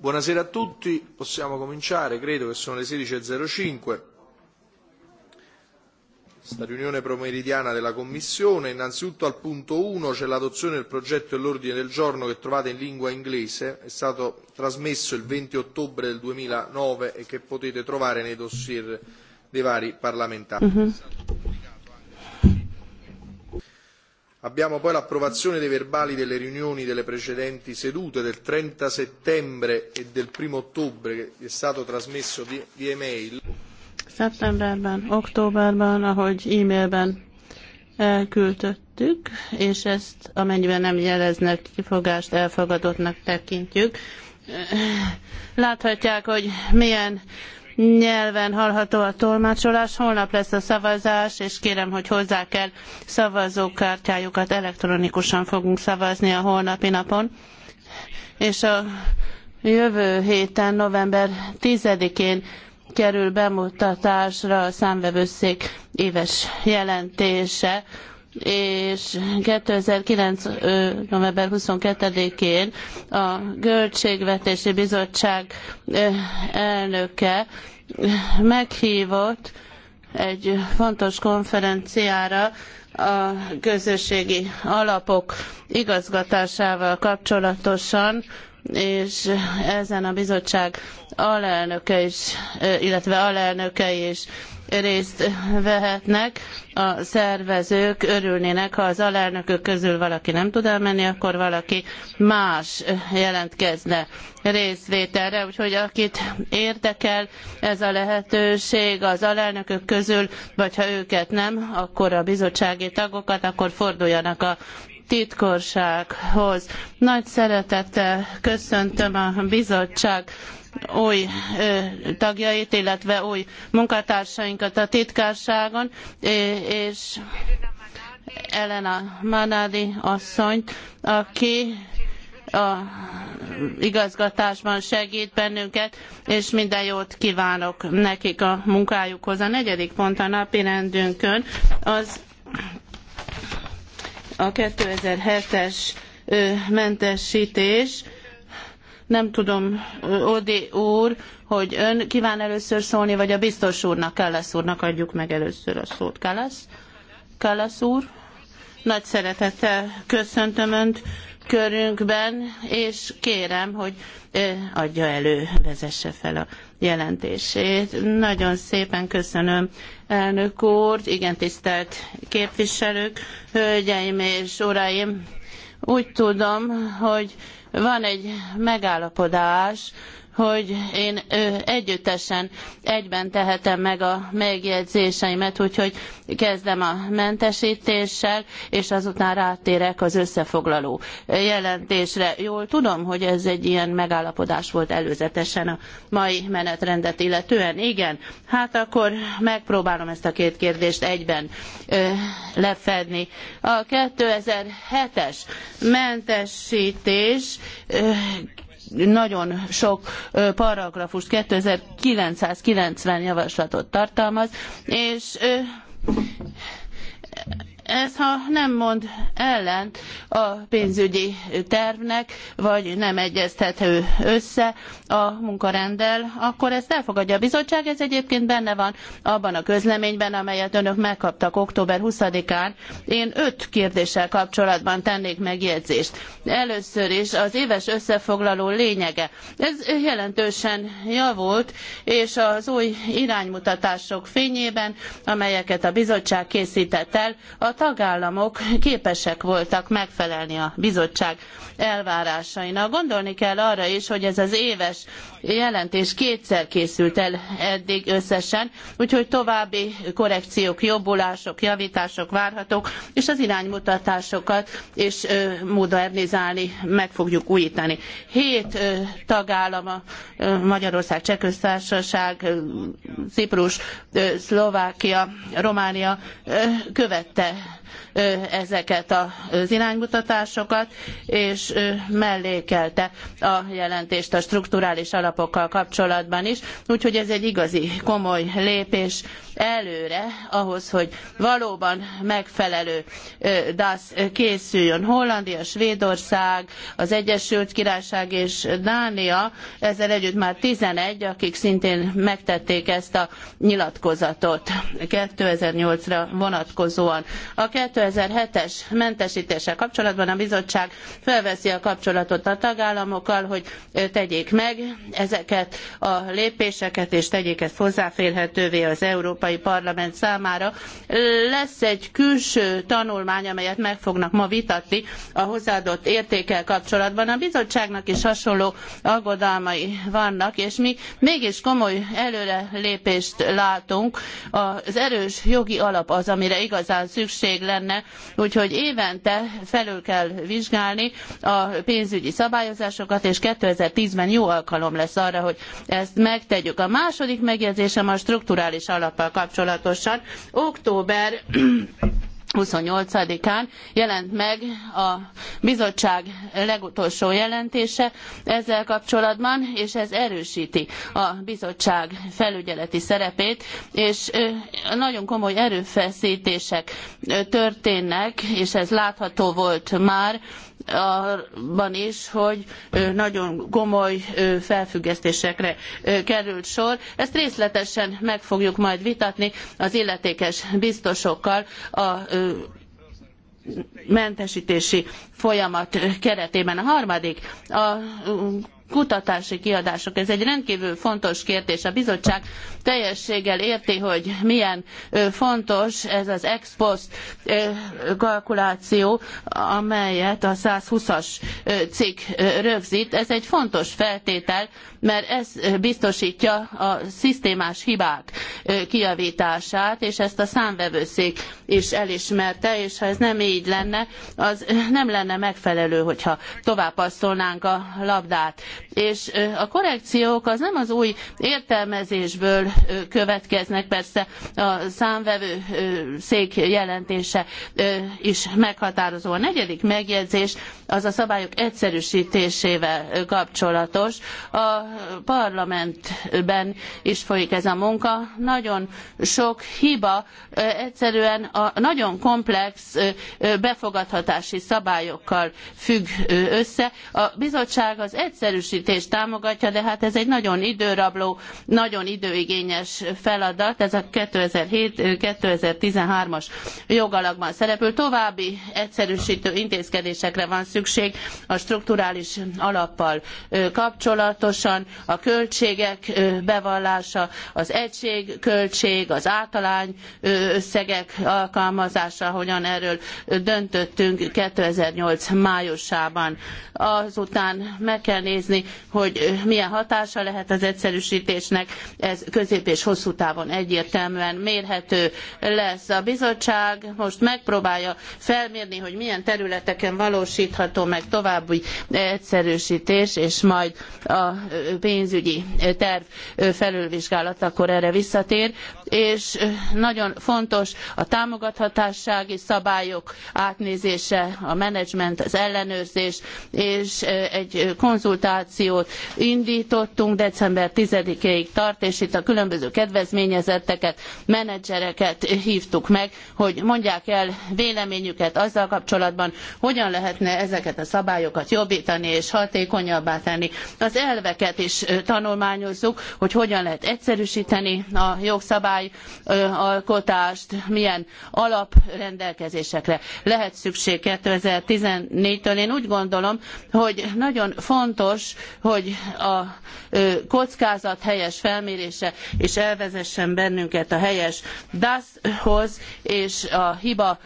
Buonasera a tutti, possiamo cominciare, credo che sono le 16.05. E Questa riunione promeridiana della Commissione, innanzitutto al punto 1 c'è l'adozione del progetto e l'ordine del giorno che trovate in lingua inglese, è stato trasmesso il 20 ottobre del 2009 e che potete trovare nei dossier dei vari parlamentari. Mm-hmm. Abbiamo poi l'approvazione dei verbali delle riunioni delle precedenti sedute del 30 settembre e del 1 ottobre che è stato trasmesso via email. Szeptemberben, októberben, ahogy e-mailben elküldöttük, és ezt amennyiben nem jeleznek kifogást, elfogadottnak tekintjük. Láthatják, hogy milyen nyelven hallható a tolmácsolás. Holnap lesz a szavazás, és kérem, hogy hozzák el szavazókártyájukat. Elektronikusan fogunk szavazni a holnapi napon. És a jövő héten, november 10-én kerül bemutatásra a számvevőszék éves jelentése és 2009. november 22-én a Költségvetési Bizottság elnöke meghívott egy fontos konferenciára a közösségi alapok igazgatásával kapcsolatosan, és ezen a bizottság alelnöke is, illetve alelnökei is részt vehetnek. A szervezők örülnének, ha az alelnökök közül valaki nem tud elmenni, akkor valaki más jelentkezne részvételre. Úgyhogy akit érdekel ez a lehetőség az alelnökök közül, vagy ha őket nem, akkor a bizottsági tagokat, akkor forduljanak a titkossághoz. Nagy szeretettel köszöntöm a bizottság új tagjait, illetve új munkatársainkat a titkárságon, és Elena Manádi asszonyt, aki a igazgatásban segít bennünket, és minden jót kívánok nekik a munkájukhoz. A negyedik pont a napi rendünkön az a 2007-es mentesítés, nem tudom, Odi úr, hogy ön kíván először szólni, vagy a biztos úrnak, Kallász úrnak adjuk meg először a szót. Kallász? Kallász úr? Nagy szeretettel köszöntöm önt körünkben, és kérem, hogy adja elő, vezesse fel a jelentését. Nagyon szépen köszönöm, elnök úr, igen tisztelt képviselők, hölgyeim és uraim. Úgy tudom, hogy van egy megállapodás, hogy én együttesen egyben tehetem meg a megjegyzéseimet, úgyhogy kezdem a mentesítéssel, és azután rátérek az összefoglaló jelentésre. Jól tudom, hogy ez egy ilyen megállapodás volt előzetesen a mai menetrendet illetően. Igen, hát akkor megpróbálom ezt a két kérdést egyben lefedni. A 2007-es mentesítés nagyon sok paragrafust, 2990 javaslatot tartalmaz, és ez, ha nem mond ellent a pénzügyi tervnek, vagy nem egyeztethető össze a munkarenddel, akkor ezt elfogadja a bizottság. Ez egyébként benne van abban a közleményben, amelyet önök megkaptak október 20-án. Én öt kérdéssel kapcsolatban tennék megjegyzést. Először is az éves összefoglaló lényege. Ez jelentősen javult, és az új iránymutatások fényében, amelyeket a bizottság készített el, a tagállamok képesek voltak megfelelni a bizottság elvárásainak. Gondolni kell arra is, hogy ez az éves jelentés kétszer készült el eddig összesen, úgyhogy további korrekciók, jobbulások, javítások várhatók, és az iránymutatásokat és modernizálni meg fogjuk újítani. Hét tagállam, Magyarország, Csehköztársaság, Ciprus, Szlovákia, Románia követte ezeket az iránymutatásokat, és mellékelte a jelentést a strukturális alap alapokkal kapcsolatban is, úgyhogy ez egy igazi komoly lépés előre ahhoz, hogy valóban megfelelő DAS készüljön. Hollandia, Svédország, az Egyesült Királyság és Dánia, ezzel együtt már 11, akik szintén megtették ezt a nyilatkozatot 2008-ra vonatkozóan. A 2007-es mentesítéssel kapcsolatban a bizottság felveszi a kapcsolatot a tagállamokkal, hogy tegyék meg ezeket a lépéseket, és tegyék ezt hozzáférhetővé az Európai Parlament számára. Lesz egy külső tanulmány, amelyet meg fognak ma vitatni a hozzáadott értékkel kapcsolatban. A bizottságnak is hasonló aggodalmai vannak, és mi mégis komoly előrelépést látunk. Az erős jogi alap az, amire igazán szükség lenne, úgyhogy évente felül kell vizsgálni a pénzügyi szabályozásokat, és 2010-ben jó alkalom lesz lesz arra, hogy ezt megtegyük. A második megjegyzésem a strukturális alappal kapcsolatosan. Október 28-án jelent meg a bizottság legutolsó jelentése ezzel kapcsolatban, és ez erősíti a bizottság felügyeleti szerepét, és nagyon komoly erőfeszítések történnek, és ez látható volt már abban is, hogy nagyon komoly felfüggesztésekre került sor. Ezt részletesen meg fogjuk majd vitatni az illetékes biztosokkal a mentesítési folyamat keretében. A harmadik, a kutatási kiadások. Ez egy rendkívül fontos kérdés. A bizottság teljességgel érti, hogy milyen fontos ez az ex post kalkuláció, amelyet a 120-as cikk rögzít. Ez egy fontos feltétel mert ez biztosítja a szisztémás hibák kijavítását, és ezt a számvevőszék is elismerte, és ha ez nem így lenne, az nem lenne megfelelő, hogyha tovább passzolnánk a labdát. És a korrekciók az nem az új értelmezésből következnek, persze a számvevő szék jelentése is meghatározó. A negyedik megjegyzés az a szabályok egyszerűsítésével kapcsolatos. A parlamentben is folyik ez a munka. Nagyon sok hiba egyszerűen a nagyon komplex befogadhatási szabályokkal függ össze. A bizottság az egyszerűsítést támogatja, de hát ez egy nagyon időrabló, nagyon időigényes feladat. Ez a 2007-2013-as jogalakban szerepül. További egyszerűsítő intézkedésekre van szükség a strukturális alappal kapcsolatosan kapcsolatban a költségek bevallása, az egységköltség, az általány összegek alkalmazása, hogyan erről döntöttünk 2008 májusában. Azután meg kell nézni, hogy milyen hatása lehet az egyszerűsítésnek, ez közép és hosszú távon egyértelműen mérhető lesz. A bizottság most megpróbálja felmérni, hogy milyen területeken valósítható meg további egyszerűsítés, és majd a pénzügyi terv felülvizsgálat, akkor erre visszatér, és nagyon fontos a támogathatássági szabályok átnézése, a menedzsment, az ellenőrzés, és egy konzultációt indítottunk, december 10-ig tart, és itt a különböző kedvezményezetteket, menedzsereket hívtuk meg, hogy mondják el véleményüket azzal kapcsolatban, hogyan lehetne ezeket a szabályokat jobbítani és hatékonyabbá tenni. Az elveket is tanulmányozzuk, hogy hogyan lehet egyszerűsíteni a jogszabályalkotást, milyen alaprendelkezésekre lehet szükség 2014-től. Én úgy gondolom, hogy nagyon fontos, hogy a kockázat helyes felmérése és elvezessen bennünket a helyes DAS-hoz, és a hiba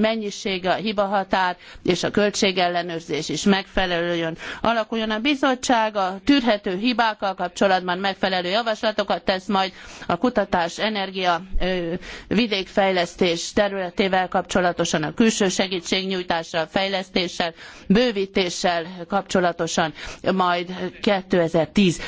mennyisége, a hiba határ és a költségellenőrzés is megfelelően alakuljon. A bizottság a tűrhető hibákkal kapcsolatban megfelelő javaslatokat tesz majd a kutatás, energia, vidékfejlesztés területével kapcsolatosan, a külső segítségnyújtással, fejlesztéssel, bővítéssel kapcsolatosan majd 2010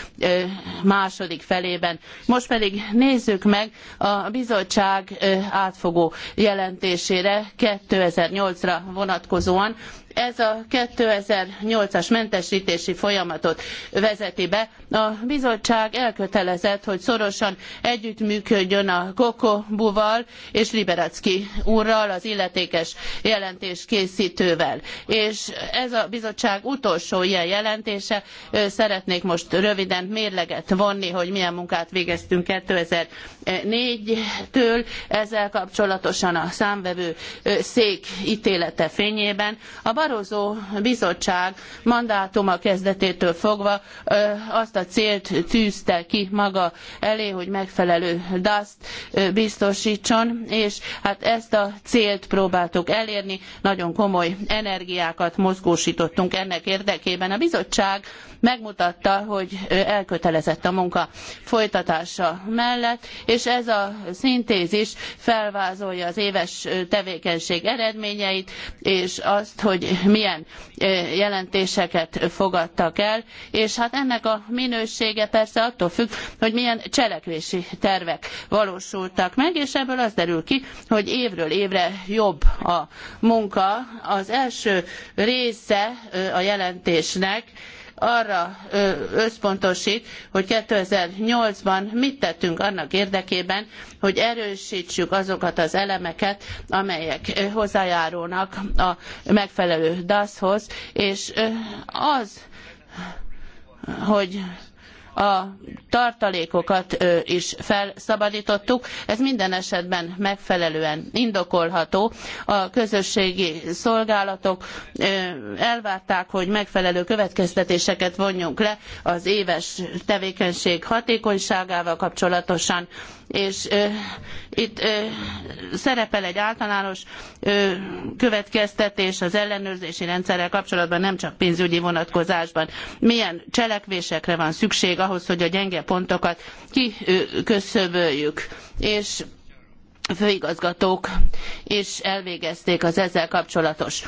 második felében. Most pedig nézzük meg a bizottság átfogó jelentésére 2008-ra vonatkozóan, ez a 2008-as mentesítési folyamatot vezeti be. A bizottság elkötelezett, hogy szorosan együttműködjön a Kokobuval és Liberacki úrral, az illetékes jelentés készítővel. És ez a bizottság utolsó ilyen jelentése. Szeretnék most röviden mérleget vonni, hogy milyen munkát végeztünk 2004-től ezzel kapcsolatosan a számvevő szék ítélete fényében. A Barozó bizottság mandátuma kezdetétől fogva azt a célt tűzte ki maga elé, hogy megfelelő DAS-t biztosítson, és hát ezt a célt próbáltuk elérni, nagyon komoly energiákat mozgósítottunk ennek érdekében. A bizottság megmutatta, hogy elkötelezett a munka folytatása mellett, és ez a szintézis felvázolja az éves tevékenység eredményeit, és azt, hogy milyen jelentéseket fogadtak el, és hát ennek a minősége persze attól függ, hogy milyen cselekvési tervek valósultak meg, és ebből az derül ki, hogy évről évre jobb a munka. Az első része a jelentésnek, arra összpontosít, hogy 2008-ban mit tettünk annak érdekében, hogy erősítsük azokat az elemeket, amelyek hozzájárulnak a megfelelő DASZ-hoz, és az, hogy a tartalékokat is felszabadítottuk. Ez minden esetben megfelelően indokolható. A közösségi szolgálatok elvárták, hogy megfelelő következtetéseket vonjunk le az éves tevékenység hatékonyságával kapcsolatosan és ö, itt ö, szerepel egy általános ö, következtetés az ellenőrzési rendszerrel kapcsolatban, nem csak pénzügyi vonatkozásban. Milyen cselekvésekre van szükség ahhoz, hogy a gyenge pontokat kiköszöböljük. És főigazgatók és elvégezték az ezzel kapcsolatos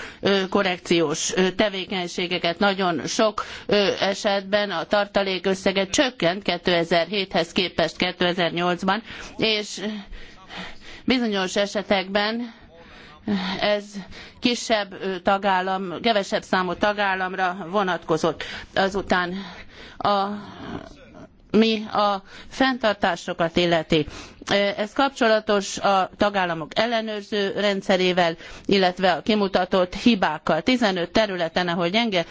korrekciós tevékenységeket. Nagyon sok esetben a tartalékösszeget csökkent 2007-hez képest 2008-ban, és bizonyos esetekben ez kisebb tagállam, kevesebb számú tagállamra vonatkozott. Azután a mi a fenntartásokat illeti ez kapcsolatos a tagállamok ellenőrző rendszerével, illetve a kimutatott hibákkal. 15 területen, ahol gyenge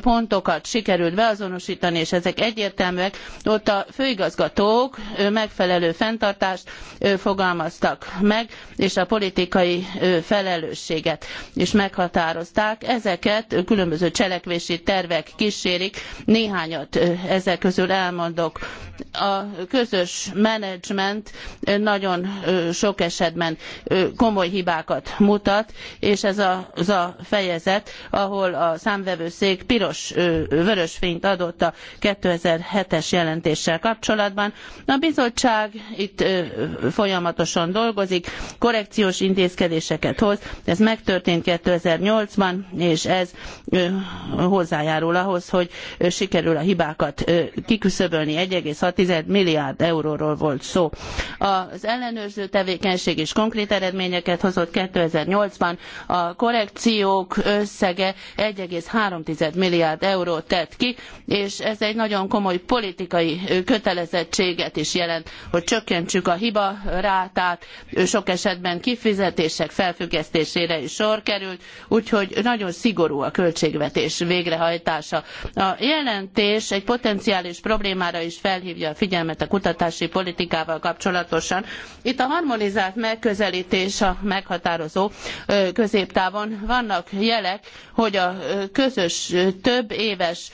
pontokat sikerült beazonosítani, és ezek egyértelműek, ott a főigazgatók megfelelő fenntartást fogalmaztak meg, és a politikai felelősséget is meghatározták. Ezeket különböző cselekvési tervek kísérik, néhányat ezek közül elmondok. A közös menedzsment nagyon sok esetben komoly hibákat mutat, és ez az a fejezet, ahol a számvevőszék piros, vörös fényt adott a 2007-es jelentéssel kapcsolatban. A bizottság itt folyamatosan dolgozik, korrekciós intézkedéseket hoz, ez megtörtént 2008-ban, és ez hozzájárul ahhoz, hogy sikerül a hibákat kiküszöbölni. 1,6 milliárd euróról volt szó. Az ellenőrző tevékenység is konkrét eredményeket hozott 2008-ban. A korrekciók összege 1,3 milliárd eurót tett ki, és ez egy nagyon komoly politikai kötelezettséget is jelent, hogy csökkentsük a hiba rátát, sok esetben kifizetések felfüggesztésére is sor került, úgyhogy nagyon szigorú a költségvetés végrehajtása. A jelentés egy potenciális problémára is felhívja a figyelmet a kutatási politikával kapcsolatban folyamatosan. Itt a harmonizált megközelítés a meghatározó középtávon. Vannak jelek, hogy a közös több éves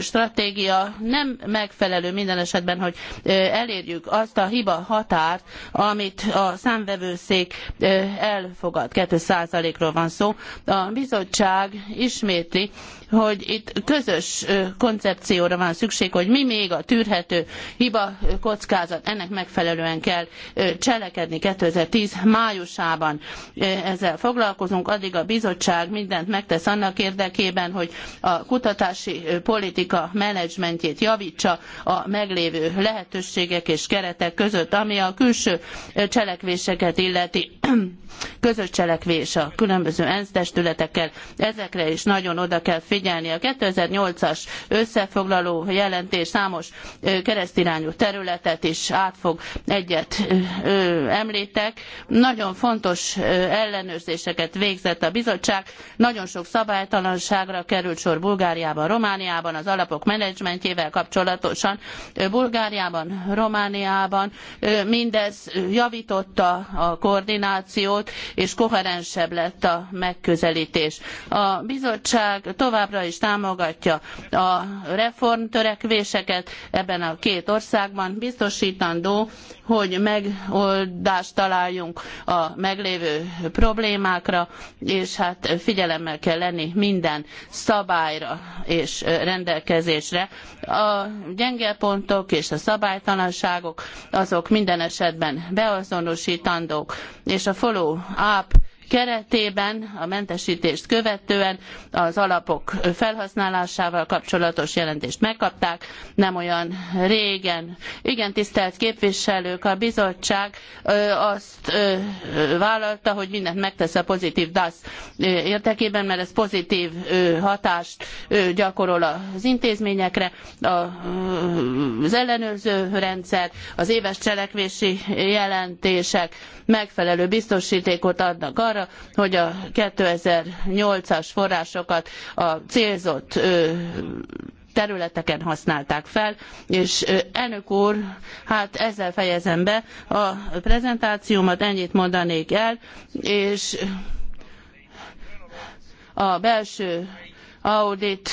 stratégia nem megfelelő minden esetben, hogy elérjük azt a hiba határt, amit a számvevőszék elfogad. 2%-ról van szó. A bizottság ismétli, hogy itt közös koncepcióra van szükség, hogy mi még a tűrhető hiba kockázat, ennek megfelelően kell kell cselekedni 2010 májusában. Ezzel foglalkozunk, addig a bizottság mindent megtesz annak érdekében, hogy a kutatási politika menedzsmentjét javítsa a meglévő lehetőségek és keretek között, ami a külső cselekvéseket illeti közös cselekvés a különböző ENSZ testületekkel, ezekre is nagyon oda kell figyelni. A 2008-as összefoglaló jelentés számos keresztirányú területet is átfog egyet amit említek, nagyon fontos ellenőrzéseket végzett a bizottság, nagyon sok szabálytalanságra került sor Bulgáriában, Romániában, az alapok menedzsmentjével kapcsolatosan, Bulgáriában, Romániában, mindez javította a koordinációt, és koherensebb lett a megközelítés. A bizottság továbbra is támogatja a reformtörekvéseket ebben a két országban, biztosítandó, hogy megoldást találjunk a meglévő problémákra, és hát figyelemmel kell lenni minden szabályra és rendelkezésre. A gyenge pontok és a szabálytalanságok azok minden esetben beazonosítandók, és a follow-up keretében a mentesítést követően az alapok felhasználásával kapcsolatos jelentést megkapták, nem olyan régen. Igen, tisztelt képviselők, a bizottság azt vállalta, hogy mindent megtesz a pozitív DAS érdekében, mert ez pozitív hatást gyakorol az intézményekre, az ellenőrző rendszer, az éves cselekvési jelentések megfelelő biztosítékot adnak arra, arra, hogy a 2008-as forrásokat a célzott területeken használták fel, és elnök úr, hát ezzel fejezem be a prezentációmat, ennyit mondanék el, és a belső audit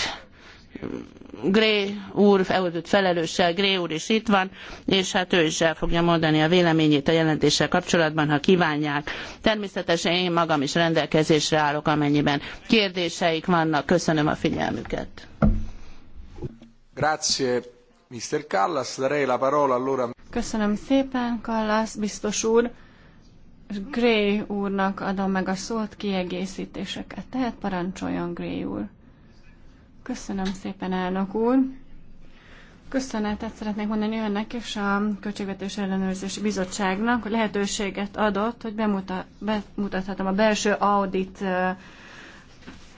Gré úr, eldött felelőssel, Gré úr is itt van, és hát ő is el fogja mondani a véleményét a jelentéssel kapcsolatban, ha kívánják. Természetesen én magam is rendelkezésre állok, amennyiben kérdéseik vannak. Köszönöm a figyelmüket. Grazie, Mr. Callas. Darei la parola allora. Köszönöm szépen, Kallas, biztos úr. Gray úrnak adom meg a szót, kiegészítéseket. Tehát parancsoljon, Gray úr. Köszönöm szépen, elnök úr. Köszönetet szeretnék mondani önnek és a Költségvetés Ellenőrzési Bizottságnak, hogy lehetőséget adott, hogy bemuta, bemutathatom a belső audit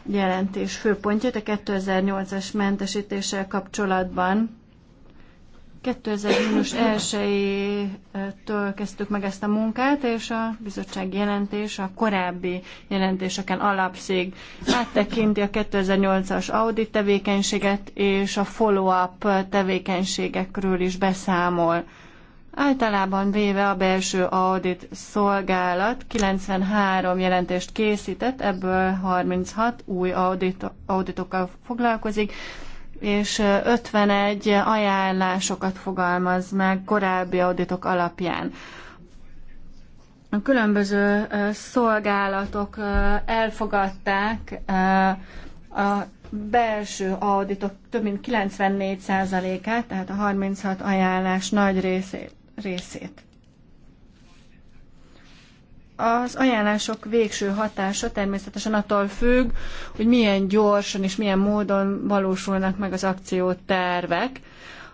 jelentés főpontját a 2008-as mentesítéssel kapcsolatban. 2020 1-től kezdtük meg ezt a munkát, és a bizottság jelentés a korábbi jelentéseken alapszik. Áttekinti a 2008-as audit tevékenységet, és a follow-up tevékenységekről is beszámol. Általában véve a belső audit szolgálat 93 jelentést készített, ebből 36 új audit, auditokkal foglalkozik, és 51 ajánlásokat fogalmaz meg korábbi auditok alapján. A különböző szolgálatok elfogadták a belső auditok több mint 94%-át, tehát a 36 ajánlás nagy részét. részét. Az ajánlások végső hatása természetesen attól függ, hogy milyen gyorsan és milyen módon valósulnak meg az akciótervek.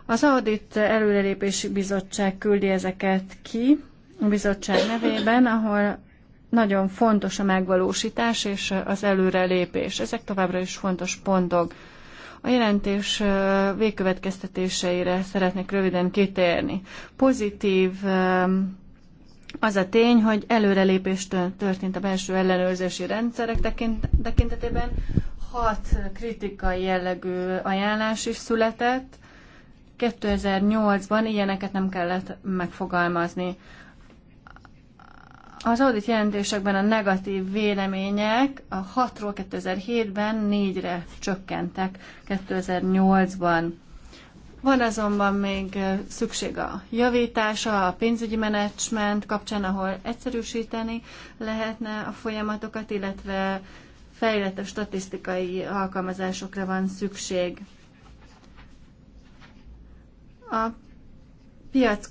Az Audit Előrelépési Bizottság küldi ezeket ki a bizottság nevében, ahol nagyon fontos a megvalósítás és az előrelépés. Ezek továbbra is fontos pontok. A jelentés végkövetkeztetéseire szeretnék röviden kitérni. Pozitív az a tény, hogy előrelépés történt a belső ellenőrzési rendszerek tekintetében, hat kritikai jellegű ajánlás is született. 2008-ban ilyeneket nem kellett megfogalmazni. Az audit jelentésekben a negatív vélemények a 6-ról 2007-ben 4-re csökkentek 2008-ban. Van azonban még szükség a javítása, a pénzügyi menedzsment kapcsán, ahol egyszerűsíteni lehetne a folyamatokat, illetve fejlett statisztikai alkalmazásokra van szükség. A piac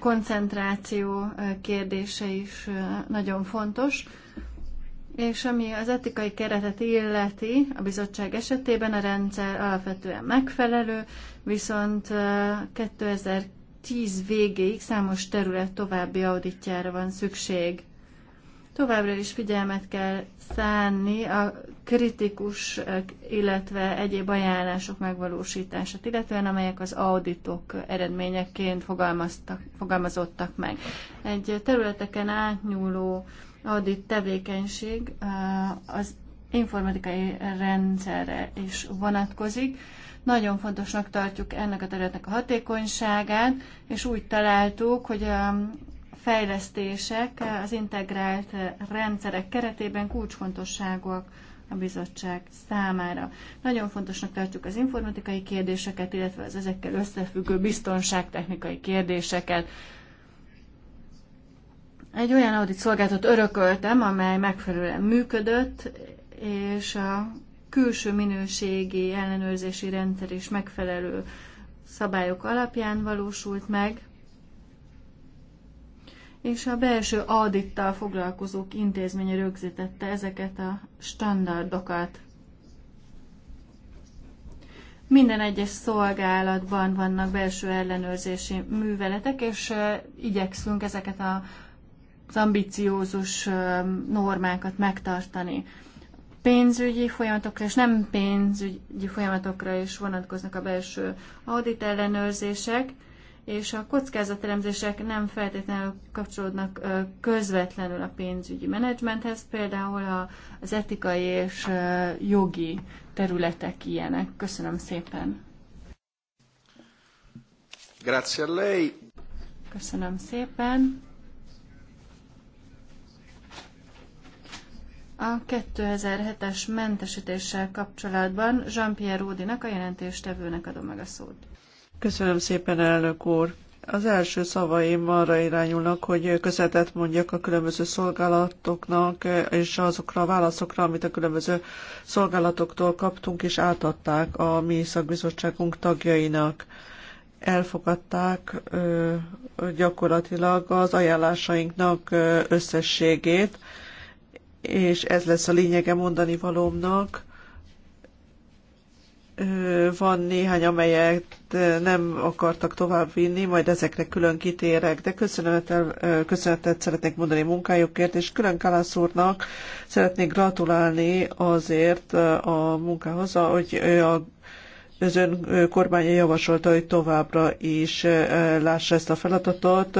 koncentráció kérdése is nagyon fontos. És ami az etikai keretet illeti, a bizottság esetében a rendszer alapvetően megfelelő, viszont 2010 végéig számos terület további auditjára van szükség. Továbbra is figyelmet kell szánni a kritikus, illetve egyéb ajánlások megvalósítását, illetően amelyek az auditok eredményeként fogalmazottak meg. Egy területeken átnyúló audit tevékenység eh, az informatikai rendszerre is vonatkozik. Nagyon fontosnak tartjuk ennek a területnek a hatékonyságát, és úgy találtuk, hogy a fejlesztések az integrált rendszerek keretében kulcsfontosságúak a bizottság számára. Nagyon fontosnak tartjuk az informatikai kérdéseket, illetve az ezekkel összefüggő biztonságtechnikai kérdéseket. Egy olyan audit szolgáltat örököltem, amely megfelelően működött, és a külső minőségi ellenőrzési rendszer is megfelelő szabályok alapján valósult meg, és a belső audittal foglalkozók intézménye rögzítette ezeket a standardokat. Minden egyes szolgálatban vannak belső ellenőrzési műveletek, és igyekszünk ezeket a az ambiciózus normákat megtartani. Pénzügyi folyamatokra és nem pénzügyi folyamatokra is vonatkoznak a belső audit ellenőrzések, és a kockázatelemzések nem feltétlenül kapcsolódnak közvetlenül a pénzügyi menedzsmenthez, például az etikai és jogi területek ilyenek. Köszönöm szépen. Grazie a lei. Köszönöm szépen. A 2007-es mentesítéssel kapcsolatban Jean-Pierre Ródinak, a jelentéstevőnek adom meg a szót. Köszönöm szépen, elnök úr! Az első szavaim arra irányulnak, hogy köszönetet mondjak a különböző szolgálatoknak, és azokra a válaszokra, amit a különböző szolgálatoktól kaptunk, és átadták a mi szakbizottságunk tagjainak. Elfogadták gyakorlatilag az ajánlásainknak összességét, és ez lesz a lényege mondani valómnak. Van néhány, amelyet nem akartak tovább vinni, majd ezekre külön kitérek, de köszönetet, köszönetet szeretnék mondani munkájukért, és külön Kalász úrnak szeretnék gratulálni azért a munkához, hogy a az ön kormánya javasolta, hogy továbbra is lássa ezt a feladatot.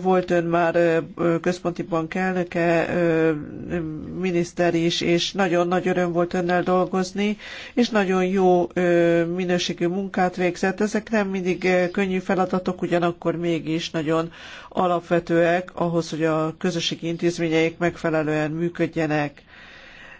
Volt ön már központi bank elnöke, miniszter is, és nagyon nagy öröm volt önnel dolgozni, és nagyon jó minőségű munkát végzett. Ezek nem mindig könnyű feladatok, ugyanakkor mégis nagyon alapvetőek ahhoz, hogy a közösségi intézményeik megfelelően működjenek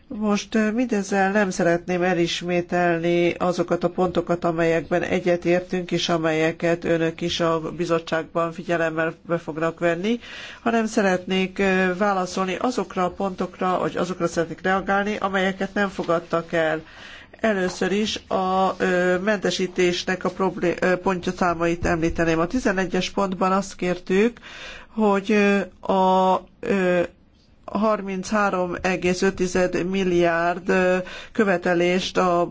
most mindezzel nem szeretném elismételni azokat a pontokat, amelyekben egyetértünk, és amelyeket önök is a bizottságban figyelemmel be fognak venni, hanem szeretnék válaszolni azokra a pontokra, vagy azokra szeretnék reagálni, amelyeket nem fogadtak el. Először is a ö, mentesítésnek a problé- számait említeném. A 11-es pontban azt kértük, hogy a 33,5 milliárd követelést a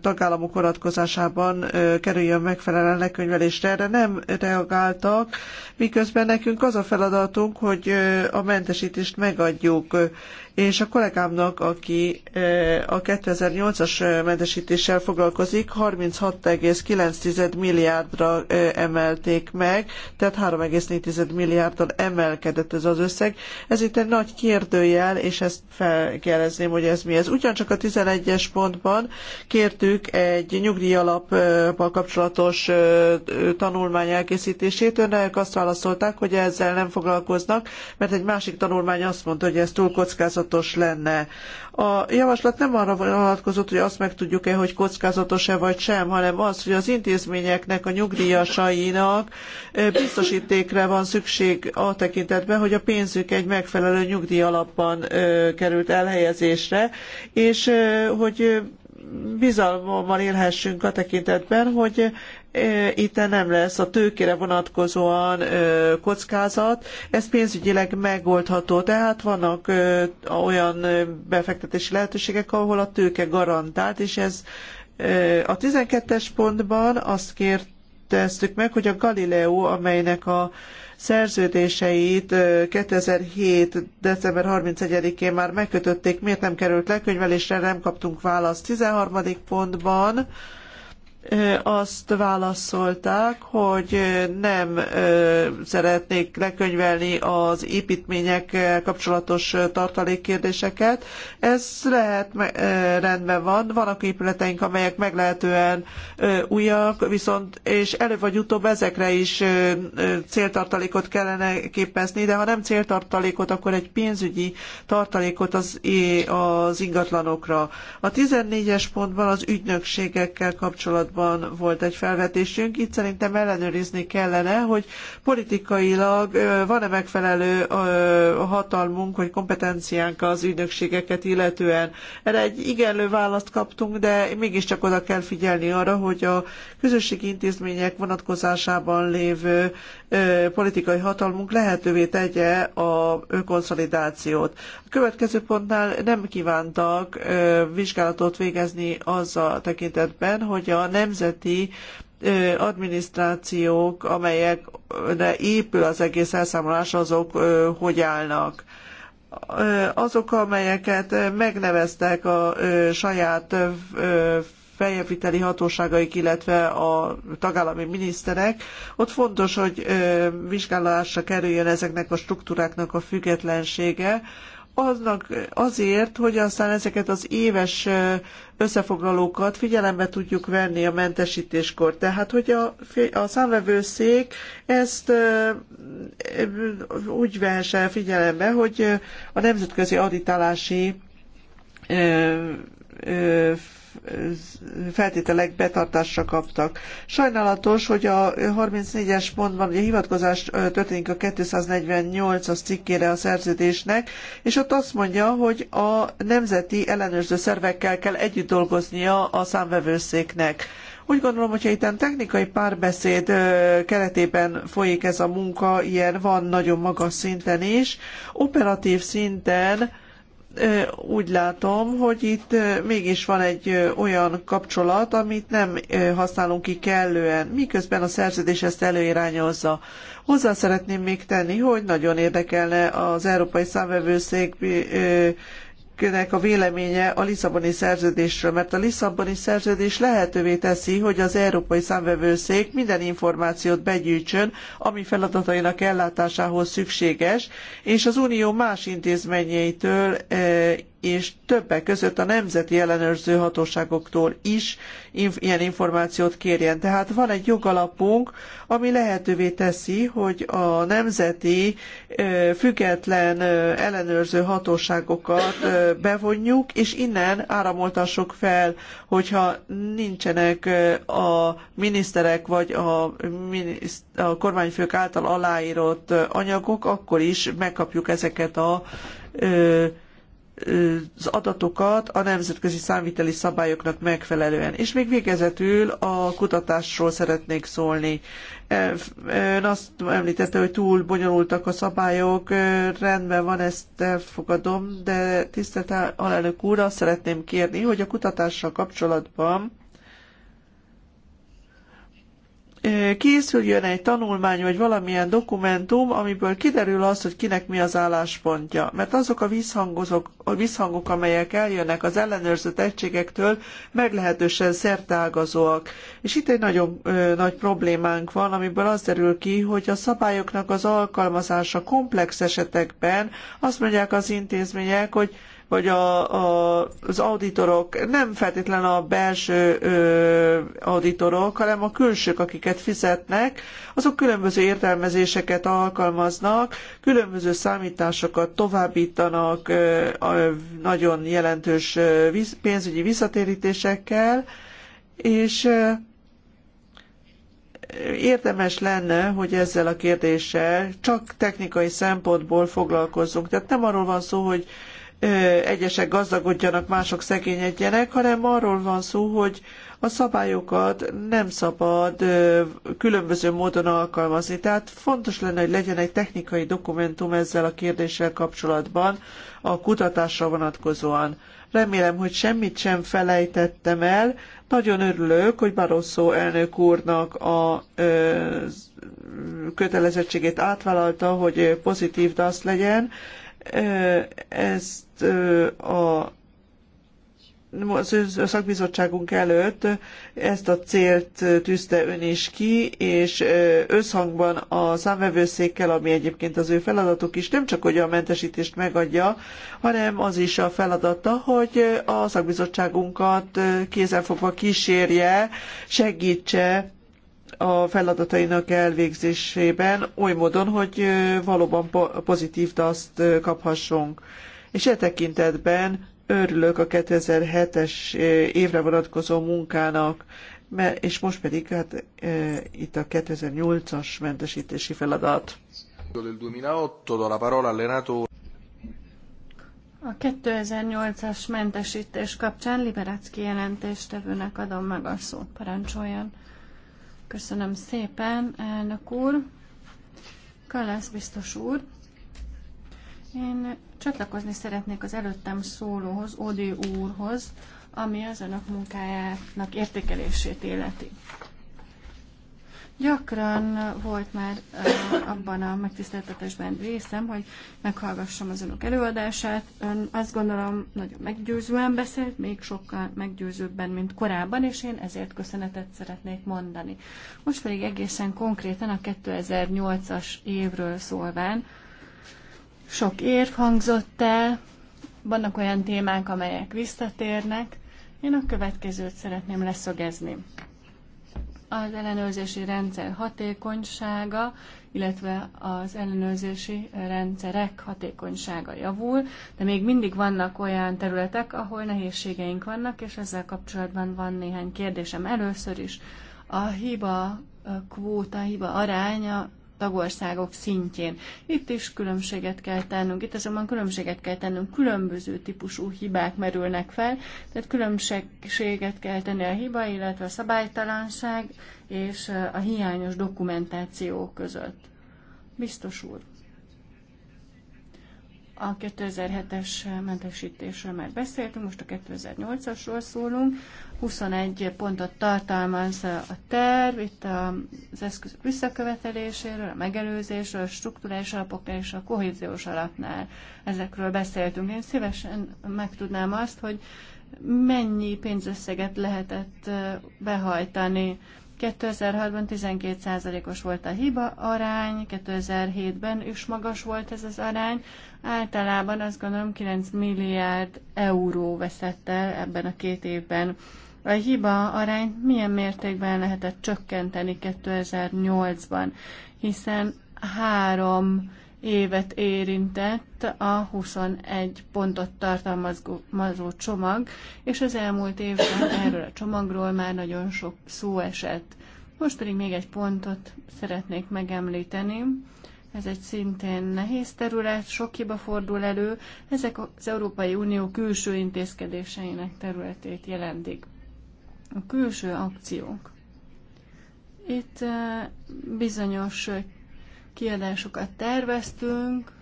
tagállamok vonatkozásában kerüljön megfelelően lekönyvelésre. Erre nem reagáltak, miközben nekünk az a feladatunk, hogy a mentesítést megadjuk és a kollégámnak, aki a 2008-as mentesítéssel foglalkozik, 36,9 milliárdra emelték meg, tehát 3,4 milliárddal emelkedett ez az összeg. Ez itt egy nagy kérdőjel, és ezt felkérdezném, hogy ez mi ez. Ugyancsak a 11-es pontban kértük egy nyugdíjalappal kapcsolatos tanulmány elkészítését. Önnek azt válaszolták, hogy ezzel nem foglalkoznak, mert egy másik tanulmány azt mondta, hogy ez túl kockázatos kockázatos lenne. A javaslat nem arra vonatkozott, hogy azt meg tudjuk-e, hogy kockázatos-e vagy sem, hanem az, hogy az intézményeknek, a nyugdíjasainak biztosítékre van szükség a tekintetben, hogy a pénzük egy megfelelő nyugdíjalapban került elhelyezésre, és hogy bizalommal élhessünk a tekintetben, hogy itt nem lesz a tőkére vonatkozóan kockázat, ez pénzügyileg megoldható, tehát vannak olyan befektetési lehetőségek, ahol a tőke garantált, és ez a 12-es pontban azt kérteztük meg, hogy a Galileo, amelynek a szerződéseit 2007. december 31-én már megkötötték, miért nem került lekönyvelésre, nem kaptunk választ. 13. pontban azt válaszolták, hogy nem szeretnék lekönyvelni az építmények kapcsolatos tartalékkérdéseket. Ez lehet rendben van. Vannak épületeink, amelyek meglehetően újak, viszont és előbb vagy utóbb ezekre is céltartalékot kellene képezni, de ha nem céltartalékot, akkor egy pénzügyi tartalékot az, az ingatlanokra. A 14-es pontban az ügynökségekkel kapcsolatban kapcsolatban volt egy felvetésünk. Itt szerintem ellenőrizni kellene, hogy politikailag van-e megfelelő hatalmunk, vagy kompetenciánk az ügynökségeket illetően. Erre egy igenlő választ kaptunk, de mégiscsak oda kell figyelni arra, hogy a közösségi intézmények vonatkozásában lévő politikai hatalmunk lehetővé tegye a konszolidációt. A következő pontnál nem kívántak vizsgálatot végezni azzal tekintetben, hogy a nem nemzeti adminisztrációk, amelyekre épül az egész elszámolás, azok hogy állnak azok, amelyeket megneveztek a saját feljeviteli hatóságaik, illetve a tagállami miniszterek, ott fontos, hogy vizsgálásra kerüljön ezeknek a struktúráknak a függetlensége, aznak azért, hogy aztán ezeket az éves összefoglalókat figyelembe tudjuk venni a mentesítéskor. Tehát, hogy a, a számvevőszék ezt úgy vehesse figyelembe, hogy a nemzetközi auditálási feltételek betartásra kaptak. Sajnálatos, hogy a 34-es pontban ugye hivatkozás történik a 248-as cikkére a szerződésnek, és ott azt mondja, hogy a nemzeti ellenőrző szervekkel kell együtt dolgoznia a számvevőszéknek. Úgy gondolom, hogyha itt technikai párbeszéd keretében folyik ez a munka, ilyen van nagyon magas szinten is, operatív szinten, úgy látom, hogy itt mégis van egy olyan kapcsolat, amit nem használunk ki kellően, miközben a szerződés ezt előirányozza. Hozzá szeretném még tenni, hogy nagyon érdekelne az Európai Számvevőszék önöknek a véleménye a Lisszaboni szerződésről, mert a Lisszaboni szerződés lehetővé teszi, hogy az Európai Számvevőszék minden információt begyűjtsön, ami feladatainak ellátásához szükséges, és az Unió más intézményeitől eh, és többek között a nemzeti ellenőrző hatóságoktól is ilyen információt kérjen. Tehát van egy jogalapunk, ami lehetővé teszi, hogy a nemzeti független ellenőrző hatóságokat bevonjuk, és innen áramoltassuk fel, hogyha nincsenek a miniszterek vagy a, miniszt- a kormányfők által aláírott anyagok, akkor is megkapjuk ezeket a ö, az adatokat a nemzetközi számviteli szabályoknak megfelelően. És még végezetül a kutatásról szeretnék szólni. E, e, ön azt említette, hogy túl bonyolultak a szabályok, e, rendben van, ezt elfogadom, de tisztelt alelnök úr, azt szeretném kérni, hogy a kutatással kapcsolatban készüljön egy tanulmány vagy valamilyen dokumentum, amiből kiderül az, hogy kinek mi az álláspontja. Mert azok a visszhangok, a visszhangok amelyek eljönnek az ellenőrzött egységektől, meglehetősen szertágazóak. És itt egy nagyon ö, nagy problémánk van, amiből az derül ki, hogy a szabályoknak az alkalmazása komplex esetekben azt mondják az intézmények, hogy vagy a, a, az auditorok nem feltétlen a belső ö, auditorok, hanem a külsők, akiket fizetnek, azok különböző értelmezéseket alkalmaznak, különböző számításokat továbbítanak ö, a, nagyon jelentős ö, víz, pénzügyi visszatérítésekkel, és ö, érdemes lenne, hogy ezzel a kérdéssel csak technikai szempontból foglalkozzunk. Tehát nem arról van szó, hogy egyesek gazdagodjanak, mások szegényedjenek, hanem arról van szó, hogy a szabályokat nem szabad különböző módon alkalmazni. Tehát fontos lenne, hogy legyen egy technikai dokumentum ezzel a kérdéssel kapcsolatban, a kutatásra vonatkozóan. Remélem, hogy semmit sem felejtettem el. Nagyon örülök, hogy Barroso elnök úrnak a kötelezettségét átvállalta, hogy pozitív DASZ legyen ezt a az szakbizottságunk előtt ezt a célt tűzte ön is ki, és összhangban a számvevőszékkel, ami egyébként az ő feladatuk is, nem csak hogy a mentesítést megadja, hanem az is a feladata, hogy a szakbizottságunkat kézenfogva kísérje, segítse a feladatainak elvégzésében oly módon, hogy valóban pozitív azt kaphassunk. És e tekintetben örülök a 2007-es évre vonatkozó munkának, és most pedig hát itt a 2008-as mentesítési feladat. A 2008-as mentesítés kapcsán Liberácki jelentéstevőnek adom meg a szót, parancsoljon. Köszönöm szépen, elnök úr. Kalász biztos úr. Én csatlakozni szeretnék az előttem szólóhoz, Odő úrhoz, ami az önök munkájának értékelését életi. Gyakran volt már abban a megtiszteltetésben részem, hogy meghallgassam az önök előadását. Ön azt gondolom nagyon meggyőzően beszélt, még sokkal meggyőzőbben, mint korábban, és én ezért köszönetet szeretnék mondani. Most pedig egészen konkrétan a 2008-as évről szólván sok érv hangzott el, vannak olyan témák, amelyek visszatérnek. Én a következőt szeretném leszögezni az ellenőrzési rendszer hatékonysága, illetve az ellenőrzési rendszerek hatékonysága javul, de még mindig vannak olyan területek, ahol nehézségeink vannak, és ezzel kapcsolatban van néhány kérdésem. Először is a hiba kvóta, hiba aránya tagországok szintjén. Itt is különbséget kell tennünk, itt azonban különbséget kell tennünk, különböző típusú hibák merülnek fel, tehát különbséget kell tenni a hiba, illetve a szabálytalanság és a hiányos dokumentáció között. Biztos úr. A 2007-es mentesítésről már beszéltünk, most a 2008-asról szólunk. 21 pontot tartalmaz a terv, itt az eszközök visszaköveteléséről, a megelőzésről, a struktúrális alapoknál és a kohéziós alapnál. Ezekről beszéltünk. Én szívesen megtudnám azt, hogy mennyi pénzösszeget lehetett behajtani. 2006-ban 12%-os volt a hiba arány, 2007-ben is magas volt ez az arány. Általában azt gondolom 9 milliárd euró veszett el ebben a két évben. A hiba arányt milyen mértékben lehetett csökkenteni 2008-ban, hiszen három évet érintett a 21 pontot tartalmazó csomag, és az elmúlt évben erről a csomagról már nagyon sok szó esett. Most pedig még egy pontot szeretnék megemlíteni. Ez egy szintén nehéz terület, sok hiba fordul elő, ezek az Európai Unió külső intézkedéseinek területét jelentik a külső akciók. Itt eh, bizonyos kiadásokat terveztünk,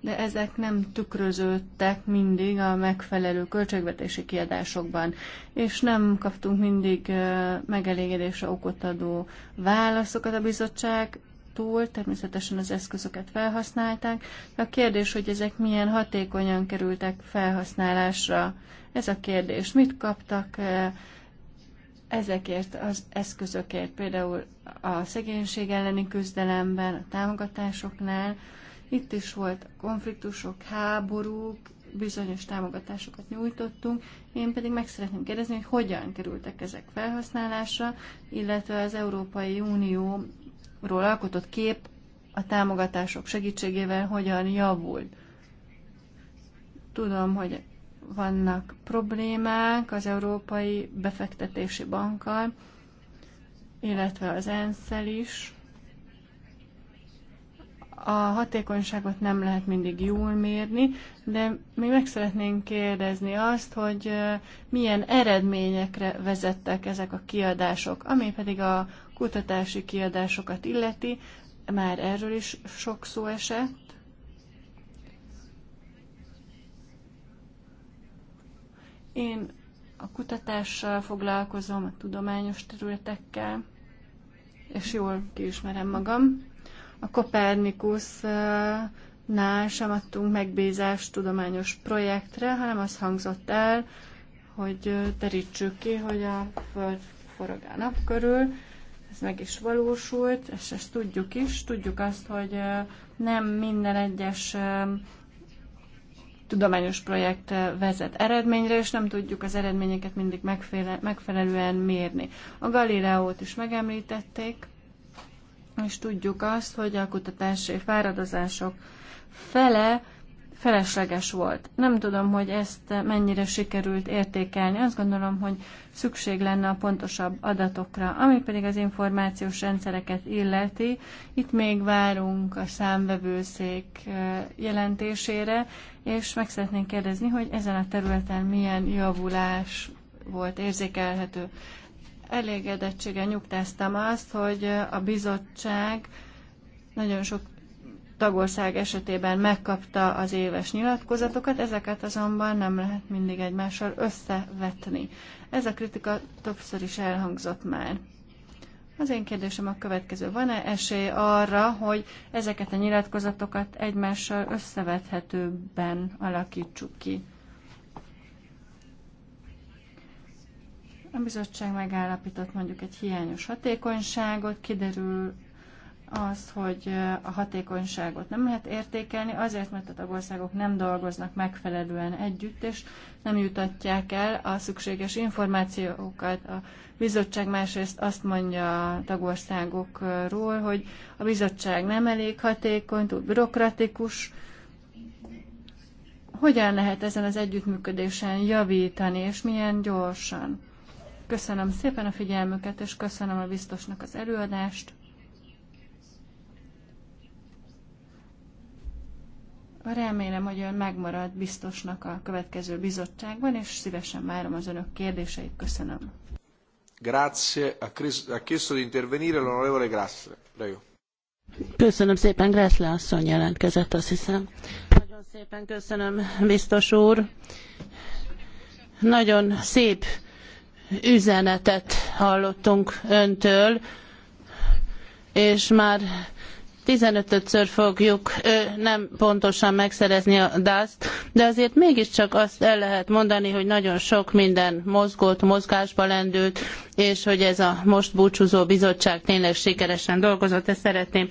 de ezek nem tükröződtek mindig a megfelelő költségvetési kiadásokban, és nem kaptunk mindig eh, megelégedésre okot adó válaszokat a bizottság túl, természetesen az eszközöket felhasználták. A kérdés, hogy ezek milyen hatékonyan kerültek felhasználásra, ez a kérdés. Mit kaptak eh, ezekért az eszközökért, például a szegénység elleni küzdelemben, a támogatásoknál, itt is volt konfliktusok, háborúk, bizonyos támogatásokat nyújtottunk, én pedig meg szeretném kérdezni, hogy hogyan kerültek ezek felhasználásra, illetve az Európai Unióról alkotott kép a támogatások segítségével hogyan javul. Tudom, hogy vannak problémák az Európai Befektetési Bankkal, illetve az ensz is. A hatékonyságot nem lehet mindig jól mérni, de mi meg szeretnénk kérdezni azt, hogy milyen eredményekre vezettek ezek a kiadások, ami pedig a kutatási kiadásokat illeti, már erről is sok szó esett Én a kutatással foglalkozom, a tudományos területekkel, és jól kiismerem magam. A Kopernikusnál sem adtunk megbízást tudományos projektre, hanem az hangzott el, hogy terítsük ki, hogy a Föld forog a nap körül. Ez meg is valósult, és ezt tudjuk is. Tudjuk azt, hogy nem minden egyes tudományos projekt eh, vezet eredményre, és nem tudjuk az eredményeket mindig megféle, megfelelően mérni. A Galileót is megemlítették, és tudjuk azt, hogy a kutatási fáradozások fele felesleges volt. Nem tudom, hogy ezt mennyire sikerült értékelni. Azt gondolom, hogy szükség lenne a pontosabb adatokra. Ami pedig az információs rendszereket illeti, itt még várunk a számvevőszék jelentésére, és meg szeretnénk kérdezni, hogy ezen a területen milyen javulás volt érzékelhető. Elégedettsége nyugtáztam azt, hogy a bizottság nagyon sok tagország esetében megkapta az éves nyilatkozatokat, ezeket azonban nem lehet mindig egymással összevetni. Ez a kritika többször is elhangzott már. Az én kérdésem a következő. Van-e esély arra, hogy ezeket a nyilatkozatokat egymással összevethetőbben alakítsuk ki? A bizottság megállapított mondjuk egy hiányos hatékonyságot, kiderül az, hogy a hatékonyságot nem lehet értékelni, azért, mert a tagországok nem dolgoznak megfelelően együtt, és nem jutatják el a szükséges információkat. A bizottság másrészt azt mondja a tagországokról, hogy a bizottság nem elég hatékony, túl bürokratikus. Hogyan lehet ezen az együttműködésen javítani, és milyen gyorsan? Köszönöm szépen a figyelmüket, és köszönöm a biztosnak az előadást. Remélem, hogy ön megmarad biztosnak a következő bizottságban, és szívesen várom az önök kérdéseit. Köszönöm. Grazie. Ha chiesto di intervenire l'onorevole Grassle. Prego. Köszönöm szépen, Grászle asszony jelentkezett, azt hiszem. Nagyon szépen köszönöm, biztos úr. Nagyon szép üzenetet hallottunk öntől, és már 15-ször fogjuk nem pontosan megszerezni a DASZ-t, de azért mégiscsak azt el lehet mondani, hogy nagyon sok minden mozgott, mozgásba lendült, és hogy ez a most búcsúzó bizottság tényleg sikeresen dolgozott. Ezt szeretném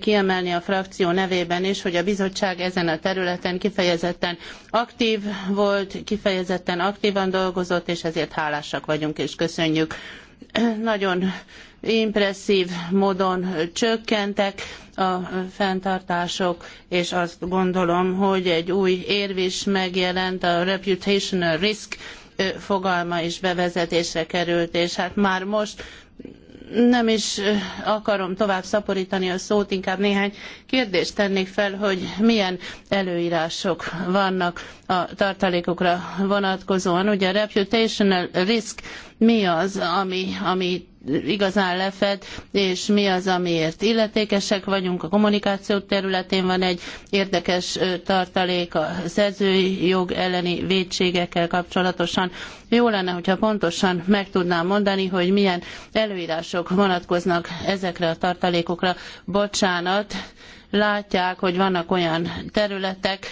kiemelni a frakció nevében is, hogy a bizottság ezen a területen kifejezetten aktív volt, kifejezetten aktívan dolgozott, és ezért hálásak vagyunk és köszönjük. Nagyon impresszív módon csökkentek a fenntartások, és azt gondolom, hogy egy új érv is megjelent, a reputational risk fogalma is bevezetésre került, és hát már most nem is akarom tovább szaporítani a szót, inkább néhány kérdést tennék fel, hogy milyen előírások vannak a tartalékokra vonatkozóan. Ugye a reputational risk mi az, ami, ami igazán lefed, és mi az, amiért illetékesek vagyunk. A kommunikáció területén van egy érdekes tartalék a szerzői jog elleni védségekkel kapcsolatosan. Jó lenne, hogyha pontosan meg tudnám mondani, hogy milyen előírások vonatkoznak ezekre a tartalékokra. Bocsánat, látják, hogy vannak olyan területek,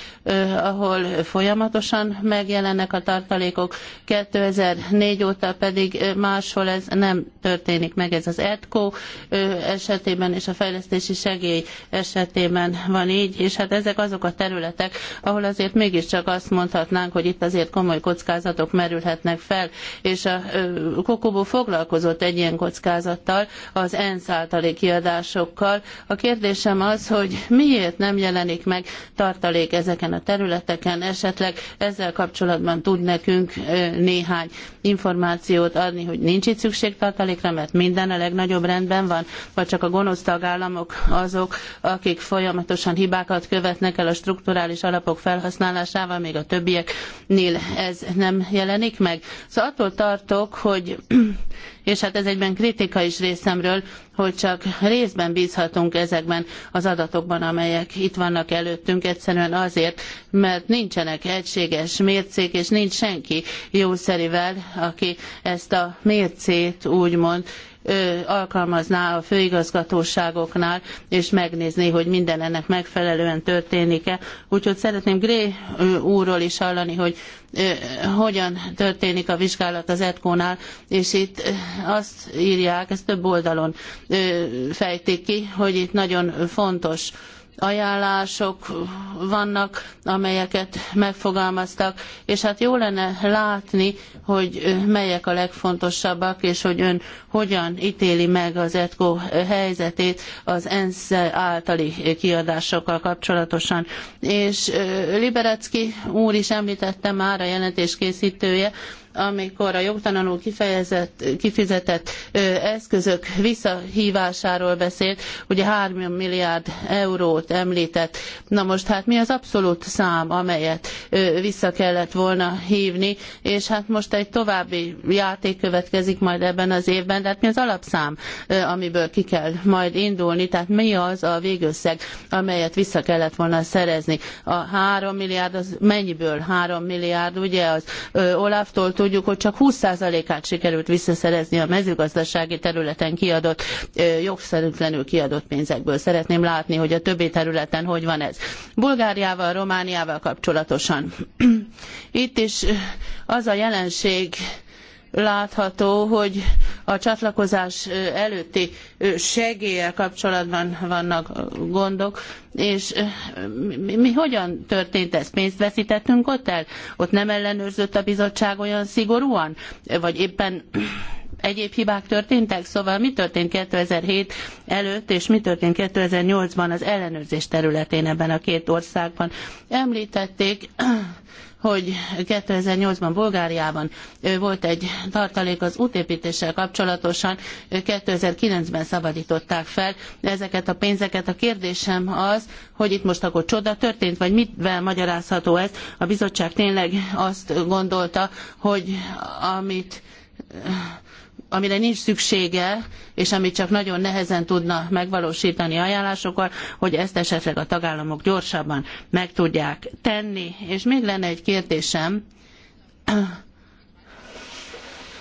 ahol folyamatosan megjelennek a tartalékok, 2004 óta pedig máshol ez nem történik meg. Ez az ETCO esetében és a fejlesztési segély esetében van így, és hát ezek azok a területek, ahol azért mégiscsak azt mondhatnánk, hogy itt azért komoly kockázatok merülhetnek fel, és a Kokobo foglalkozott egy ilyen kockázattal, az ENSZ általi kiadásokkal. A kérdésem az, hogy hogy miért nem jelenik meg tartalék ezeken a területeken, esetleg ezzel kapcsolatban tud nekünk néhány információt adni, hogy nincs itt szükség tartalékra, mert minden a legnagyobb rendben van, vagy csak a gonosz tagállamok azok, akik folyamatosan hibákat követnek el a strukturális alapok felhasználásával, még a többieknél ez nem jelenik meg. Szóval attól tartok, hogy és hát ez egyben kritika is részemről, hogy csak részben bízhatunk ezekben az adatokban, amelyek itt vannak előttünk, egyszerűen azért, mert nincsenek egységes mércék, és nincs senki jószerivel, aki ezt a mércét úgymond alkalmazná a főigazgatóságoknál, és megnézni, hogy minden ennek megfelelően történik-e. Úgyhogy szeretném Gré úrról is hallani, hogy hogyan történik a vizsgálat az ETKO-nál, és itt azt írják, ezt több oldalon fejtik ki, hogy itt nagyon fontos ajánlások vannak, amelyeket megfogalmaztak, és hát jó lenne látni, hogy melyek a legfontosabbak, és hogy ön hogyan ítéli meg az ETKO helyzetét az ENSZ általi kiadásokkal kapcsolatosan. És Liberecki úr is említette már a jelentés készítője, amikor a jogtalanul kifejezett, kifizetett eszközök visszahívásáról beszélt, ugye 3 milliárd eurót említett. Na most hát mi az abszolút szám, amelyet vissza kellett volna hívni, és hát most egy további játék következik majd ebben az évben, tehát mi az alapszám, amiből ki kell majd indulni, tehát mi az a végösszeg, amelyet vissza kellett volna szerezni. A 3 milliárd az mennyiből 3 milliárd, ugye az Olaftól tudjuk, hogy csak 20%-át sikerült visszaszerezni a mezőgazdasági területen kiadott, jogszerűtlenül kiadott pénzekből. Szeretném látni, hogy a többi területen hogy van ez. Bulgáriával, Romániával kapcsolatosan. Itt is az a jelenség, látható, hogy a csatlakozás előtti segéllyel kapcsolatban vannak gondok, és mi, mi hogyan történt ez? Pénzt veszítettünk ott el? Ott nem ellenőrzött a bizottság olyan szigorúan? Vagy éppen egyéb hibák történtek? Szóval mi történt 2007 előtt, és mi történt 2008-ban az ellenőrzés területén ebben a két országban? Említették hogy 2008-ban Bulgáriában volt egy tartalék az útépítéssel kapcsolatosan, 2009-ben szabadították fel ezeket a pénzeket. A kérdésem az, hogy itt most akkor csoda történt, vagy mitvel magyarázható ez? A bizottság tényleg azt gondolta, hogy amit amire nincs szüksége, és amit csak nagyon nehezen tudna megvalósítani ajánlásokkal, hogy ezt esetleg a tagállamok gyorsabban meg tudják tenni. És még lenne egy kérdésem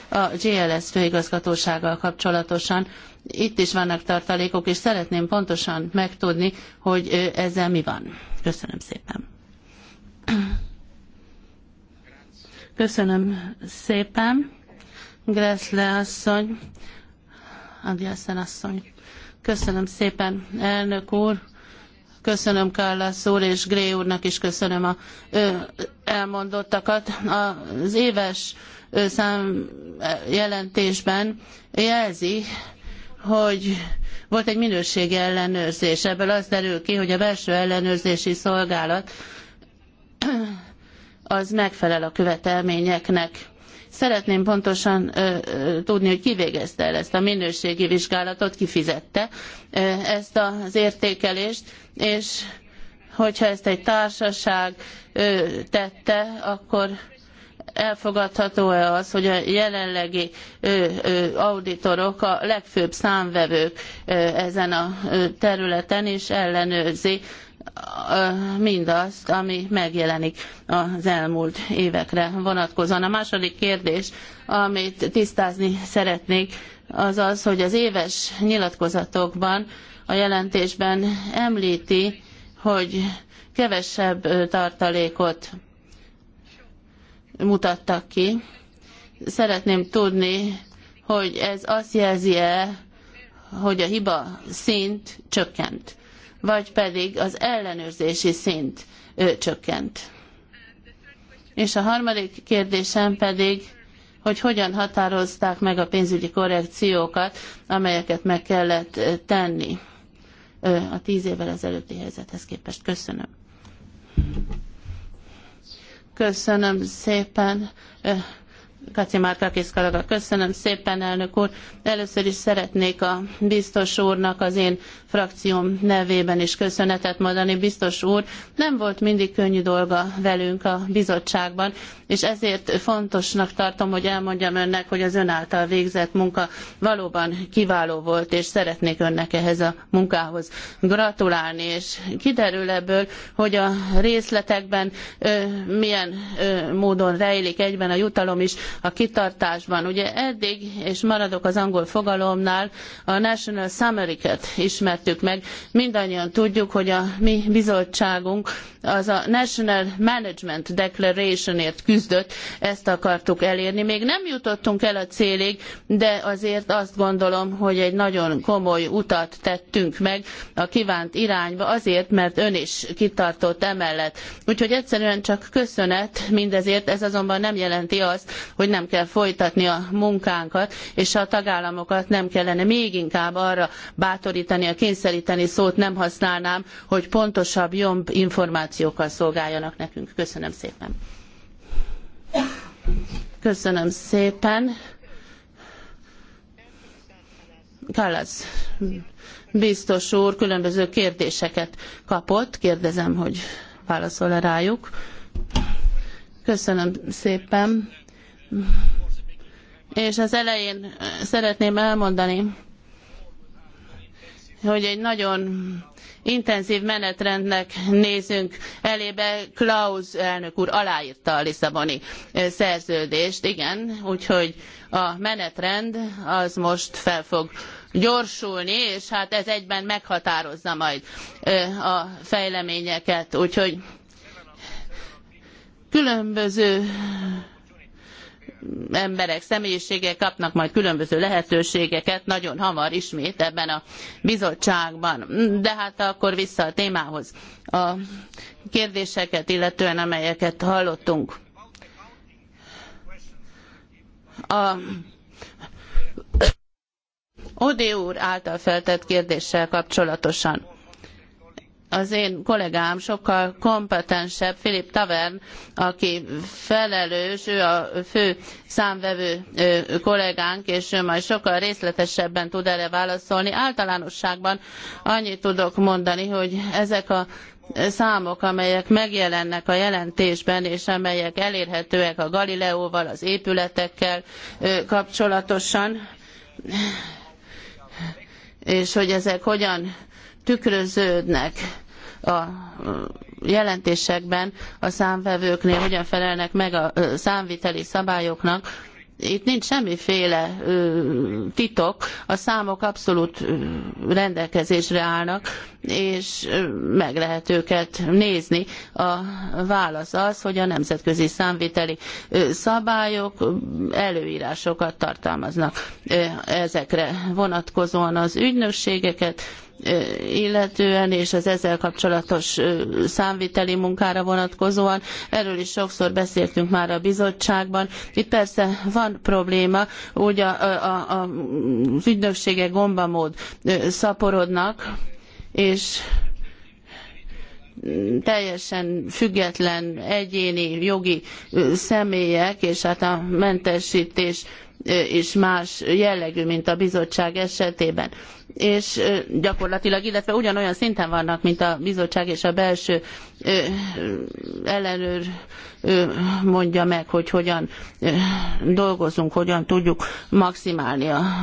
a GLS főigazgatósággal kapcsolatosan. Itt is vannak tartalékok, és szeretném pontosan megtudni, hogy ezzel mi van. Köszönöm szépen. Köszönöm szépen. Gressle asszony, Adiasen asszony. Köszönöm szépen, elnök úr. Köszönöm Kallasz úr és Gré úrnak is köszönöm a ö, elmondottakat. Az éves ö, szám jelentésben jelzi, hogy volt egy minőségi ellenőrzés. Ebből az derül ki, hogy a belső ellenőrzési szolgálat az megfelel a követelményeknek Szeretném pontosan ö, ö, tudni, hogy ki végezte el ezt a minőségi vizsgálatot, ki fizette ö, ezt az értékelést, és hogyha ezt egy társaság ö, tette, akkor elfogadható-e az, hogy a jelenlegi auditorok a legfőbb számvevők ezen a területen, és ellenőrzi mindazt, ami megjelenik az elmúlt évekre vonatkozóan. A második kérdés, amit tisztázni szeretnék, az az, hogy az éves nyilatkozatokban a jelentésben említi, hogy kevesebb tartalékot mutattak ki. Szeretném tudni, hogy ez azt jelzi-e, hogy a hiba szint csökkent vagy pedig az ellenőrzési szint csökkent. És a harmadik kérdésem pedig, hogy hogyan határozták meg a pénzügyi korrekciókat, amelyeket meg kellett tenni a tíz évvel ezelőtti helyzethez képest. Köszönöm. Köszönöm szépen. Kacimárkakis Kalaga. Köszönöm szépen, elnök úr. Először is szeretnék a biztos úrnak az én frakcióm nevében is köszönetet mondani. Biztos úr, nem volt mindig könnyű dolga velünk a bizottságban, és ezért fontosnak tartom, hogy elmondjam önnek, hogy az ön által végzett munka valóban kiváló volt, és szeretnék önnek ehhez a munkához gratulálni, és kiderül ebből, hogy a részletekben ö, milyen ö, módon rejlik egyben a jutalom is, a kitartásban. Ugye eddig, és maradok az angol fogalomnál, a National Summary-ket ismertük meg. Mindannyian tudjuk, hogy a mi bizottságunk az a National Management Declarationért küzdött, ezt akartuk elérni. Még nem jutottunk el a célig, de azért azt gondolom, hogy egy nagyon komoly utat tettünk meg a kívánt irányba, azért, mert ön is kitartott emellett. Úgyhogy egyszerűen csak köszönet mindezért, ez azonban nem jelenti azt, hogy hogy nem kell folytatni a munkánkat, és a tagállamokat nem kellene még inkább arra bátorítani, a kényszeríteni szót nem használnám, hogy pontosabb, jobb információkkal szolgáljanak nekünk. Köszönöm szépen. Köszönöm szépen. Kalasz biztos úr különböző kérdéseket kapott. Kérdezem, hogy válaszol-e rájuk. Köszönöm szépen. És az elején eh, szeretném elmondani, hogy egy nagyon intenzív menetrendnek nézünk elébe. Klaus elnök úr aláírta a Lisszaboni eh, szerződést, igen, úgyhogy a menetrend az most fel fog gyorsulni, és hát ez egyben meghatározza majd eh, a fejleményeket, úgyhogy különböző emberek, személyiségek kapnak majd különböző lehetőségeket nagyon hamar ismét ebben a bizottságban. De hát akkor vissza a témához. A kérdéseket illetően, amelyeket hallottunk. A Odi úr által feltett kérdéssel kapcsolatosan az én kollégám sokkal kompetensebb, Filip Tavern, aki felelős, ő a fő számvevő kollégánk, és ő majd sokkal részletesebben tud erre válaszolni. Általánosságban annyit tudok mondani, hogy ezek a számok, amelyek megjelennek a jelentésben, és amelyek elérhetőek a Galileóval, az épületekkel kapcsolatosan, és hogy ezek hogyan tükröződnek a jelentésekben a számvevőknél hogyan felelnek meg a számviteli szabályoknak, itt nincs semmiféle titok, a számok abszolút rendelkezésre állnak, és meg lehet őket nézni. A válasz az, hogy a nemzetközi számviteli szabályok előírásokat tartalmaznak ezekre vonatkozóan az ügynökségeket, illetően és az ezzel kapcsolatos számviteli munkára vonatkozóan. Erről is sokszor beszéltünk már a bizottságban. Itt persze van probléma, úgy a, a, a, az ügynökségek gombamód szaporodnak, és teljesen független egyéni jogi személyek, és hát a mentesítés is más jellegű, mint a bizottság esetében és gyakorlatilag, illetve ugyanolyan szinten vannak, mint a bizottság és a belső ellenőr mondja meg, hogy hogyan dolgozunk, hogyan tudjuk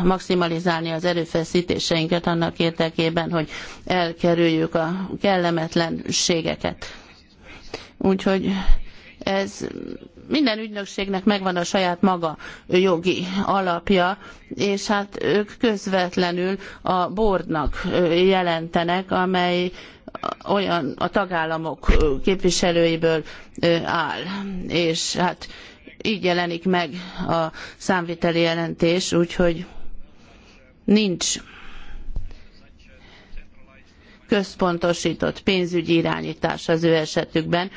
maximalizálni az erőfeszítéseinket annak érdekében, hogy elkerüljük a kellemetlenségeket. Úgyhogy ez minden ügynökségnek megvan a saját maga jogi alapja, és hát ők közvetlenül a boardnak jelentenek, amely olyan a tagállamok képviselőiből áll. És hát így jelenik meg a számviteli jelentés, úgyhogy nincs központosított pénzügyi irányítás az ő esetükben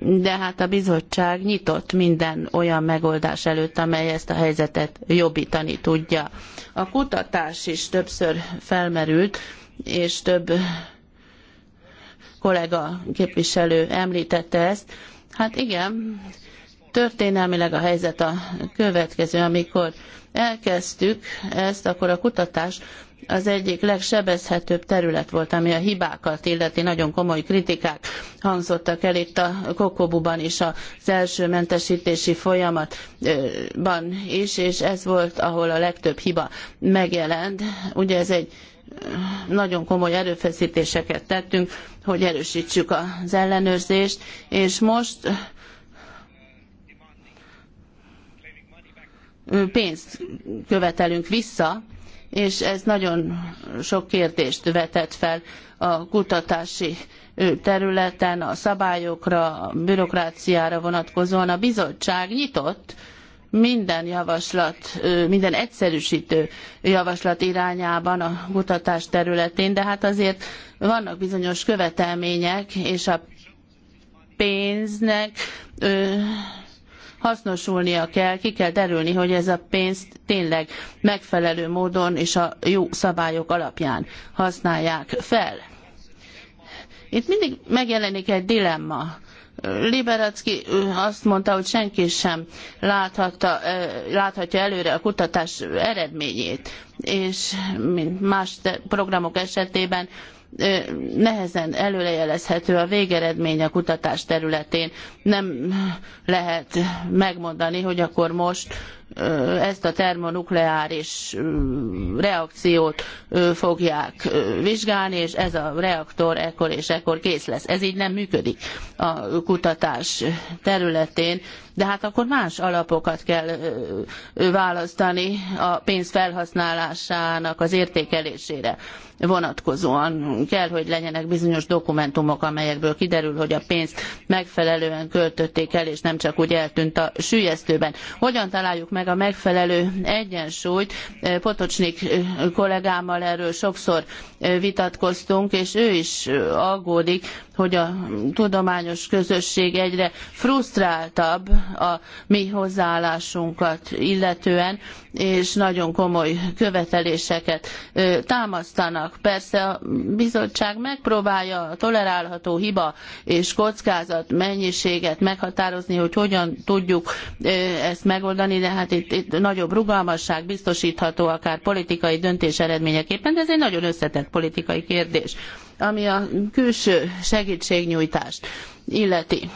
de hát a bizottság nyitott minden olyan megoldás előtt, amely ezt a helyzetet jobbítani tudja. A kutatás is többször felmerült, és több kollega képviselő említette ezt. Hát igen, történelmileg a helyzet a következő, amikor elkezdtük ezt, akkor a kutatás az egyik legsebezhetőbb terület volt, ami a hibákat illeti, nagyon komoly kritikák hangzottak el itt a Kokobuban is az első mentesítési folyamatban is, és ez volt, ahol a legtöbb hiba megjelent. Ugye ez egy nagyon komoly erőfeszítéseket tettünk, hogy erősítsük az ellenőrzést, és most pénzt követelünk vissza, és ez nagyon sok kérdést vetett fel a kutatási területen, a szabályokra, a bürokráciára vonatkozóan. A bizottság nyitott minden javaslat, minden egyszerűsítő javaslat irányában a kutatás területén, de hát azért vannak bizonyos követelmények, és a pénznek hasznosulnia kell, ki kell derülni, hogy ez a pénzt tényleg megfelelő módon és a jó szabályok alapján használják fel. Itt mindig megjelenik egy dilemma. Liberacki azt mondta, hogy senki sem láthatta, láthatja előre a kutatás eredményét, és mint más programok esetében nehezen előrejelezhető a végeredmény a kutatás területén. Nem lehet megmondani, hogy akkor most ezt a termonukleáris reakciót fogják vizsgálni, és ez a reaktor ekkor és ekkor kész lesz. Ez így nem működik a kutatás területén, de hát akkor más alapokat kell választani a pénz felhasználásának az értékelésére vonatkozóan. Kell, hogy legyenek bizonyos dokumentumok, amelyekből kiderül, hogy a pénzt megfelelően költötték el, és nem csak úgy eltűnt a sűjesztőben. Hogyan találjuk meg a megfelelő egyensúlyt. E, Potocsnik e, kollégámmal erről sokszor e, vitatkoztunk, és ő is aggódik, hogy a tudományos közösség egyre frusztráltabb a mi hozzáállásunkat illetően, és nagyon komoly követeléseket támasztanak. Persze a bizottság megpróbálja a tolerálható hiba és kockázat mennyiséget meghatározni, hogy hogyan tudjuk ezt megoldani, de hát itt, itt nagyobb rugalmasság biztosítható akár politikai döntés eredményeképpen, de ez egy nagyon összetett politikai kérdés, ami a külső segítségnyújtást illeti.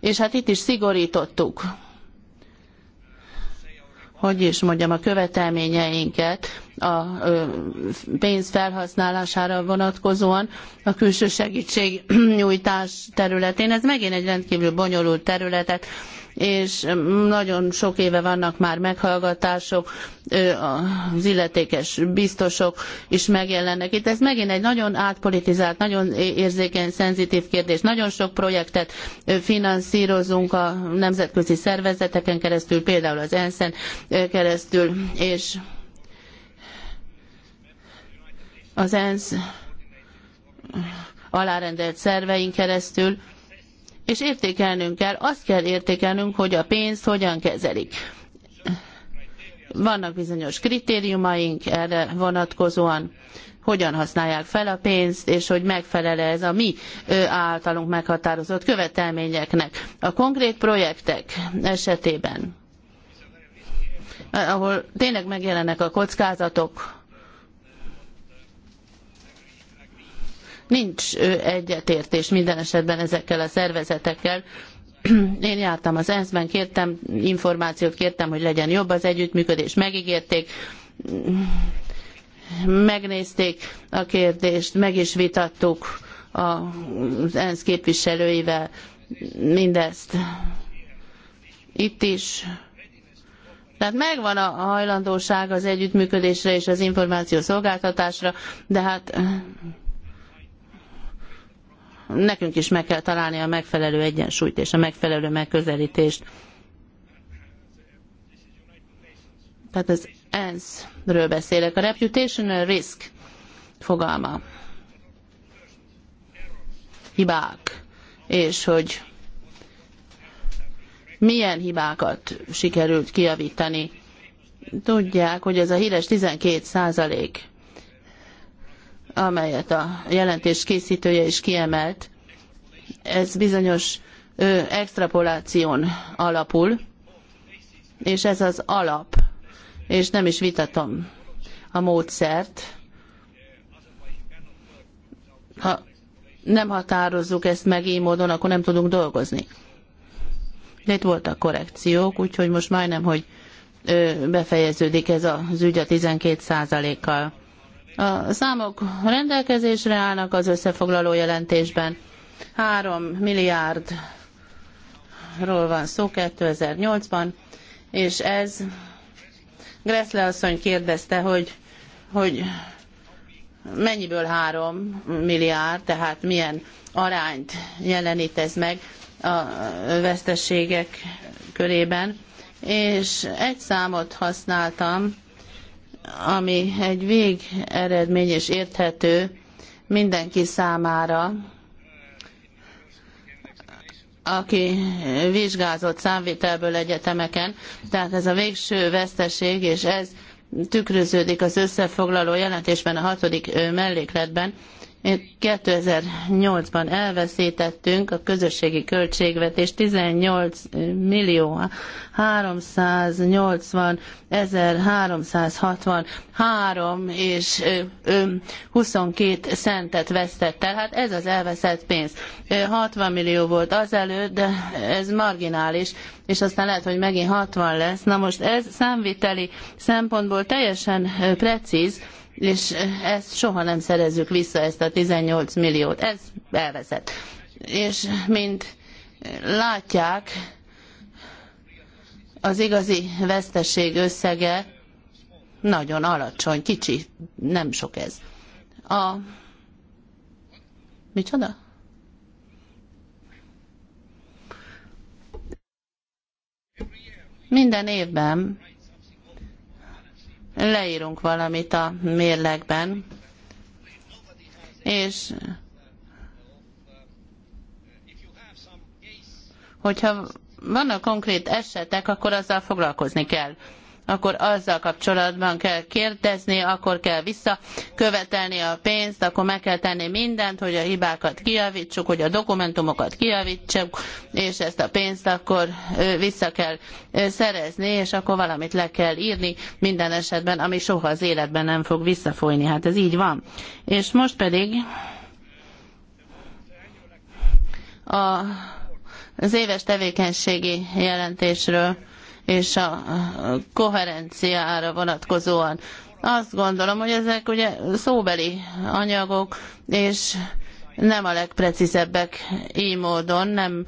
És hát itt is szigorítottuk hogy is mondjam, a követelményeinket a pénz felhasználására vonatkozóan a külső nyújtás területén. Ez megint egy rendkívül bonyolult területet és nagyon sok éve vannak már meghallgatások, az illetékes biztosok is megjelennek itt. Ez megint egy nagyon átpolitizált, nagyon érzékeny, szenzitív kérdés. Nagyon sok projektet finanszírozunk a nemzetközi szervezeteken keresztül, például az ENSZ-en keresztül, és az ENSZ alárendelt szerveink keresztül, és értékelnünk kell, azt kell értékelnünk, hogy a pénzt hogyan kezelik. Vannak bizonyos kritériumaink erre vonatkozóan, hogyan használják fel a pénzt, és hogy megfelele ez a mi általunk meghatározott követelményeknek. A konkrét projektek esetében, ahol tényleg megjelennek a kockázatok, Nincs egyetértés minden esetben ezekkel a szervezetekkel. Én jártam az ENSZ-ben, kértem információt, kértem, hogy legyen jobb az együttműködés, megígérték, megnézték a kérdést, meg is vitattuk az ENSZ képviselőivel mindezt. Itt is. Tehát megvan a hajlandóság az együttműködésre és az információ szolgáltatásra, de hát nekünk is meg kell találni a megfelelő egyensúlyt és a megfelelő megközelítést. Tehát az ENSZ-ről beszélek. A reputational risk fogalma. Hibák. És hogy milyen hibákat sikerült kijavítani. Tudják, hogy ez a híres 12 százalék amelyet a jelentés készítője is kiemelt, ez bizonyos ö, extrapoláción alapul, és ez az alap, és nem is vitatom a módszert. Ha nem határozzuk ezt meg így módon, akkor nem tudunk dolgozni. De itt voltak korrekciók, úgyhogy most majdnem, hogy ö, befejeződik ez az ügy a 12 százalékkal a számok rendelkezésre állnak az összefoglaló jelentésben. 3 milliárdról van szó 2008-ban, és ez Gressle asszony kérdezte, hogy, hogy mennyiből 3 milliárd, tehát milyen arányt jelenít ez meg a veszteségek körében. És egy számot használtam, ami egy végeredmény és érthető mindenki számára, aki vizsgázott számvételből egyetemeken, tehát ez a végső veszteség, és ez tükröződik az összefoglaló jelentésben a hatodik mellékletben, 2008-ban elveszítettünk a közösségi költségvetés 18 millió 380 1363 és 22 centet vesztett el. Hát ez az elveszett pénz. 60 millió volt azelőtt, de ez marginális, és aztán lehet, hogy megint 60 lesz. Na most ez számviteli szempontból teljesen precíz, és ezt soha nem szerezzük vissza, ezt a 18 milliót. Ez elveszett. És mint látják, az igazi veszteség összege nagyon alacsony, kicsi, nem sok ez. A... Micsoda? Minden évben leírunk valamit a mérlegben, és hogyha vannak konkrét esetek, akkor azzal foglalkozni kell akkor azzal kapcsolatban kell kérdezni, akkor kell visszakövetelni a pénzt, akkor meg kell tenni mindent, hogy a hibákat kijavítsuk, hogy a dokumentumokat kijavítsuk, és ezt a pénzt akkor vissza kell szerezni, és akkor valamit le kell írni minden esetben, ami soha az életben nem fog visszafolyni. Hát ez így van. És most pedig a, az éves tevékenységi jelentésről és a koherenciára vonatkozóan. Azt gondolom, hogy ezek ugye szóbeli anyagok, és nem a legprecízebbek így módon, nem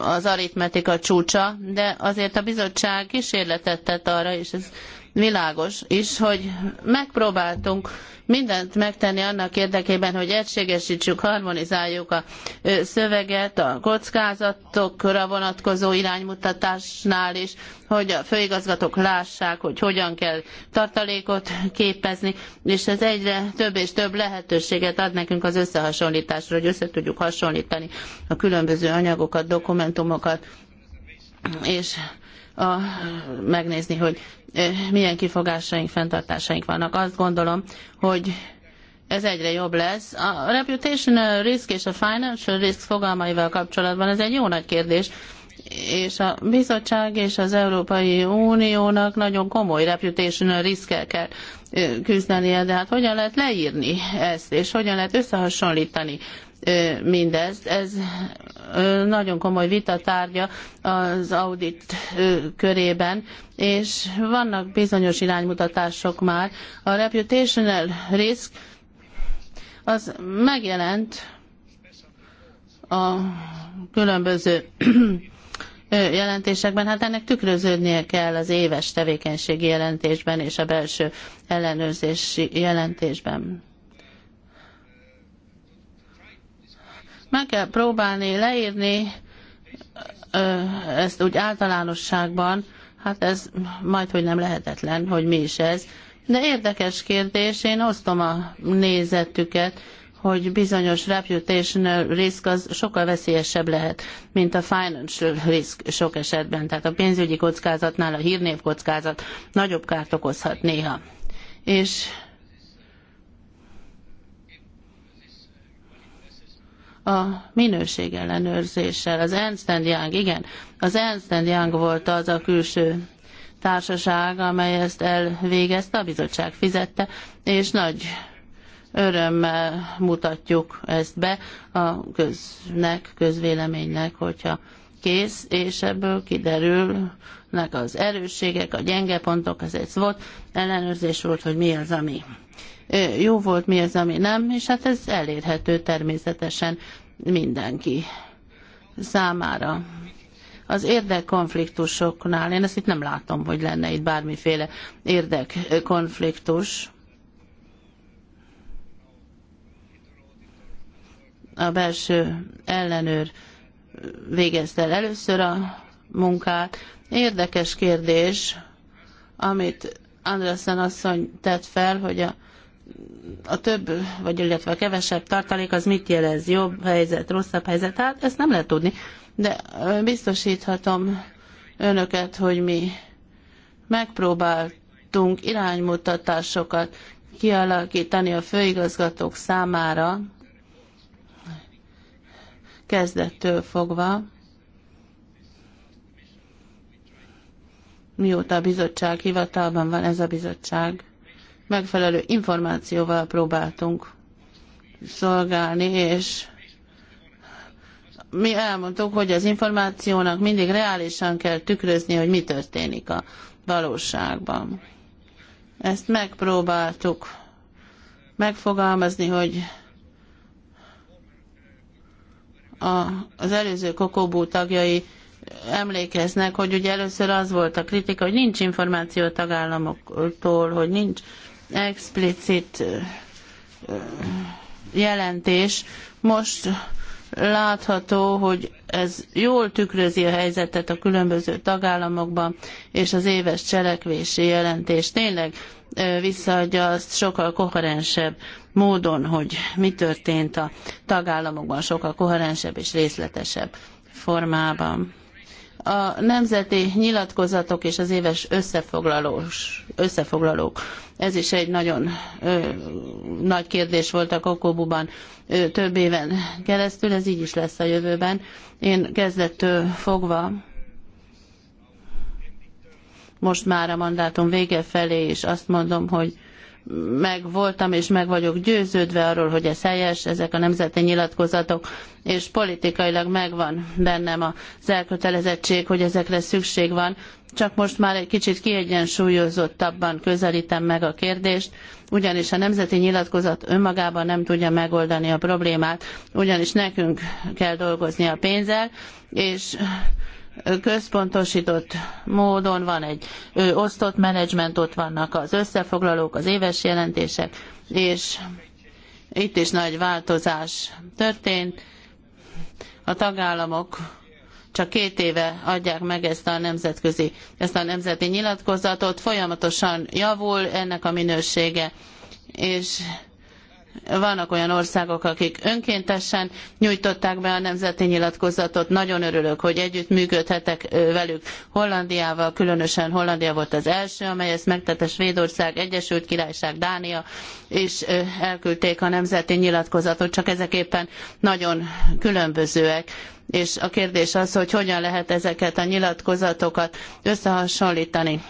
az aritmetika csúcsa, de azért a bizottság kísérletet tett arra, és ez világos is, hogy megpróbáltunk mindent megtenni annak érdekében, hogy egységesítsük, harmonizáljuk a szöveget a kockázatokra vonatkozó iránymutatásnál is, hogy a főigazgatók lássák, hogy hogyan kell tartalékot képezni, és ez egyre több és több lehetőséget ad nekünk az összehasonlításra, hogy össze tudjuk hasonlítani a különböző anyagokat, dokumentumokat, és a, megnézni, hogy milyen kifogásaink, fenntartásaink vannak. Azt gondolom, hogy ez egyre jobb lesz. A reputational risk és a financial risk fogalmaival kapcsolatban ez egy jó nagy kérdés, és a bizottság és az Európai Uniónak nagyon komoly reputational riskkel kell küzdenie, de hát hogyan lehet leírni ezt, és hogyan lehet összehasonlítani mindezt. Ez nagyon komoly vita tárgya az audit körében, és vannak bizonyos iránymutatások már. A reputational risk az megjelent a különböző jelentésekben, hát ennek tükröződnie kell az éves tevékenységi jelentésben és a belső ellenőrzési jelentésben. Meg kell próbálni leírni ezt úgy általánosságban, hát ez majd, hogy nem lehetetlen, hogy mi is ez. De érdekes kérdés, én osztom a nézetüket, hogy bizonyos reputational risk az sokkal veszélyesebb lehet, mint a financial risk sok esetben. Tehát a pénzügyi kockázatnál a hírnév kockázat nagyobb kárt okozhat néha. És a minőség ellenőrzéssel. Az Ernst Young, igen, az Ernst Young volt az a külső társaság, amely ezt elvégezte, a bizottság fizette, és nagy örömmel mutatjuk ezt be a köznek, közvéleménynek, hogyha kész, és ebből kiderülnek az erősségek, a gyenge pontok, ez egy volt, ellenőrzés volt, hogy mi az, ami jó volt, mi az, ami nem, és hát ez elérhető természetesen mindenki számára. Az érdekkonfliktusoknál, én ezt itt nem látom, hogy lenne itt bármiféle érdekkonfliktus. A belső ellenőr végezte el először a munkát. Érdekes kérdés, amit Andersen asszony tett fel, hogy a a több, vagy illetve a kevesebb tartalék az mit jelez? Jobb helyzet, rosszabb helyzet? Hát ezt nem lehet tudni, de biztosíthatom önöket, hogy mi megpróbáltunk iránymutatásokat kialakítani a főigazgatók számára, kezdettől fogva, mióta a bizottság hivatalban van ez a bizottság megfelelő információval próbáltunk szolgálni, és mi elmondtuk, hogy az információnak mindig reálisan kell tükrözni, hogy mi történik a valóságban. Ezt megpróbáltuk megfogalmazni, hogy a, az előző kokobú tagjai emlékeznek, hogy ugye először az volt a kritika, hogy nincs információ tagállamoktól, hogy nincs explicit jelentés. Most látható, hogy ez jól tükrözi a helyzetet a különböző tagállamokban, és az éves cselekvési jelentés tényleg visszaadja azt sokkal koherensebb módon, hogy mi történt a tagállamokban, sokkal koherensebb és részletesebb formában. A nemzeti nyilatkozatok és az éves összefoglalók ez is egy nagyon ö, nagy kérdés volt a Kokobuban ö, több éven keresztül, ez így is lesz a jövőben. Én kezdettől fogva most már a mandátum vége felé, és azt mondom, hogy meg voltam és meg vagyok győződve arról, hogy ez helyes, ezek a nemzeti nyilatkozatok, és politikailag megvan bennem az elkötelezettség, hogy ezekre szükség van, csak most már egy kicsit kiegyensúlyozottabban közelítem meg a kérdést, ugyanis a nemzeti nyilatkozat önmagában nem tudja megoldani a problémát, ugyanis nekünk kell dolgozni a pénzzel, és központosított módon van egy osztott menedzsment, ott vannak az összefoglalók, az éves jelentések, és itt is nagy változás történt. A tagállamok csak két éve adják meg ezt a nemzetközi, ezt a nemzeti nyilatkozatot, folyamatosan javul ennek a minősége, és vannak olyan országok, akik önkéntesen nyújtották be a nemzeti nyilatkozatot. Nagyon örülök, hogy együtt működhetek velük Hollandiával, különösen Hollandia volt az első, amely ezt megtette Svédország, Egyesült Királyság, Dánia, és elküldték a nemzeti nyilatkozatot, csak ezek éppen nagyon különbözőek és a kérdés az, hogy hogyan lehet ezeket a nyilatkozatokat összehasonlítani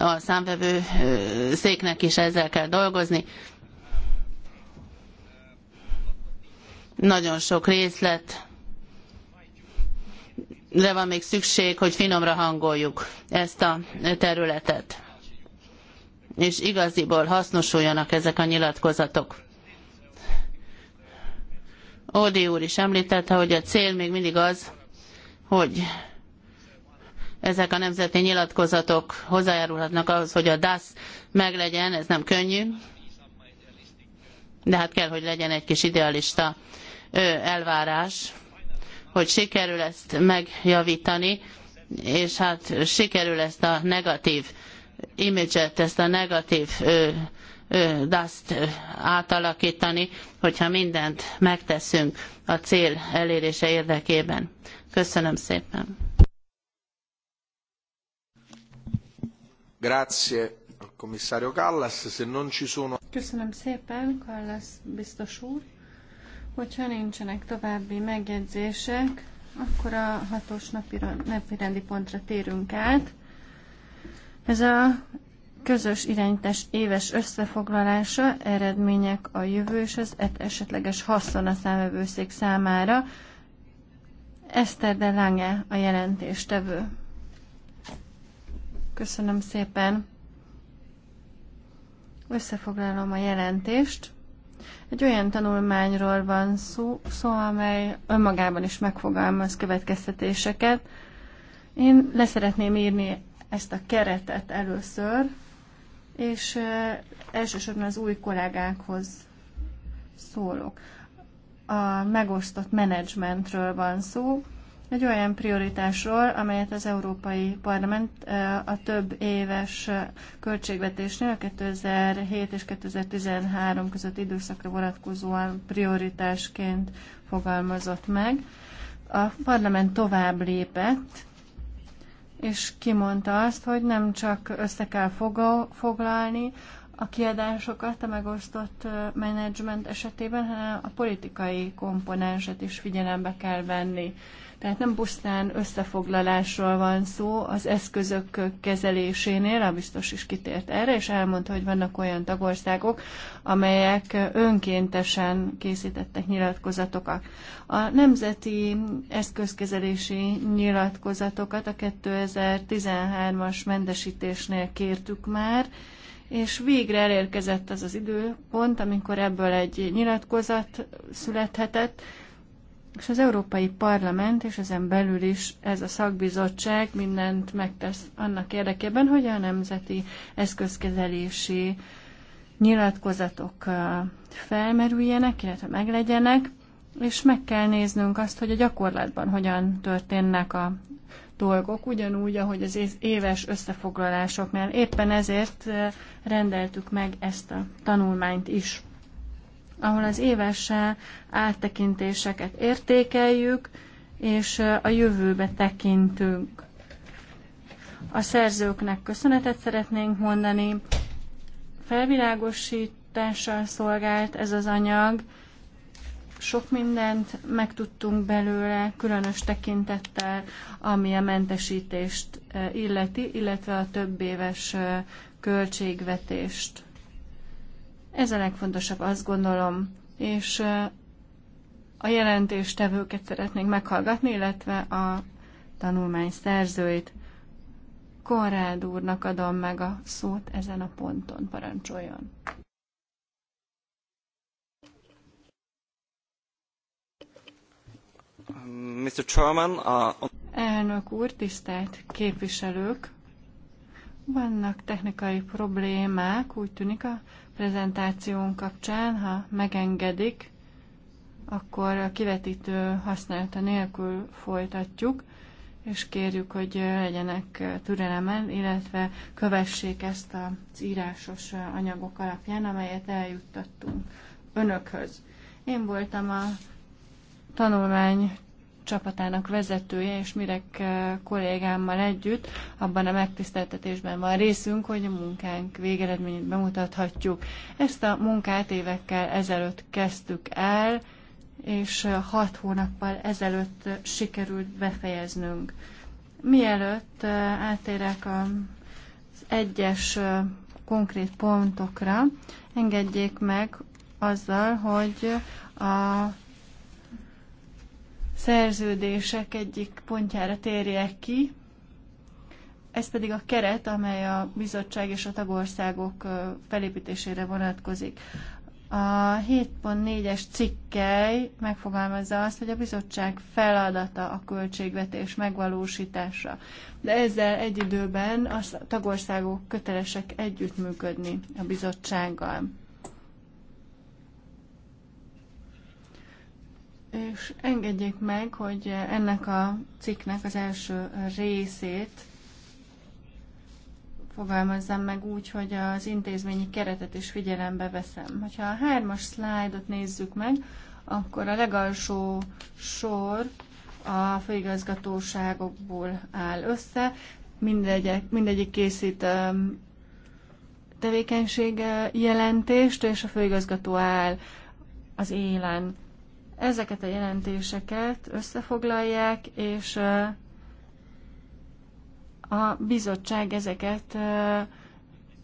a számvevő széknek is ezzel kell dolgozni. Nagyon sok részlet de van még szükség, hogy finomra hangoljuk ezt a területet. És igaziból hasznosuljanak ezek a nyilatkozatok. Ódi úr is említette, hogy a cél még mindig az, hogy ezek a nemzeti nyilatkozatok hozzájárulhatnak ahhoz, hogy a DAS meglegyen, ez nem könnyű, de hát kell, hogy legyen egy kis idealista elvárás, hogy sikerül ezt megjavítani, és hát sikerül ezt a negatív imidzset, ezt a negatív DAS-t átalakítani, hogyha mindent megteszünk a cél elérése érdekében. Köszönöm szépen! Grazie al commissario Callas. Se non ci sono... Köszönöm szépen, Kallas biztos úr. Hogyha nincsenek további megjegyzések, akkor a hatos napi, napi rendi pontra térünk át. Ez a közös irányítás éves összefoglalása, eredmények a jövő és az esetleges haszon a számvevőszék számára. Eszter de Lange a jelentéstevő. Köszönöm szépen. Összefoglalom a jelentést. Egy olyan tanulmányról van szó, szó, amely önmagában is megfogalmaz következtetéseket. Én leszeretném írni ezt a keretet először, és elsősorban az új kollégákhoz szólok. A megosztott menedzsmentről van szó, egy olyan prioritásról, amelyet az Európai Parlament a több éves költségvetésnél a 2007 és 2013 között időszakra vonatkozóan prioritásként fogalmazott meg. A parlament tovább lépett, és kimondta azt, hogy nem csak össze kell foglalni a kiadásokat a megosztott menedzsment esetében, hanem a politikai komponenset is figyelembe kell venni. Tehát nem pusztán összefoglalásról van szó, az eszközök kezelésénél, a biztos is kitért erre, és elmondta, hogy vannak olyan tagországok, amelyek önkéntesen készítettek nyilatkozatokat. A nemzeti eszközkezelési nyilatkozatokat a 2013-as mentesítésnél kértük már, és végre elérkezett az az időpont, amikor ebből egy nyilatkozat születhetett, és az Európai Parlament, és ezen belül is ez a szakbizottság mindent megtesz annak érdekében, hogy a nemzeti eszközkezelési nyilatkozatok felmerüljenek, illetve meglegyenek, és meg kell néznünk azt, hogy a gyakorlatban hogyan történnek a dolgok, ugyanúgy, ahogy az éves összefoglalásoknál. Éppen ezért rendeltük meg ezt a tanulmányt is ahol az éves áttekintéseket értékeljük, és a jövőbe tekintünk. A szerzőknek köszönetet szeretnénk mondani. Felvilágosítással szolgált ez az anyag. Sok mindent megtudtunk belőle, különös tekintettel, ami a mentesítést eh, illeti, illetve a több éves eh, költségvetést. Ez a legfontosabb, azt gondolom, és a jelentéstevőket szeretnénk meghallgatni, illetve a tanulmány szerzőit. Konrád úrnak adom meg a szót ezen a ponton, parancsoljon. Mr. Chairman, a... Uh, Elnök úr, tisztelt képviselők! Vannak technikai problémák, úgy tűnik a prezentáción kapcsán, ha megengedik, akkor a kivetítő használata nélkül folytatjuk, és kérjük, hogy legyenek türelemmel, illetve kövessék ezt az írásos anyagok alapján, amelyet eljuttattunk önökhöz. Én voltam a tanulmány csapatának vezetője, és Mirek eh, kollégámmal együtt abban a megtiszteltetésben van részünk, hogy a munkánk végeredményét bemutathatjuk. Ezt a munkát évekkel ezelőtt kezdtük el, és eh, hat hónappal ezelőtt eh, sikerült befejeznünk. Mielőtt átérek az egyes konkrét pontokra, engedjék meg azzal, hogy a szerződések egyik pontjára térjek ki, ez pedig a keret, amely a bizottság és a tagországok felépítésére vonatkozik. A 7.4-es cikkely megfogalmazza azt, hogy a bizottság feladata a költségvetés megvalósítása, de ezzel egy időben a tagországok kötelesek együttműködni a bizottsággal. És engedjék meg, hogy ennek a cikknek az első részét fogalmazzam meg úgy, hogy az intézményi keretet is figyelembe veszem. Ha a hármas szlájdot nézzük meg, akkor a legalsó sor a főigazgatóságokból áll össze. Mindegyek, mindegyik készít um, tevékenység jelentést, és a főigazgató áll az élen. Ezeket a jelentéseket összefoglalják, és a bizottság ezeket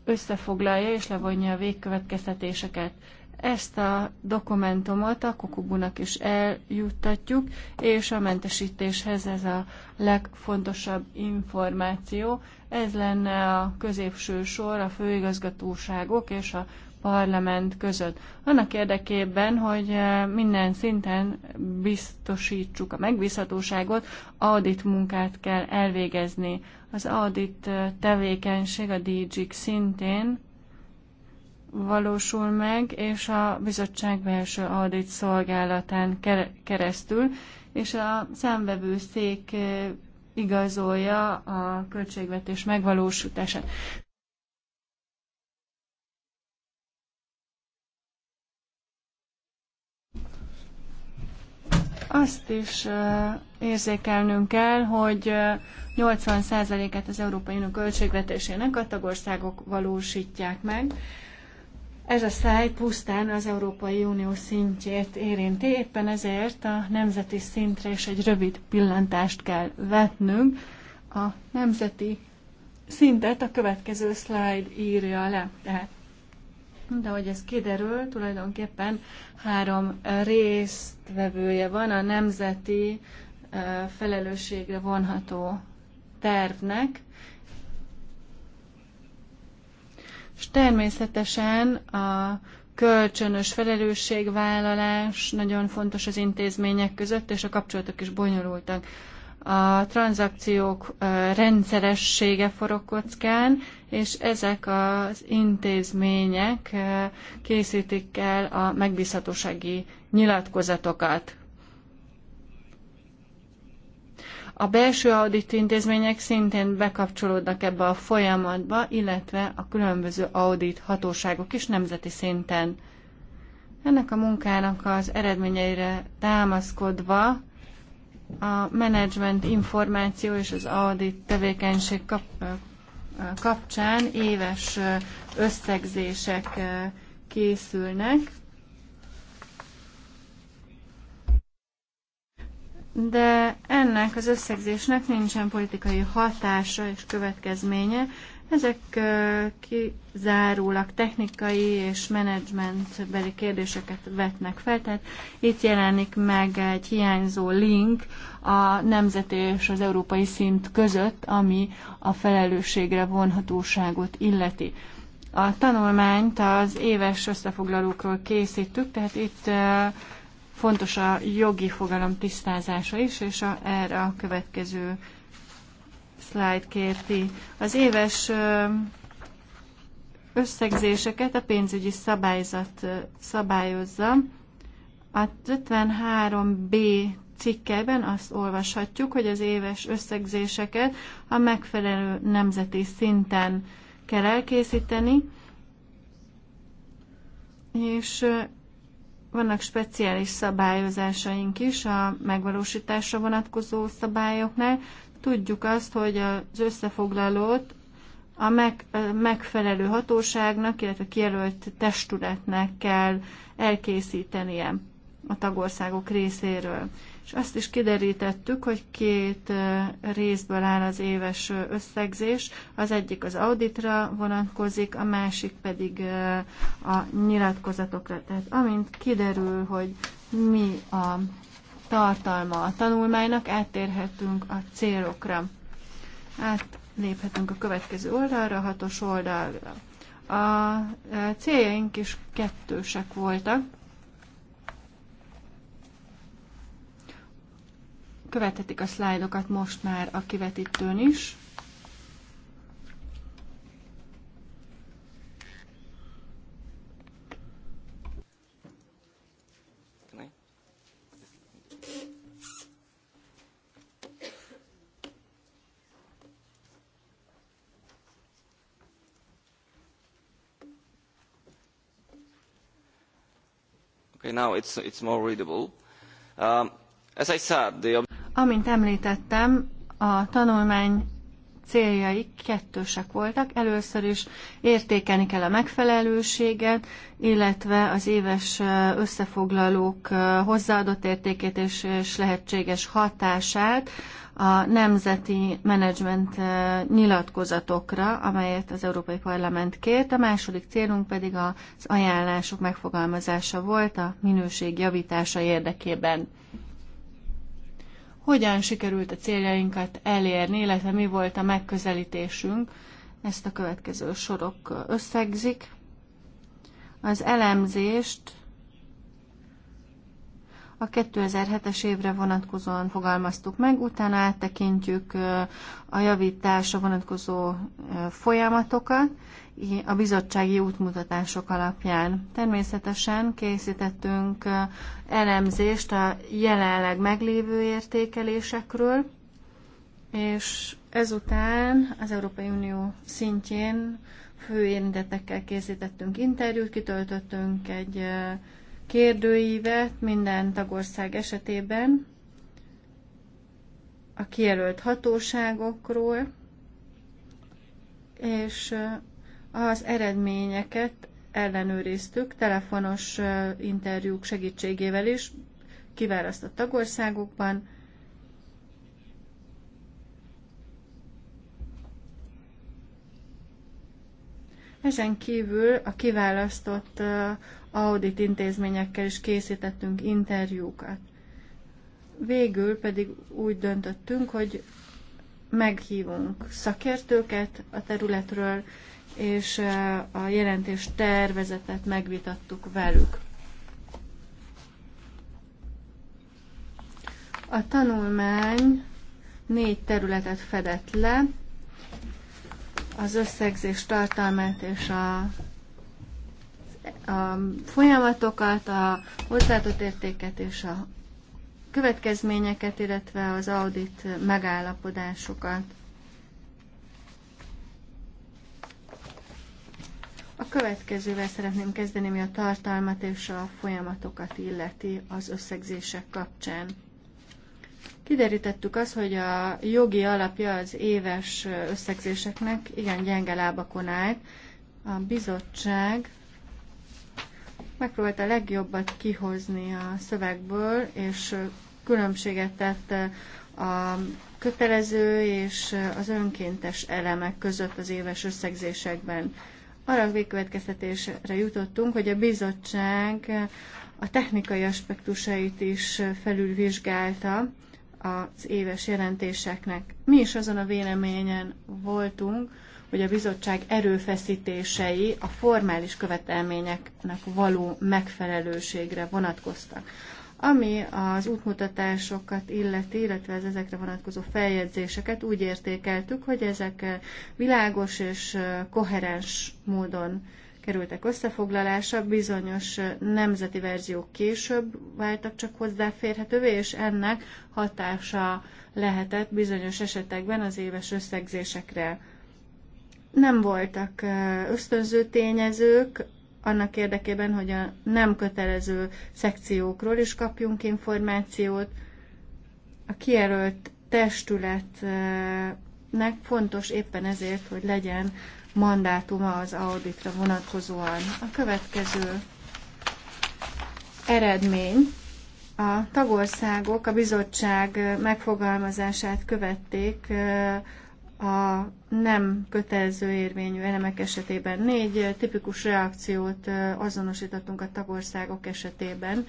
összefoglalja és levonja a végkövetkeztetéseket. Ezt a dokumentumot a kokubunak is eljuttatjuk, és a mentesítéshez ez a legfontosabb információ. Ez lenne a középső sor a főigazgatóságok és a parlament között. Annak érdekében, hogy eh, minden szinten biztosítsuk a megbízhatóságot, audit munkát kell elvégezni. Az audit eh, tevékenység a DG szintén valósul meg, és a bizottság belső audit szolgálatán keresztül, és a számvevőszék eh, igazolja a költségvetés megvalósítását. Azt is érzékelnünk kell, hogy 80%-át az Európai Unió költségvetésének a tagországok valósítják meg. Ez a száj pusztán az Európai Unió szintjét érinti, éppen ezért a nemzeti szintre is egy rövid pillantást kell vetnünk. A nemzeti szintet a következő szlájd írja le. Tehát de hogy ez kiderül, tulajdonképpen három résztvevője van a nemzeti felelősségre vonható tervnek, és természetesen a kölcsönös felelősségvállalás nagyon fontos az intézmények között, és a kapcsolatok is bonyolultak a tranzakciók rendszeressége forog kockán, és ezek az intézmények készítik el a megbízhatósági nyilatkozatokat. A belső audit intézmények szintén bekapcsolódnak ebbe a folyamatba, illetve a különböző audit hatóságok is nemzeti szinten. Ennek a munkának az eredményeire támaszkodva a menedzsment információ és az audit tevékenység kap, kapcsán éves összegzések készülnek, de ennek az összegzésnek nincsen politikai hatása és következménye ezek kizárólag technikai és menedzsmentbeli kérdéseket vetnek fel, tehát itt jelenik meg egy hiányzó link a nemzeti és az európai szint között, ami a felelősségre vonhatóságot illeti. A tanulmányt az éves összefoglalókról készítük, tehát itt fontos a jogi fogalom tisztázása is, és a, erre a következő slide, kérti. Az éves összegzéseket a pénzügyi szabályzat szabályozza. A 53B cikkeiben azt olvashatjuk, hogy az éves összegzéseket a megfelelő nemzeti szinten kell elkészíteni, és vannak speciális szabályozásaink is a megvalósításra vonatkozó szabályoknál, Tudjuk azt, hogy az összefoglalót a meg, megfelelő hatóságnak, illetve a kijelölt testületnek kell elkészítenie a tagországok részéről. És azt is kiderítettük, hogy két részből áll az éves összegzés. Az egyik az auditra vonatkozik, a másik pedig a nyilatkozatokra. Tehát amint kiderül, hogy mi a tartalma a tanulmánynak, áttérhetünk a célokra. Átléphetünk a következő oldalra, a hatos oldalra. A céljaink is kettősek voltak. Követhetik a szlájdokat most már a kivetítőn is. amint emltettem a tanulmány céljai kettősek voltak. Először is értékelni kell a megfelelőséget, illetve az éves összefoglalók hozzáadott értékét és, és lehetséges hatását a nemzeti menedzsment nyilatkozatokra, amelyet az Európai Parlament kért. A második célunk pedig az ajánlások megfogalmazása volt a minőség javítása érdekében hogyan sikerült a céljainkat elérni, illetve mi volt a megközelítésünk. Ezt a következő sorok összegzik. Az elemzést a 2007-es évre vonatkozóan fogalmaztuk meg, utána áttekintjük a javításra vonatkozó folyamatokat, a bizottsági útmutatások alapján. Természetesen készítettünk elemzést a jelenleg meglévő értékelésekről, és ezután az Európai Unió szintjén főérintettekkel készítettünk interjút, kitöltöttünk egy kérdőívet minden tagország esetében a kijelölt hatóságokról, és az eredményeket ellenőriztük telefonos interjúk segítségével is, kiválasztott tagországokban, Ezen kívül a kiválasztott audit intézményekkel is készítettünk interjúkat. Végül pedig úgy döntöttünk, hogy meghívunk szakértőket a területről, és a jelentés tervezetet megvitattuk velük. A tanulmány négy területet fedett le, az összegzés tartalmát és a, a folyamatokat, a hozzáadott értéket és a következményeket, illetve az audit megállapodásokat. következővel szeretném kezdeni, mi a tartalmat és a folyamatokat illeti az összegzések kapcsán. Kiderítettük azt, hogy a jogi alapja az éves összegzéseknek igen gyenge lábakon állt. A bizottság megpróbálta a legjobbat kihozni a szövegből, és különbséget tett a kötelező és az önkéntes elemek között az éves összegzésekben arra a végkövetkeztetésre jutottunk, hogy a bizottság a technikai aspektusait is felülvizsgálta az éves jelentéseknek. Mi is azon a véleményen voltunk, hogy a bizottság erőfeszítései a formális követelményeknek való megfelelőségre vonatkoztak. Ami az útmutatásokat illeti, illetve az ezekre vonatkozó feljegyzéseket úgy értékeltük, hogy ezek világos és koherens módon kerültek összefoglalása, bizonyos nemzeti verziók később váltak csak hozzáférhetővé, és ennek hatása lehetett bizonyos esetekben az éves összegzésekre. Nem voltak ösztönző tényezők, annak érdekében, hogy a nem kötelező szekciókról is kapjunk információt. A kijelölt testületnek fontos éppen ezért, hogy legyen mandátuma az auditra vonatkozóan. A következő eredmény a tagországok a bizottság megfogalmazását követték a nem kötelező érvényű elemek esetében négy tipikus reakciót azonosítottunk a tagországok esetében.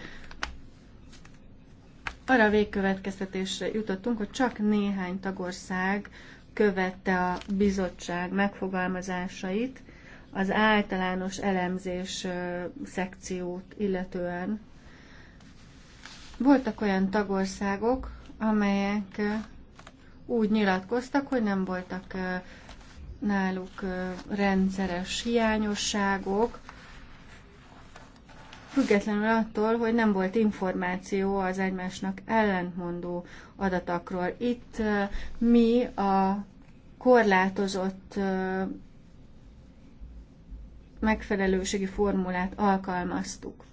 Arra a végkövetkeztetésre jutottunk, hogy csak néhány tagország követte a bizottság megfogalmazásait az általános elemzés szekciót illetően. Voltak olyan tagországok, amelyek úgy nyilatkoztak, hogy nem voltak náluk rendszeres hiányosságok, függetlenül attól, hogy nem volt információ az egymásnak ellentmondó adatakról. Itt mi a korlátozott megfelelőségi formulát alkalmaztuk.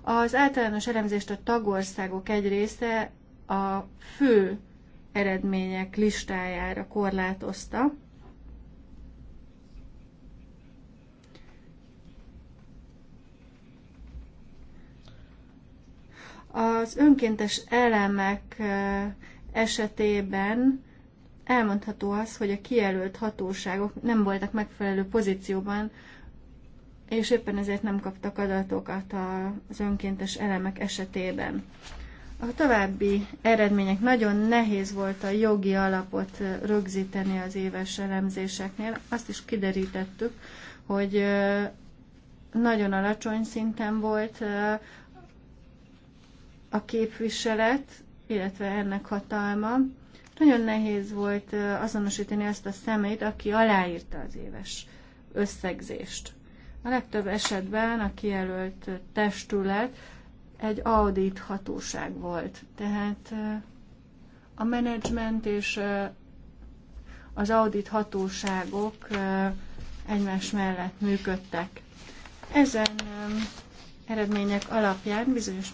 Az általános elemzést a tagországok egy része a fő eredmények listájára korlátozta. Az önkéntes elemek esetében elmondható az, hogy a kijelölt hatóságok nem voltak megfelelő pozícióban, és éppen ezért nem kaptak adatokat az önkéntes elemek esetében. A további eredmények nagyon nehéz volt a jogi alapot rögzíteni az éves elemzéseknél. Azt is kiderítettük, hogy nagyon alacsony szinten volt a képviselet, illetve ennek hatalma. Nagyon nehéz volt azonosítani azt a szemét, aki aláírta az éves összegzést. A legtöbb esetben a kijelölt testület egy audit hatóság volt. Tehát a menedzsment és az audit hatóságok egymás mellett működtek. Ezen eredmények alapján bizonyos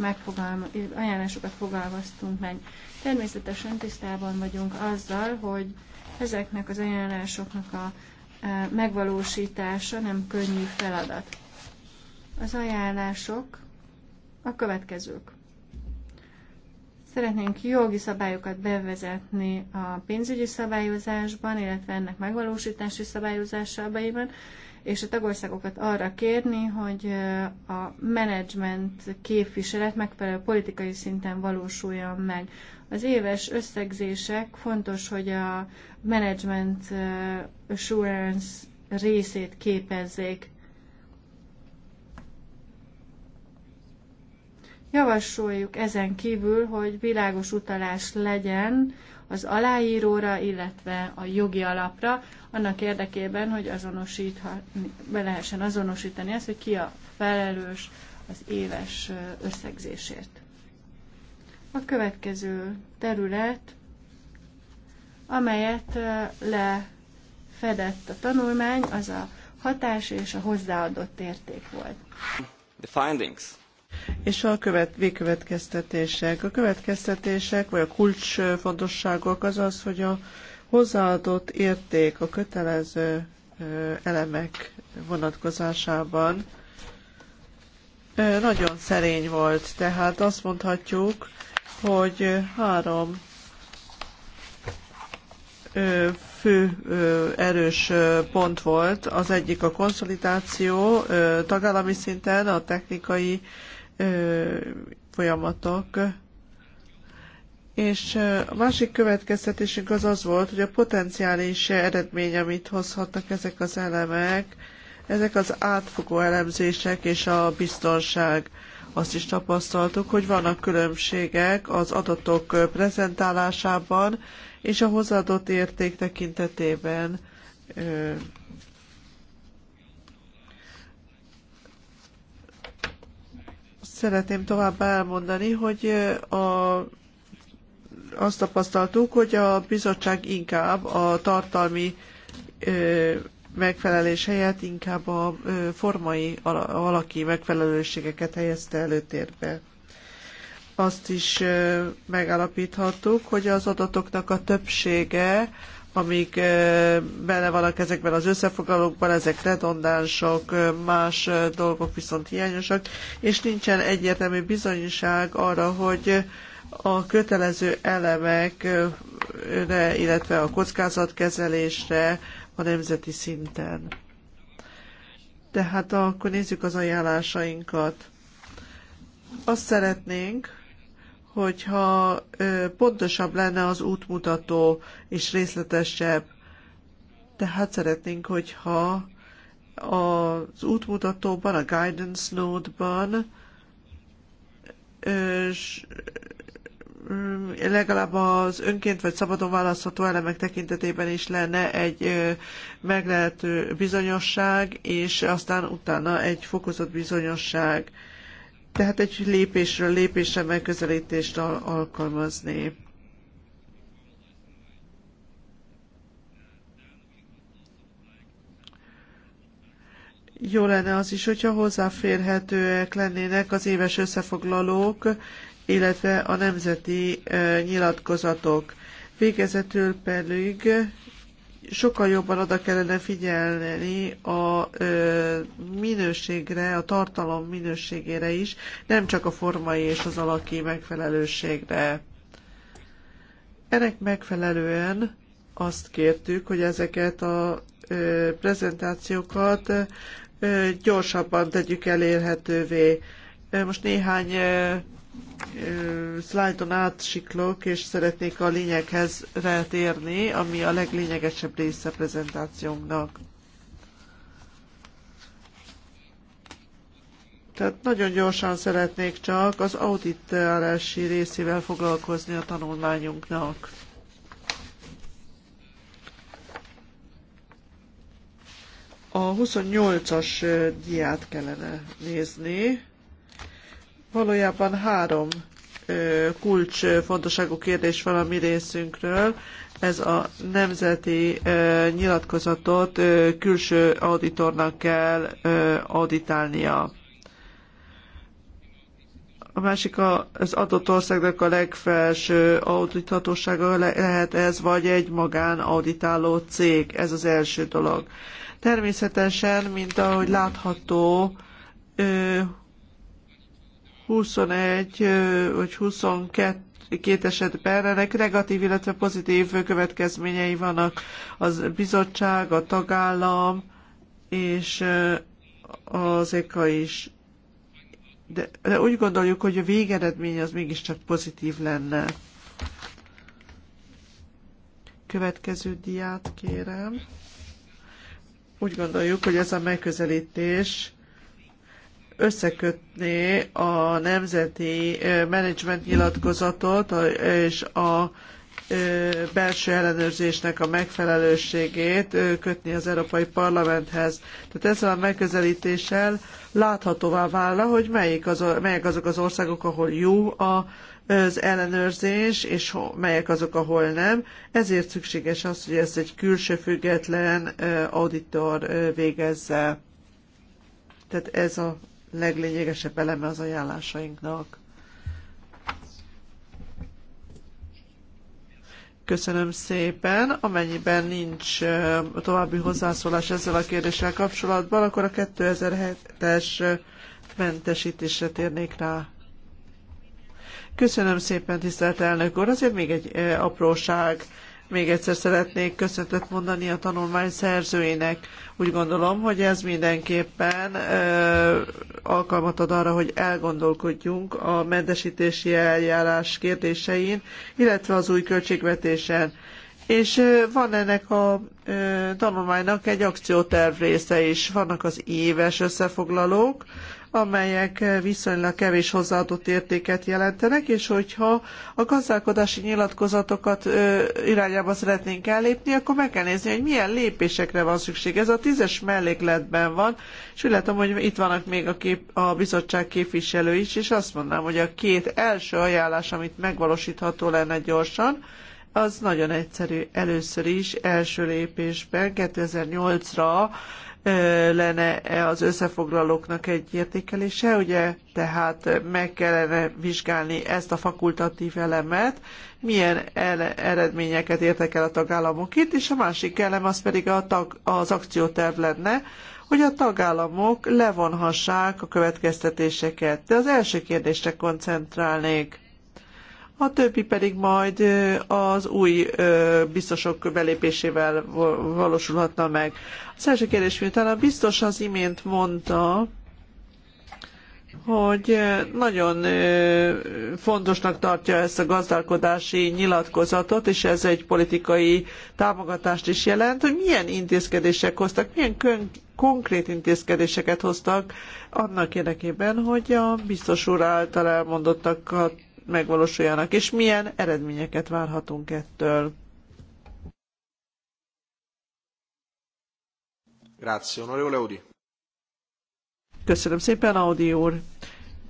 ajánlásokat fogalmaztunk meg. Természetesen tisztában vagyunk azzal, hogy ezeknek az ajánlásoknak a megvalósítása nem könnyű feladat. Az ajánlások a következők. Szeretnénk jogi szabályokat bevezetni a pénzügyi szabályozásban, illetve ennek megvalósítási szabályozásában, és a tagországokat arra kérni, hogy a menedzsment képviselet megfelelő politikai szinten valósuljon meg. Az éves összegzések fontos, hogy a management assurance részét képezzék. Javasoljuk ezen kívül, hogy világos utalás legyen az aláíróra, illetve a jogi alapra, annak érdekében, hogy be lehessen azonosítani azt, hogy ki a felelős az éves összegzésért. A következő terület, amelyet lefedett a tanulmány, az a hatás és a hozzáadott érték volt. The findings és a követ, végkövetkeztetések. A következtetések, vagy a kulcsfontosságok az az, hogy a hozzáadott érték a kötelező elemek vonatkozásában nagyon szerény volt. Tehát azt mondhatjuk, hogy három fő erős pont volt. Az egyik a konszolidáció tagállami szinten, a technikai folyamatok. És a másik következtetésünk az az volt, hogy a potenciális eredmény, amit hozhatnak ezek az elemek, ezek az átfogó elemzések és a biztonság. Azt is tapasztaltuk, hogy vannak különbségek az adatok prezentálásában és a hozzáadott érték tekintetében Szeretném tovább elmondani, hogy a azt tapasztaltuk, hogy a bizottság inkább a tartalmi ö, megfelelés helyett inkább a ö, formai alaki megfelelőségeket helyezte előtérbe. Azt is ö, megállapíthattuk, hogy az adatoknak a többsége amik benne vannak ezekben az összefoglalókban, ezek redondánsok, más dolgok viszont hiányosak, és nincsen egyértelmű bizonyság arra, hogy a kötelező elemekre, illetve a kockázatkezelésre a nemzeti szinten. Tehát akkor nézzük az ajánlásainkat. Azt szeretnénk, hogyha pontosabb lenne az útmutató és részletesebb. Tehát szeretnénk, hogyha az útmutatóban, a guidance note-ban legalább az önként vagy szabadon választható elemek tekintetében is lenne egy meglehető bizonyosság, és aztán utána egy fokozott bizonyosság tehát egy lépésről lépésre megközelítést al- alkalmazni. Jó lenne az is, hogyha hozzáférhetőek lennének az éves összefoglalók, illetve a nemzeti nyilatkozatok. Végezetül pedig sokkal jobban oda kellene figyelni a ö, minőségre, a tartalom minőségére is, nem csak a formai és az alaki megfelelőségre. Ennek megfelelően azt kértük, hogy ezeket a ö, prezentációkat ö, gyorsabban tegyük elérhetővé. Most néhány szlájdon átsiklok, és szeretnék a lényeghez rátérni, ami a leglényegesebb része a prezentációmnak. Tehát nagyon gyorsan szeretnék csak az auditálási részével foglalkozni a tanulmányunknak. A 28-as diát kellene nézni. Valójában három kulcsfontosságú kérdés van a mi részünkről. Ez a nemzeti nyilatkozatot külső auditornak kell auditálnia. A másik az adott országnak a legfelső audithatósága lehet ez, vagy egy magán auditáló cég. Ez az első dolog. Természetesen, mint ahogy látható, 21 vagy 22 két esetben ennek negatív, illetve pozitív következményei vannak az bizottság, a tagállam és az EKA is. De, de úgy gondoljuk, hogy a végeredmény az mégiscsak pozitív lenne. Következő diát kérem. Úgy gondoljuk, hogy ez a megközelítés összekötné a nemzeti menedzsment nyilatkozatot és a belső ellenőrzésnek a megfelelőségét kötni az Európai Parlamenthez. Tehát ezzel a megközelítéssel láthatóvá válna, hogy melyik az, melyek azok az országok, ahol jó a az ellenőrzés, és melyek azok, ahol nem. Ezért szükséges az, hogy ezt egy külső független auditor végezze. Tehát ez a leglényegesebb eleme az ajánlásainknak. Köszönöm szépen. Amennyiben nincs további hozzászólás ezzel a kérdéssel kapcsolatban, akkor a 2007-es mentesítésre térnék rá. Köszönöm szépen, tisztelt elnök úr. Azért még egy apróság. Még egyszer szeretnék köszöntet mondani a tanulmány szerzőinek. Úgy gondolom, hogy ez mindenképpen ö, alkalmat ad arra, hogy elgondolkodjunk a mentesítési eljárás kérdésein, illetve az új költségvetésen. És van ennek a tanulmánynak egy akcióterv része is. Vannak az éves összefoglalók, amelyek viszonylag kevés hozzáadott értéket jelentenek, és hogyha a gazdálkodási nyilatkozatokat irányába szeretnénk ellépni, akkor meg kell nézni, hogy milyen lépésekre van szükség. Ez a tízes mellékletben van, és úgy látom, hogy itt vannak még a, kép, a bizottság képviselő is, és azt mondanám, hogy a két első ajánlás, amit megvalósítható lenne gyorsan, az nagyon egyszerű. Először is első lépésben 2008-ra lenne az összefoglalóknak egy értékelése, ugye, tehát meg kellene vizsgálni ezt a fakultatív elemet, milyen eredményeket értek el a tagállamok itt, és a másik elem az pedig a tag, az akcióterv lenne, hogy a tagállamok levonhassák a következtetéseket. De az első kérdésre koncentrálnék a többi pedig majd az új biztosok belépésével valósulhatna meg. Az első kérdés, miután a biztos az imént mondta, hogy nagyon fontosnak tartja ezt a gazdálkodási nyilatkozatot, és ez egy politikai támogatást is jelent, hogy milyen intézkedések hoztak, milyen konkrét intézkedéseket hoztak annak érdekében, hogy a biztos úr által elmondottakat megvalósuljanak, és milyen eredményeket várhatunk ettől. Grazie, onorevole Audi. Köszönöm szépen, Audi úr.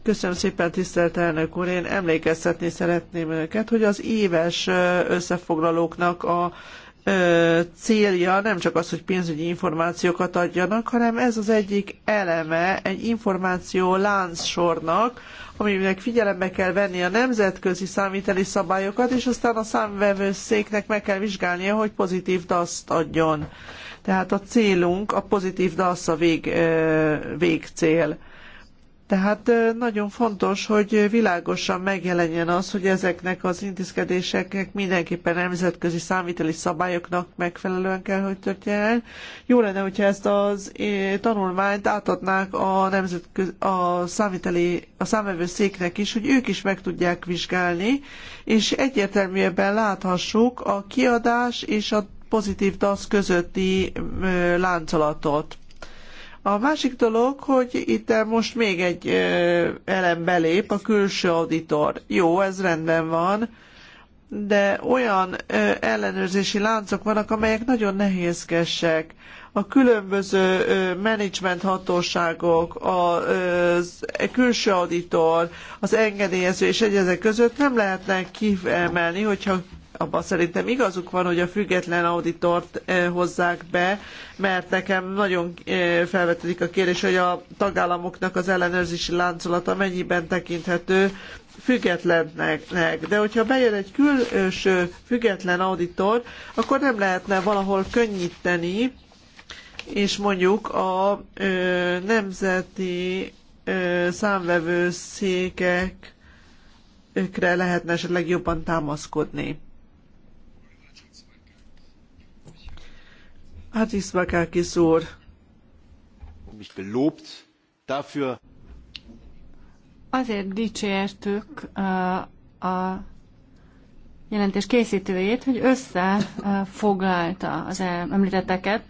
Köszönöm szépen, tisztelt elnök úr. Én emlékeztetni szeretném önöket, hogy az éves összefoglalóknak a célja nem csak az, hogy pénzügyi információkat adjanak, hanem ez az egyik eleme egy információ láncsornak, aminek figyelembe kell venni a nemzetközi számíteli szabályokat, és aztán a számvevőszéknek meg kell vizsgálnia, hogy pozitív DASZ-t adjon. Tehát a célunk, a pozitív DASZ a vég, végcél. Tehát nagyon fontos, hogy világosan megjelenjen az, hogy ezeknek az intézkedéseknek mindenképpen nemzetközi számviteli szabályoknak megfelelően kell, hogy történjen. Jó lenne, hogyha ezt az tanulmányt átadnák a, nemzetközi, a számviteli, a számvevőszéknek is, hogy ők is meg tudják vizsgálni, és egyértelműebben láthassuk a kiadás és a pozitív DASZ közötti láncolatot. A másik dolog, hogy itt most még egy elem belép, a külső auditor. Jó, ez rendben van, de olyan ellenőrzési láncok vannak, amelyek nagyon nehézkesek. A különböző menedzsment hatóságok, a e külső auditor, az engedélyező és egyezek között nem lehetnek kiemelni, hogyha abban szerintem igazuk van, hogy a független auditort eh, hozzák be, mert nekem nagyon eh, felvetődik a kérdés, hogy a tagállamoknak az ellenőrzési láncolata mennyiben tekinthető függetlennek. De hogyha bejön egy külső független auditor, akkor nem lehetne valahol könnyíteni, és mondjuk a ö, nemzeti ö, számvevőszékekre lehetne esetleg jobban támaszkodni. Hát Iszmakákis Mich gelobt dafür. Azért dicsértük a, a jelentés készítőjét, hogy összefoglalta az említetteket.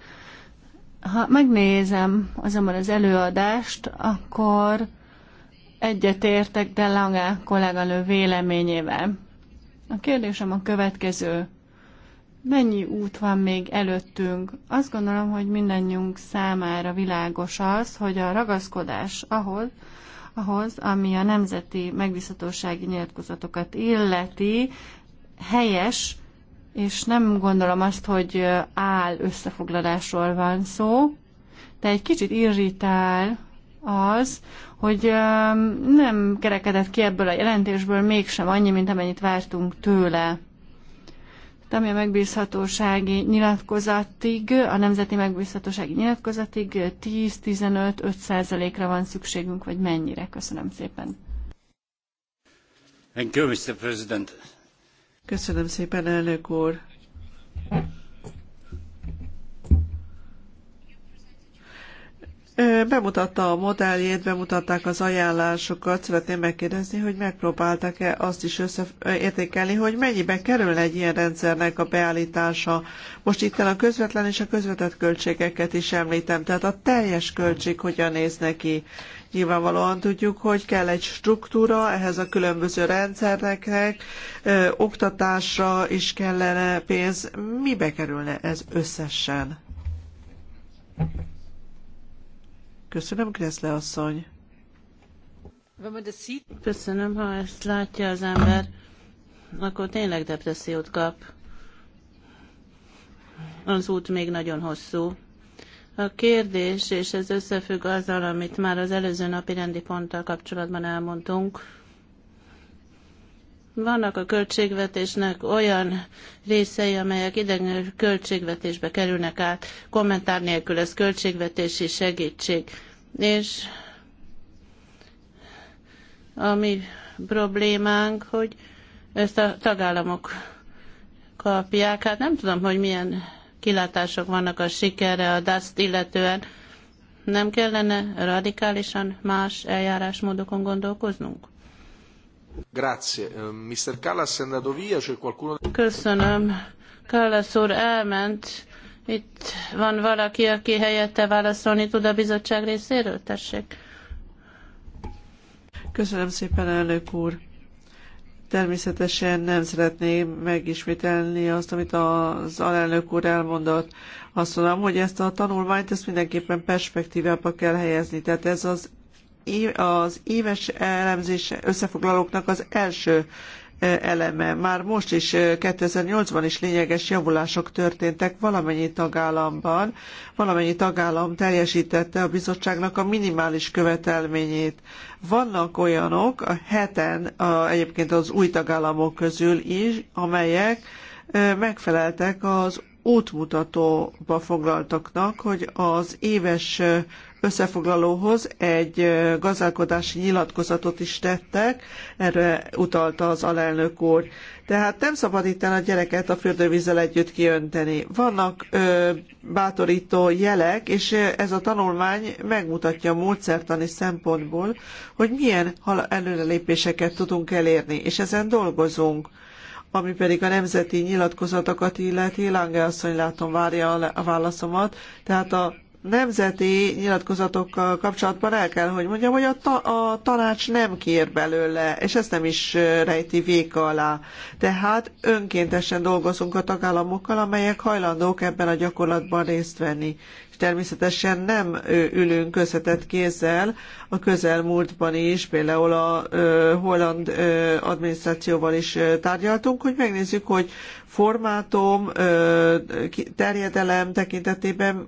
Ha megnézem azonban az előadást, akkor egyetértek de Langá kolléganő véleményével. A kérdésem a következő mennyi út van még előttünk? Azt gondolom, hogy mindannyiunk számára világos az, hogy a ragaszkodás ahhoz, ahhoz, ami a nemzeti megbízhatósági nyilatkozatokat illeti, helyes, és nem gondolom azt, hogy áll összefoglalásról van szó, de egy kicsit irritál az, hogy nem kerekedett ki ebből a jelentésből mégsem annyi, mint amennyit vártunk tőle de ami a megbízhatósági nyilatkozatig, a nemzeti megbízhatósági nyilatkozatig 10-15-5 százalékra van szükségünk, vagy mennyire? Köszönöm szépen. Thank you, Mr. President. Köszönöm szépen, elnök úr. Bemutatta a modelljét, bemutatták az ajánlásokat. Szeretném megkérdezni, hogy megpróbáltak-e azt is összeértékelni, hogy mennyibe kerül egy ilyen rendszernek a beállítása. Most itt a közvetlen és a közvetett költségeket is említem, tehát a teljes költség hogyan néz neki. Nyilvánvalóan tudjuk, hogy kell egy struktúra ehhez a különböző rendszereknek, ö, oktatásra is kellene pénz. Mibe kerülne ez összesen? Köszönöm, Kreszle asszony. Köszönöm, ha ezt látja az ember, akkor tényleg depressziót kap. Az út még nagyon hosszú. A kérdés, és ez összefügg azzal, amit már az előző napi rendi ponttal kapcsolatban elmondtunk, vannak a költségvetésnek olyan részei, amelyek idegen költségvetésbe kerülnek át, kommentár nélkül ez költségvetési segítség. És a mi problémánk, hogy ezt a tagállamok kapják. Hát nem tudom, hogy milyen kilátások vannak a sikerre a DASZ-t illetően. Nem kellene radikálisan más eljárásmódokon gondolkoznunk? Grazie. Eh, Mr. Callas è andato via, c'è qualcuno... Köszönöm. Callas úr elment. Itt van valaki, aki helyette válaszolni tud a bizottság részéről? Tessék. Köszönöm szépen, elnök úr. Természetesen nem szeretném megismételni azt, amit az alelnök úr elmondott. Azt mondom, hogy ezt a tanulmányt ezt mindenképpen perspektívába kell helyezni. Tehát ez az az éves elemzés összefoglalóknak az első eleme. Már most is 2008-ban is lényeges javulások történtek valamennyi tagállamban. Valamennyi tagállam teljesítette a bizottságnak a minimális követelményét. Vannak olyanok, a heten a, egyébként az új tagállamok közül is, amelyek megfeleltek az útmutatóba foglaltaknak, hogy az éves összefoglalóhoz egy gazdálkodási nyilatkozatot is tettek, erre utalta az alelnök úr. Tehát nem szabad itt a gyereket a fürdővízzel együtt kiönteni. Vannak ö, bátorító jelek, és ez a tanulmány megmutatja módszertani szempontból, hogy milyen előrelépéseket tudunk elérni, és ezen dolgozunk ami pedig a nemzeti nyilatkozatokat illeti, Lange asszony látom várja a válaszomat, tehát a nemzeti nyilatkozatokkal kapcsolatban el kell, hogy mondjam, hogy a, ta, a tanács nem kér belőle, és ezt nem is rejti véka alá. Tehát önkéntesen dolgozunk a tagállamokkal, amelyek hajlandók ebben a gyakorlatban részt venni természetesen nem ülünk összetett kézzel. A közelmúltban is, például a holland adminisztrációval is tárgyaltunk, hogy megnézzük, hogy formátum, terjedelem tekintetében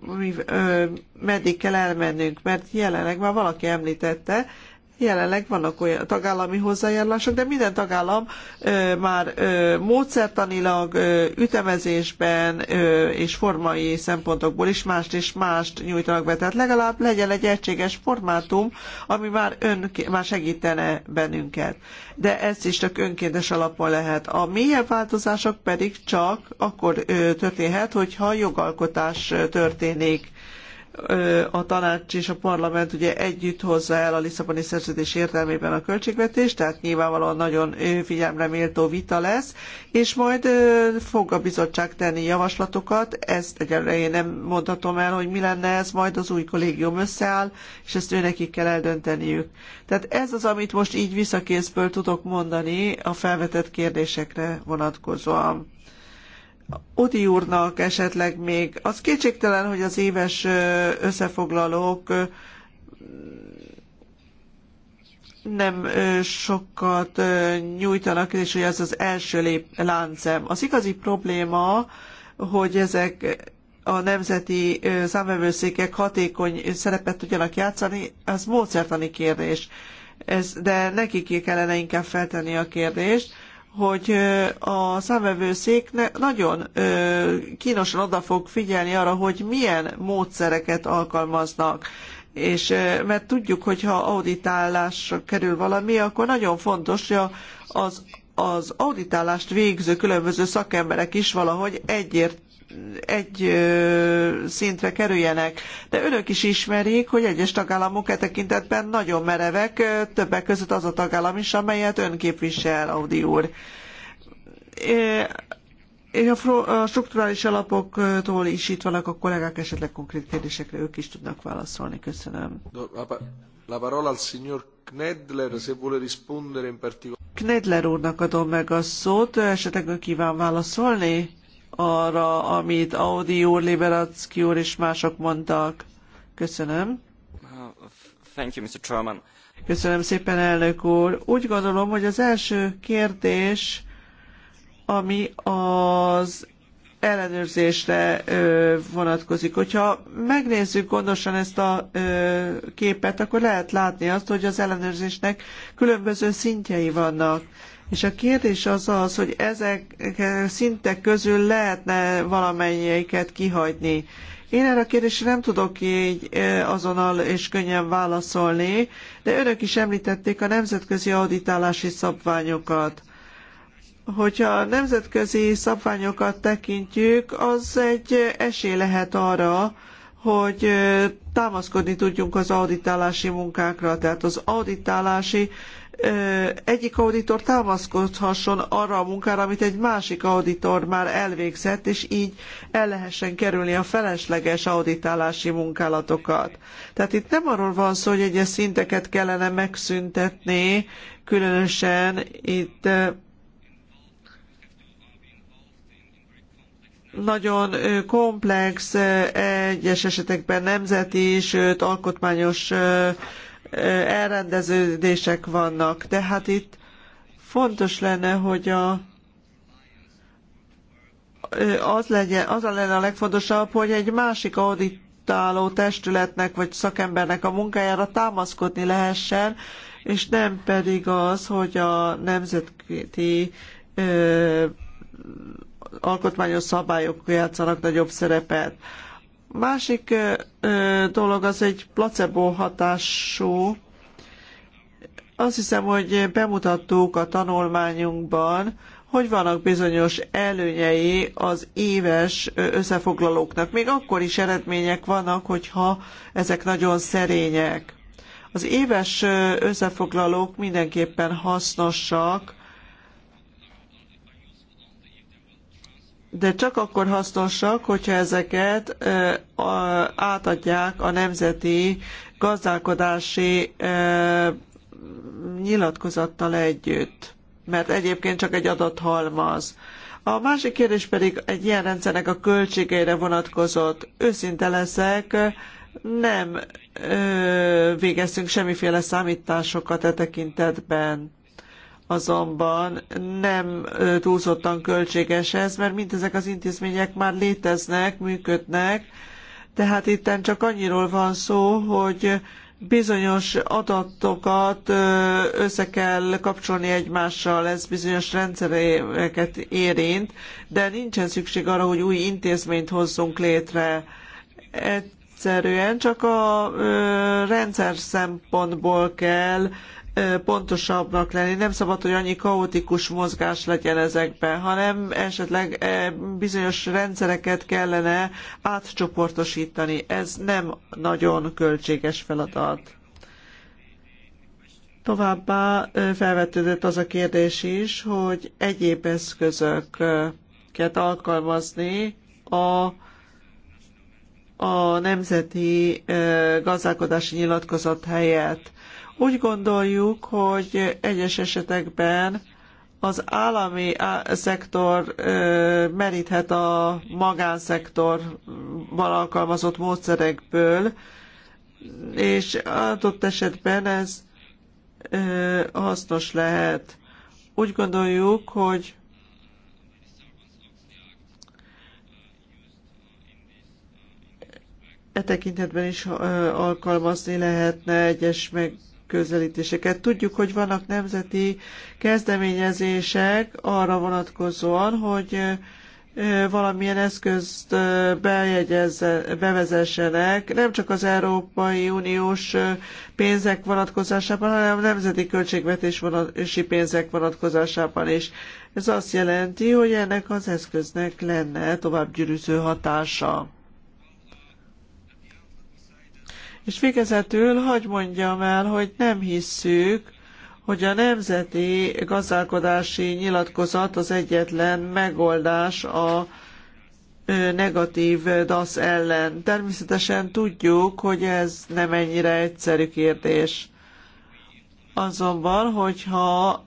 meddig kell elmennünk, mert jelenleg már valaki említette, Jelenleg vannak olyan tagállami hozzájárulások, de minden tagállam már módszertanilag, ütemezésben és formai szempontokból is mást és mást nyújtanak be. Tehát legalább legyen egy egységes formátum, ami már, ön, már segítene bennünket. De ezt is csak önkéntes alapon lehet. A mélyebb változások pedig csak akkor történhet, hogyha jogalkotás történik a tanács és a parlament ugye együtt hozza el a Lisszaboni szerződés értelmében a költségvetést, tehát nyilvánvalóan nagyon figyelemre méltó vita lesz, és majd fog a bizottság tenni javaslatokat, ezt egyelőre én nem mondhatom el, hogy mi lenne ez, majd az új kollégium összeáll, és ezt őnekik kell eldönteniük. Tehát ez az, amit most így visszakészből tudok mondani a felvetett kérdésekre vonatkozóan. Odi úrnak esetleg még, az kétségtelen, hogy az éves összefoglalók nem sokat nyújtanak, és hogy ez az első lép, láncem. Az igazi probléma, hogy ezek a nemzeti számvevőszékek hatékony szerepet tudjanak játszani, az módszertani kérdés. Ez, de nekik kellene inkább feltenni a kérdést hogy a számvevőszék nagyon kínosan oda fog figyelni arra, hogy milyen módszereket alkalmaznak és mert tudjuk, hogy ha auditálásra kerül valami, akkor nagyon fontos, hogy az, az auditálást végző különböző szakemberek is valahogy egyért egy szintre kerüljenek. De önök is ismerik, hogy egyes tagállamok e tekintetben nagyon merevek, többek között az a tagállam is, amelyet ön képvisel, Audi úr. A strukturális alapoktól is itt vannak a kollégák, esetleg konkrét kérdésekre ők is tudnak válaszolni. Köszönöm. La parola al signor Knedler, se vuole rispondere in particolare. Knedler úrnak adom meg a szót, esetleg ön kíván válaszolni? arra, amit Audi úr, Liberacki úr és mások mondtak. Köszönöm. Thank you, Mr. Chairman. Köszönöm szépen, elnök úr. Úgy gondolom, hogy az első kérdés, ami az ellenőrzésre vonatkozik. Hogyha megnézzük gondosan ezt a képet, akkor lehet látni azt, hogy az ellenőrzésnek különböző szintjei vannak. És a kérdés az az, hogy ezek szintek közül lehetne valamelyiket kihagyni. Én erre a kérdésre nem tudok így azonnal és könnyen válaszolni, de önök is említették a nemzetközi auditálási szabványokat. Hogyha a nemzetközi szabványokat tekintjük, az egy esély lehet arra, hogy támaszkodni tudjunk az auditálási munkákra. Tehát az auditálási egyik auditor támaszkodhasson arra a munkára, amit egy másik auditor már elvégzett, és így el lehessen kerülni a felesleges auditálási munkálatokat. Tehát itt nem arról van szó, hogy egyes szinteket kellene megszüntetni, különösen itt nagyon komplex, egyes esetekben nemzeti, sőt alkotmányos elrendeződések vannak. Tehát itt fontos lenne, hogy a az, legyen, az lenne a legfontosabb, hogy egy másik auditáló testületnek vagy szakembernek a munkájára támaszkodni lehessen, és nem pedig az, hogy a nemzeti ö, alkotmányos szabályok játszanak nagyobb szerepet másik dolog az egy placebo hatású. Azt hiszem, hogy bemutattuk a tanulmányunkban, hogy vannak bizonyos előnyei az éves összefoglalóknak. Még akkor is eredmények vannak, hogyha ezek nagyon szerények. Az éves összefoglalók mindenképpen hasznosak, de csak akkor hasznosak, hogyha ezeket átadják a nemzeti gazdálkodási nyilatkozattal együtt, mert egyébként csak egy adathalmaz. halmaz. A másik kérdés pedig egy ilyen rendszernek a költségeire vonatkozott. Őszinte leszek, nem ö, végeztünk semmiféle számításokat e tekintetben azonban nem túlzottan költséges ez, mert mindezek az intézmények már léteznek, működnek, tehát itten csak annyiról van szó, hogy bizonyos adatokat össze kell kapcsolni egymással, ez bizonyos rendszereket érint, de nincsen szükség arra, hogy új intézményt hozzunk létre. Egyszerűen csak a rendszer szempontból kell pontosabbnak lenni. Nem szabad, hogy annyi kaotikus mozgás legyen ezekben, hanem esetleg bizonyos rendszereket kellene átcsoportosítani. Ez nem nagyon költséges feladat. Továbbá felvetődött az a kérdés is, hogy egyéb eszközöket alkalmazni a a nemzeti gazdálkodási nyilatkozat helyett. Úgy gondoljuk, hogy egyes esetekben az állami szektor meríthet a magánszektorban alkalmazott módszerekből, és adott esetben ez hasznos lehet. Úgy gondoljuk, hogy e tekintetben is alkalmazni lehetne egyes meg megközelítéseket. Tudjuk, hogy vannak nemzeti kezdeményezések arra vonatkozóan, hogy valamilyen eszközt bevezessenek, nem csak az Európai Uniós pénzek vonatkozásában, hanem nemzeti költségvetési pénzek vonatkozásában is. Ez azt jelenti, hogy ennek az eszköznek lenne tovább gyűrűző hatása. És végezetül hagy mondjam el, hogy nem hisszük, hogy a nemzeti gazdálkodási nyilatkozat az egyetlen megoldás a negatív DASZ ellen. Természetesen tudjuk, hogy ez nem ennyire egyszerű kérdés. Azonban, hogyha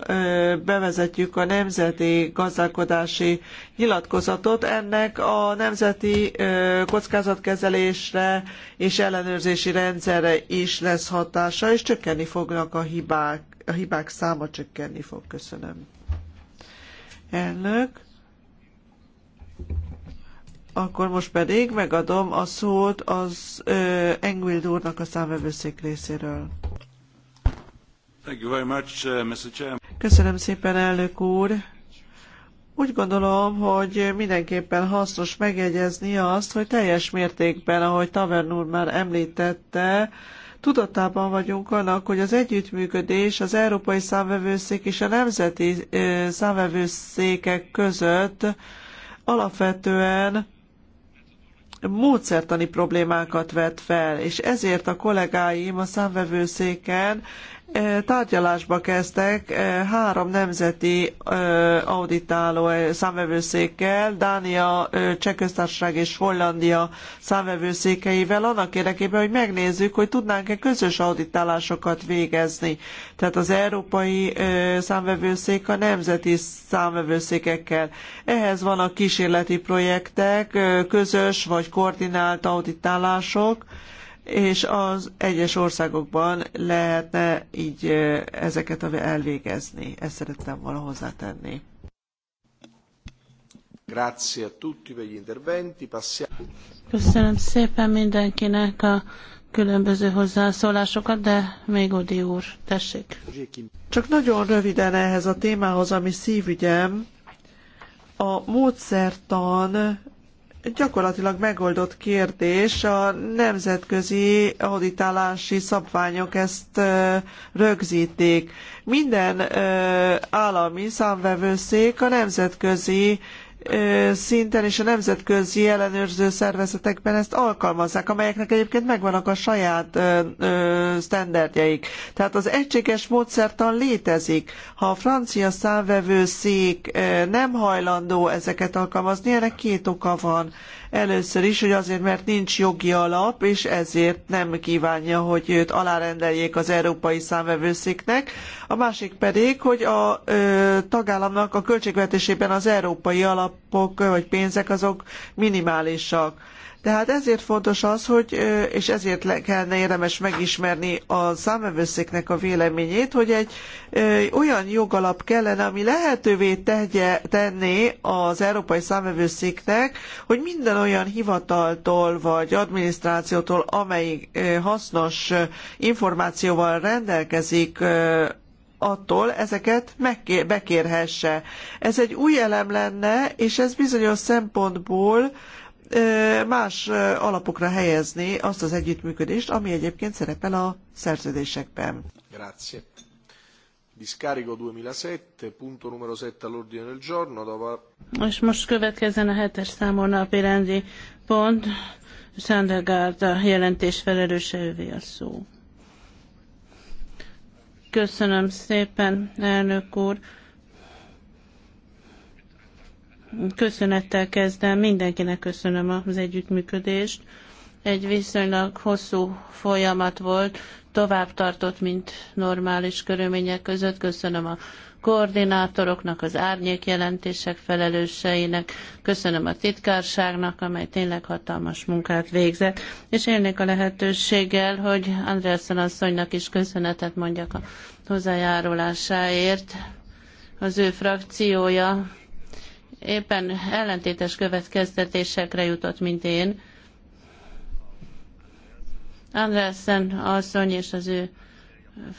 bevezetjük a nemzeti gazdálkodási nyilatkozatot, ennek a nemzeti kockázatkezelésre és ellenőrzési rendszerre is lesz hatása, és csökkenni fognak a hibák, a hibák száma csökkenni fog. Köszönöm. Elnök. Akkor most pedig megadom a szót az Engwild úrnak a számvevőszék részéről. Uh, Köszönöm szépen, elnök úr. Úgy gondolom, hogy mindenképpen hasznos megjegyezni azt, hogy teljes mértékben, ahogy Tavern úr már említette, tudatában vagyunk annak, hogy az együttműködés az Európai Számvevőszék és a Nemzeti Számvevőszékek között alapvetően módszertani problémákat vet fel, és ezért a kollégáim a számvevőszéken tárgyalásba kezdtek három nemzeti auditáló számvevőszékkel, Dánia, Csehköztársaság és Hollandia számvevőszékeivel annak érdekében, hogy megnézzük, hogy tudnánk-e közös auditálásokat végezni. Tehát az európai számvevőszék a nemzeti számvevőszékekkel. Ehhez vannak kísérleti projektek, közös vagy koordinált auditálások, és az egyes országokban lehetne így ezeket elvégezni. Ezt szerettem volna hozzátenni. Grazie a tutti per gli interventi. Passiamo. Köszönöm szépen mindenkinek a különböző hozzászólásokat, de még Odi úr, tessék. Csak nagyon röviden ehhez a témához, ami szívügyem, a módszertan gyakorlatilag megoldott kérdés. A nemzetközi auditálási szabványok ezt rögzítik. Minden állami számvevőszék a nemzetközi szinten és a nemzetközi ellenőrző szervezetekben ezt alkalmazzák, amelyeknek egyébként megvannak a saját ö, ö, sztenderdjeik. Tehát az egységes módszertan létezik. Ha a francia számvevőszék ö, nem hajlandó ezeket alkalmazni, ennek két oka van. Először is, hogy azért, mert nincs jogi alap, és ezért nem kívánja, hogy őt alárendeljék az európai számvevőszéknek. A másik pedig, hogy a ö, tagállamnak a költségvetésében az európai alap alapok vagy pénzek azok minimálisak. Tehát ezért fontos az, hogy, és ezért kellene érdemes megismerni a számövőszéknek a véleményét, hogy egy olyan jogalap kellene, ami lehetővé tegye, tenné az Európai Számövőszéknek, hogy minden olyan hivataltól vagy adminisztrációtól, amely hasznos információval rendelkezik attól ezeket megkér, bekérhesse. Ez egy új elem lenne, és ez bizonyos szempontból más alapokra helyezni azt az együttműködést, ami egyébként szerepel a szerződésekben. Grazie. Discarico 2007, punto numero 7 all'ordine del giorno. dopo. És most következzen a hetes számú napi pont. Sandergaard a jelentés felelőse ővé a szó. Köszönöm szépen, elnök úr. Köszönettel kezdem, mindenkinek köszönöm az együttműködést. Egy viszonylag hosszú folyamat volt, tovább tartott, mint normális körülmények között. Köszönöm a koordinátoroknak, az árnyék jelentések felelőseinek, köszönöm a titkárságnak, amely tényleg hatalmas munkát végzett, és élnék a lehetőséggel, hogy Andreasen asszonynak is köszönetet mondjak a hozzájárulásáért. Az ő frakciója éppen ellentétes következtetésekre jutott, mint én. Andressen asszony és az ő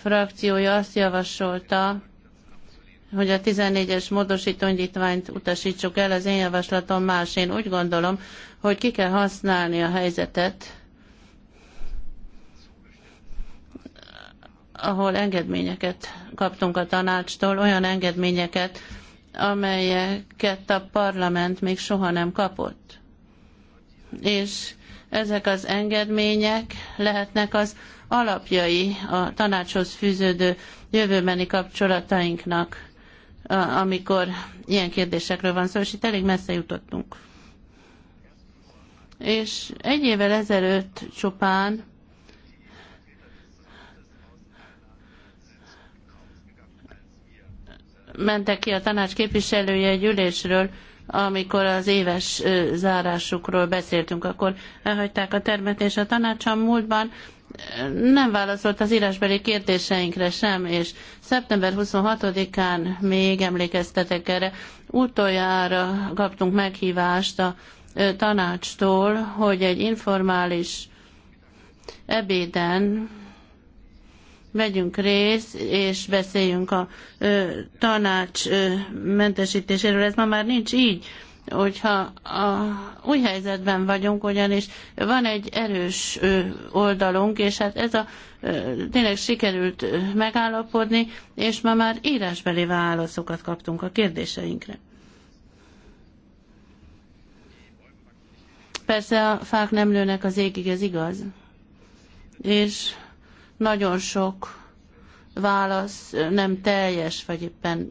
frakciója azt javasolta, hogy a 14-es módosító indítványt utasítsuk el, az én javaslatom más. Én úgy gondolom, hogy ki kell használni a helyzetet, ahol engedményeket kaptunk a tanácstól, olyan engedményeket, amelyeket a parlament még soha nem kapott. És ezek az engedmények lehetnek az alapjai a tanácshoz fűződő jövőbeni kapcsolatainknak amikor ilyen kérdésekről van szó, és itt elég messze jutottunk. És egy évvel ezelőtt csupán mentek ki a tanács képviselője egy ülésről, amikor az éves zárásukról beszéltünk, akkor elhagyták a termet, és a tanácsom múltban nem válaszolt az írásbeli kérdéseinkre sem, és szeptember 26-án még emlékeztetek erre, utoljára kaptunk meghívást a tanácstól, hogy egy informális ebéden vegyünk részt, és beszéljünk a ö, tanács ö, mentesítéséről. Ez ma már nincs így hogyha a, új helyzetben vagyunk, ugyanis van egy erős oldalunk, és hát ez a tényleg sikerült megállapodni, és ma már írásbeli válaszokat kaptunk a kérdéseinkre. Persze a fák nem lőnek az égig, ez igaz. És nagyon sok válasz nem teljes, vagy éppen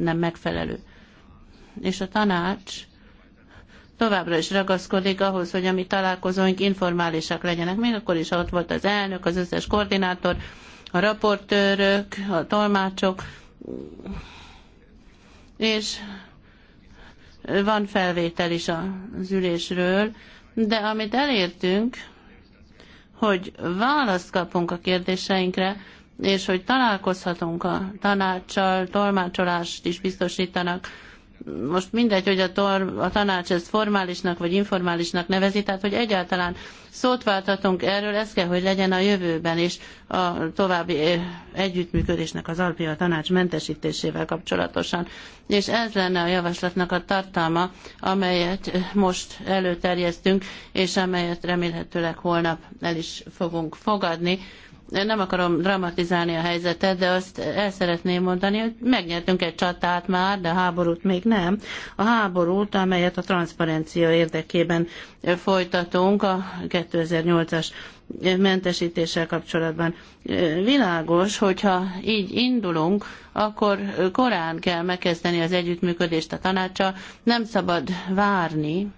nem megfelelő. És a tanács továbbra is ragaszkodik ahhoz, hogy a mi találkozóink informálisak legyenek. Még akkor is ott volt az elnök, az összes koordinátor, a raportőrök, a tolmácsok, és van felvétel is az ülésről, de amit elértünk, hogy választ kapunk a kérdéseinkre, és hogy találkozhatunk a tanácssal, tolmácsolást is biztosítanak most mindegy, hogy a, tor, a tanács ezt formálisnak vagy informálisnak nevezi, tehát hogy egyáltalán szót válthatunk erről, ez kell, hogy legyen a jövőben is a további eh, együttműködésnek az alapja a tanács mentesítésével kapcsolatosan. És ez lenne a javaslatnak a tartalma, amelyet most előterjesztünk, és amelyet remélhetőleg holnap el is fogunk fogadni nem akarom dramatizálni a helyzetet, de azt el szeretném mondani, hogy megnyertünk egy csatát már, de a háborút még nem. A háborút, amelyet a transzparencia érdekében folytatunk a 2008-as mentesítéssel kapcsolatban. Világos, hogyha így indulunk, akkor korán kell megkezdeni az együttműködést a tanácsa, nem szabad várni,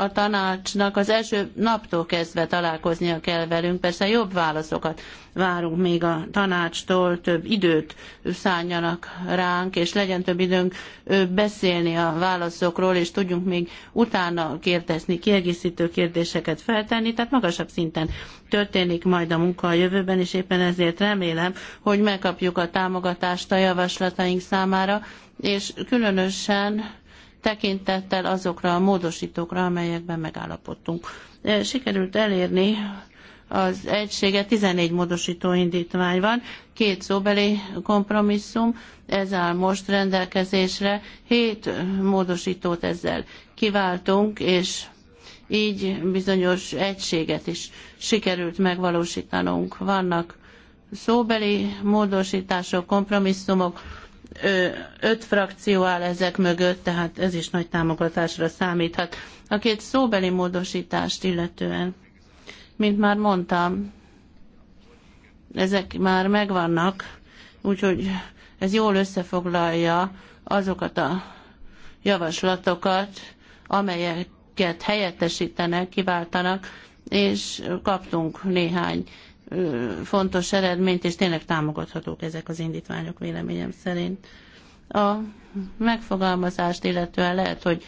a tanácsnak az első naptól kezdve találkoznia kell velünk. Persze jobb válaszokat várunk még a tanácstól, több időt szálljanak ránk, és legyen több időnk beszélni a válaszokról, és tudjunk még utána kérdezni, kiegészítő kérdéseket feltenni, tehát magasabb szinten történik majd a munka a jövőben, és éppen ezért remélem, hogy megkapjuk a támogatást a javaslataink számára, és különösen tekintettel azokra a módosítókra, amelyekben megállapodtunk. Eh, sikerült elérni az egysége 14 módosító indítvány van, két szóbeli kompromisszum, ez áll most rendelkezésre, hét módosítót ezzel kiváltunk, és így bizonyos egységet is sikerült megvalósítanunk. Vannak szóbeli módosítások, kompromisszumok, öt frakció áll ezek mögött, tehát ez is nagy támogatásra számíthat. A két szóbeli módosítást illetően, mint már mondtam, ezek már megvannak, úgyhogy ez jól összefoglalja azokat a javaslatokat, amelyeket helyettesítenek, kiváltanak, és kaptunk néhány fontos eredményt, és tényleg támogathatók ezek az indítványok véleményem szerint. A megfogalmazást illetően lehet, hogy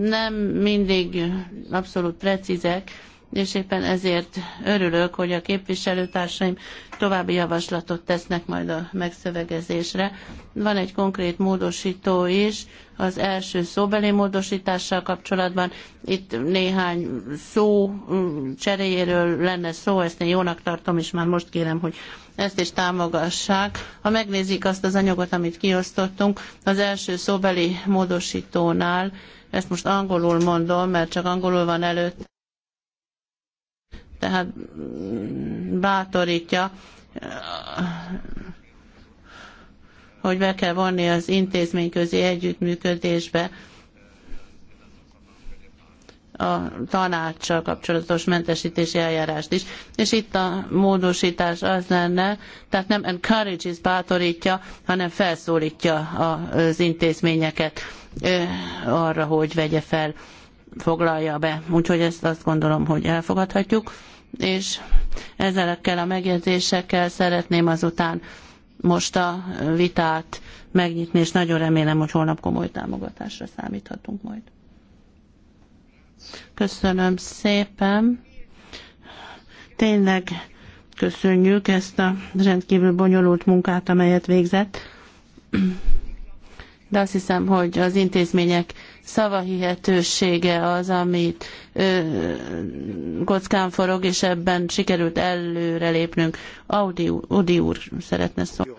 nem mindig abszolút precízek, és éppen ezért örülök, hogy a képviselőtársaim további javaslatot tesznek majd a megszövegezésre. Van egy konkrét módosító is, az első szóbeli módosítással kapcsolatban. Itt néhány szó mm, cseréjéről lenne szó, ezt én jónak tartom, és már most kérem, hogy ezt is támogassák. Ha megnézik azt az anyagot, amit kiosztottunk, az első szóbeli módosítónál, ezt most angolul mondom, mert csak angolul van előtt, tehát mm, bátorítja, hogy be kell vonni az intézményközi együttműködésbe a tanácssal kapcsolatos mentesítési eljárást is. És itt a módosítás az lenne, tehát nem encourages bátorítja, hanem felszólítja az intézményeket arra, hogy vegye fel foglalja be. Úgyhogy ezt azt gondolom, hogy elfogadhatjuk, és ezekkel a megjegyzésekkel szeretném azután most a vitát megnyitni, és nagyon remélem, hogy holnap komoly támogatásra számíthatunk majd. Köszönöm szépen. Tényleg köszönjük ezt a rendkívül bonyolult munkát, amelyet végzett. De azt hiszem, hogy az intézmények szavahihetősége az, amit ö, kockán forog, és ebben sikerült előrelépnünk. Audi, Audi úr szeretne szólni.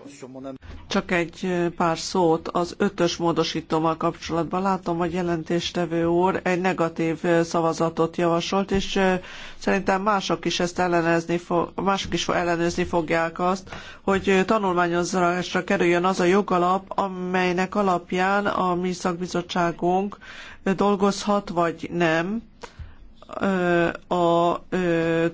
Csak egy pár szót az ötös módosítóval kapcsolatban. Látom, hogy jelentéstevő úr egy negatív szavazatot javasolt, és szerintem mások is ezt ellenezni fog, mások is ellenőzni fogják azt, hogy tanulmányozásra kerüljön az a jogalap, amelynek alapján a mi szakbizottságunk dolgozhat, vagy nem a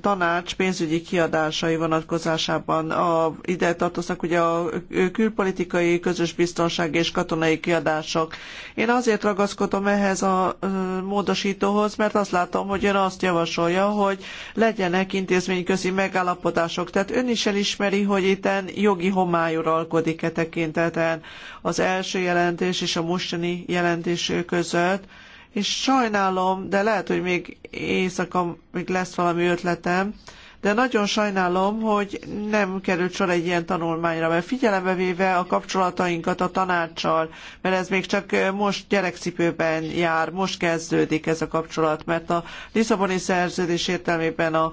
tanács pénzügyi kiadásai vonatkozásában. A, ide tartoznak ugye a külpolitikai, közös biztonsági és katonai kiadások. Én azért ragaszkodom ehhez a módosítóhoz, mert azt látom, hogy ön azt javasolja, hogy legyenek intézményközi megállapodások. Tehát ön is elismeri, hogy itten jogi homály uralkodik e tekinteten az első jelentés és a mostani jelentés között és sajnálom, de lehet, hogy még éjszaka még lesz valami ötletem, de nagyon sajnálom, hogy nem került sor egy ilyen tanulmányra, mert figyelembe véve a kapcsolatainkat a tanácssal, mert ez még csak most gyerekcipőben jár, most kezdődik ez a kapcsolat, mert a Lisszaboni szerződés értelmében a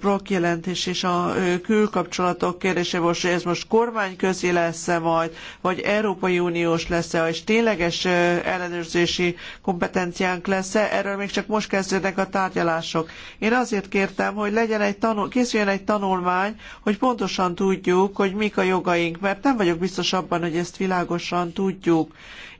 Brock jelentés és a külkapcsolatok kérdése volt, hogy ez most kormányközi lesz-e majd, vagy Európai Uniós lesz-e, és tényleges ellenőrzési kompetenciánk lesz-e, erről még csak most kezdődnek a tárgyalások. Én azért kértem, hogy legyen egy tanul, készüljön egy tanulmány, hogy pontosan tudjuk, hogy mik a jogaink, mert nem vagyok biztos abban, hogy ezt világosan tudjuk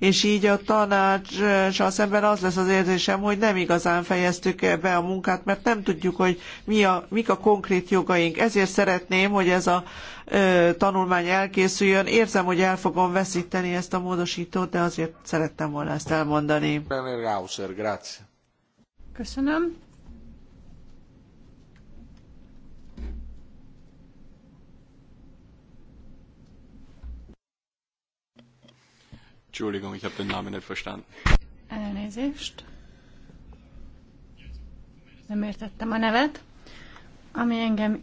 és így a tanácssal szemben az lesz az érzésem, hogy nem igazán fejeztük be a munkát, mert nem tudjuk, hogy mi a, mik a konkrét jogaink. Ezért szeretném, hogy ez a ö, tanulmány elkészüljön. Érzem, hogy el fogom veszíteni ezt a módosítót, de azért szerettem volna ezt elmondani. Köszönöm. Entschuldigung, ich habe den Namen nicht verstanden. Elnézést. Nem értettem a nevet. Ami engem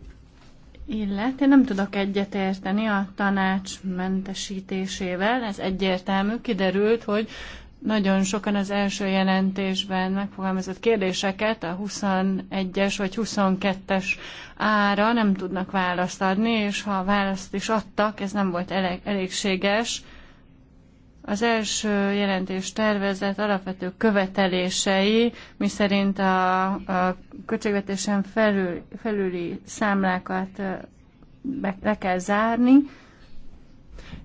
illet, én nem tudok egyetérteni a tanács mentesítésével. Ez egyértelmű. Kiderült, hogy nagyon sokan az első jelentésben megfogalmazott kérdéseket a 21-es vagy 22-es ára nem tudnak választ adni, és ha választ is adtak, ez nem volt elég, elégséges az első jelentés tervezet alapvető követelései, szerint a, a költségvetésen felül, felüli számlákat be, be kell zárni,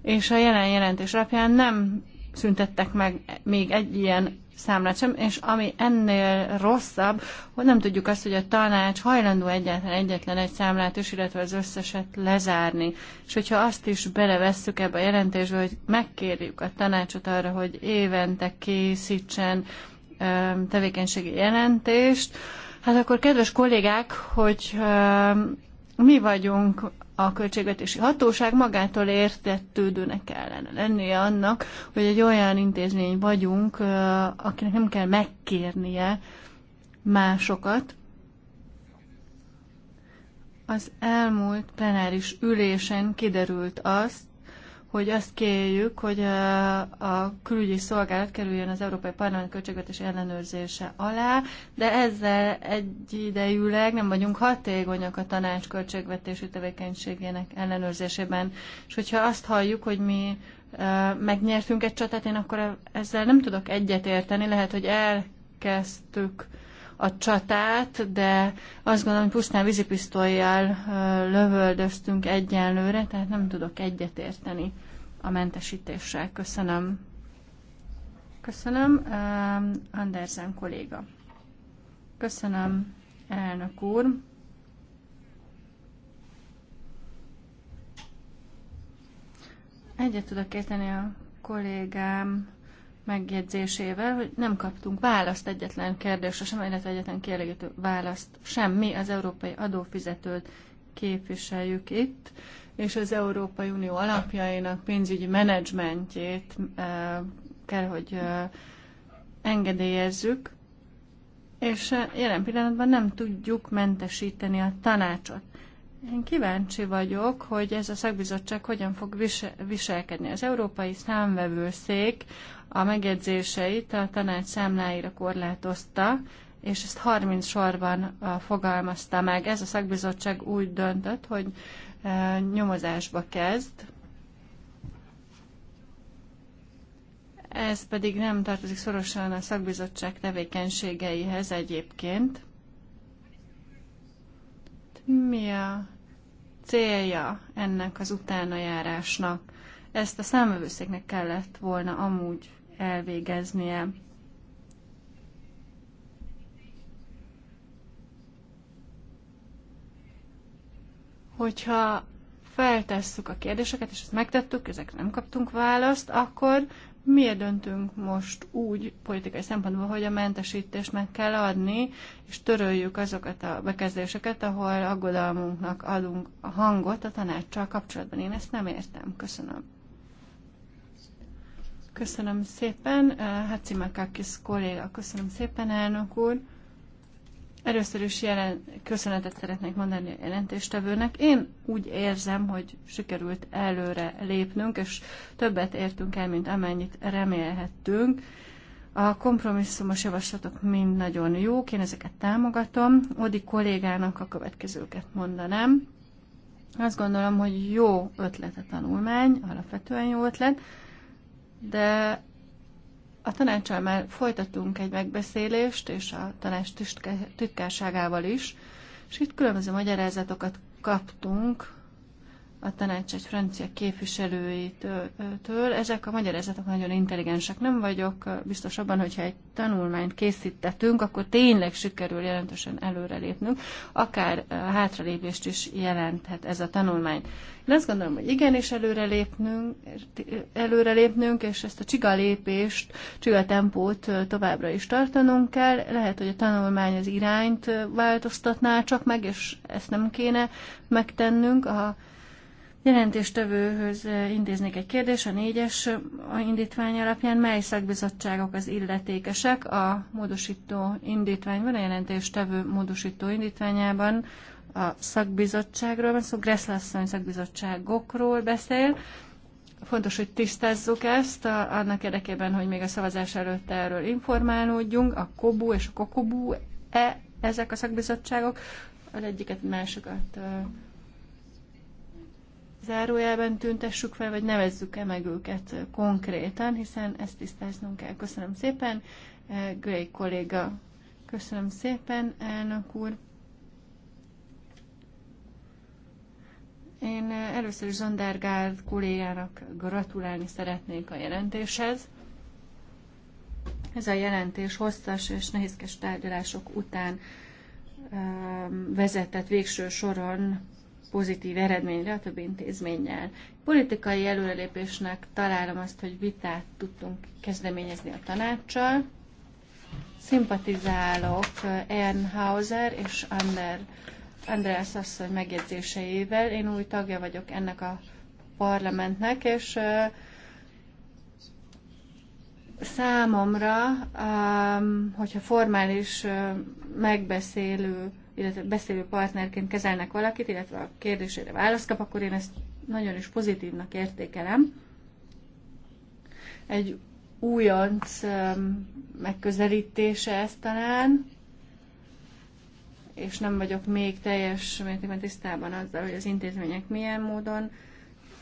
és a jelen jelentés alapján nem szüntettek meg még egy ilyen számlát sem, és ami ennél rosszabb, hogy nem tudjuk azt, hogy a tanács hajlandó egyáltalán egyetlen egy számlát is, illetve az összeset lezárni. És hogyha azt is belevesszük ebbe a jelentésbe, hogy megkérjük a tanácsot arra, hogy évente készítsen tevékenységi jelentést, hát akkor kedves kollégák, hogy mi vagyunk a költségvetési hatóság magától értetődőnek kellene lennie annak, hogy egy olyan intézmény vagyunk, akinek nem kell megkérnie másokat. Az elmúlt plenáris ülésen kiderült azt, hogy azt kérjük, hogy a külügyi szolgálat kerüljön az Európai Parlament költségvetés ellenőrzése alá, de ezzel egyidejűleg nem vagyunk hatékonyak a tanács költségvetési tevékenységének ellenőrzésében. És hogyha azt halljuk, hogy mi megnyertünk egy csatát, én akkor ezzel nem tudok egyetérteni. Lehet, hogy elkezdtük a csatát, de azt gondolom, hogy pusztán vízipisztolyjal lövöldöztünk egyenlőre, tehát nem tudok egyetérteni a mentesítéssel. Köszönöm. Köszönöm, uh, Andersen kolléga. Köszönöm, elnök úr. Egyet tudok érteni a kollégám megjegyzésével, hogy nem kaptunk választ egyetlen kérdésre sem, illetve egyetlen kielégítő választ sem. Mi az európai adófizetőt képviseljük itt. Uh, és az Európai Unió alapjainak pénzügyi menedzsmentjét kell, hogy engedélyezzük, és jelen pillanatban nem tudjuk mentesíteni a tanácsot. Én kíváncsi vagyok, hogy ez a szakbizottság hogyan fog visel viselkedni. Az Európai Számvevőszék a megjegyzéseit a tanács számláira korlátozta, és ezt 30 sorban fogalmazta meg. Ez a szakbizottság úgy döntött, hogy nyomozásba kezd, ez pedig nem tartozik szorosan a szakbizottság tevékenységeihez egyébként. Mi a célja ennek az utánajárásnak? Ezt a számövőszéknek kellett volna amúgy elvégeznie. hogyha feltesszük a kérdéseket, és ezt megtettük, ezek nem kaptunk választ, akkor miért döntünk most úgy politikai szempontból, hogy a mentesítést meg kell adni, és töröljük azokat a bekezdéseket, ahol aggodalmunknak adunk a hangot a tanácssal kapcsolatban. Én ezt nem értem. Köszönöm. Köszönöm szépen. Hát Hacimakakis kolléga, köszönöm szépen, elnök úr. Először is jelen, köszönetet szeretnék mondani a jelentéstevőnek. Én úgy érzem, hogy sikerült előre lépnünk, és többet értünk el, mint amennyit remélhettünk. A kompromisszumos javaslatok mind nagyon jók, én ezeket támogatom. Odi kollégának a következőket mondanám. Azt gondolom, hogy jó ötlet a tanulmány, alapvetően jó ötlet, de a tanácsal már folytattunk egy megbeszélést, és a tanács titkárságával is, és itt különböző magyarázatokat kaptunk a tanács egy francia képviselőjétől. Ezek a magyarázatok nagyon intelligensek. Nem vagyok biztos abban, hogyha egy tanulmányt készítettünk, akkor tényleg sikerül jelentősen előrelépnünk, akár hátralépést is jelenthet ez a tanulmány. Én azt gondolom, hogy igenis előrelépnünk, előrelépnünk és ezt a csiga lépést, csiga tempót továbbra is tartanunk kell. Lehet, hogy a tanulmány az irányt változtatná csak meg, és ezt nem kéne megtennünk. A jelentéstevőhöz eh, intéznék egy kérdés, a négyes eh, indítvány alapján mely szakbizottságok az illetékesek a módosító indítványban, a jelentéstevő módosító indítványában a szakbizottságról van szó, szóval Gresszlasszony szakbizottságokról beszél. Fontos, hogy tisztázzuk ezt, a, annak érdekében, hogy még a szavazás előtt erről informálódjunk, a KOBU és a KOKOBU -e ezek a szakbizottságok, az egyiket, másikat eh, zárójelben tüntessük fel, vagy nevezzük-e meg őket konkrétan, hiszen ezt tisztáznunk kell. Köszönöm szépen, eh, Greg kolléga. Köszönöm szépen, elnök úr. Én eh, először is Zondergárd kollégának gratulálni szeretnék a jelentéshez. Ez a jelentés hosszas és nehézkes tárgyalások után eh, vezetett végső soron pozitív eredményre a több intézménnyel. Politikai előrelépésnek találom azt, hogy vitát tudtunk kezdeményezni a tanácssal. Szimpatizálok Ernhauser és Ander, András asszony megjegyzéseivel. Én új tagja vagyok ennek a parlamentnek, és számomra, hogyha formális megbeszélő illetve beszélő partnerként kezelnek valakit, illetve a kérdésére választ kap, akkor én ezt nagyon is pozitívnak értékelem. Egy újonc megközelítése ezt talán, és nem vagyok még teljes mértékben tisztában azzal, hogy az intézmények milyen módon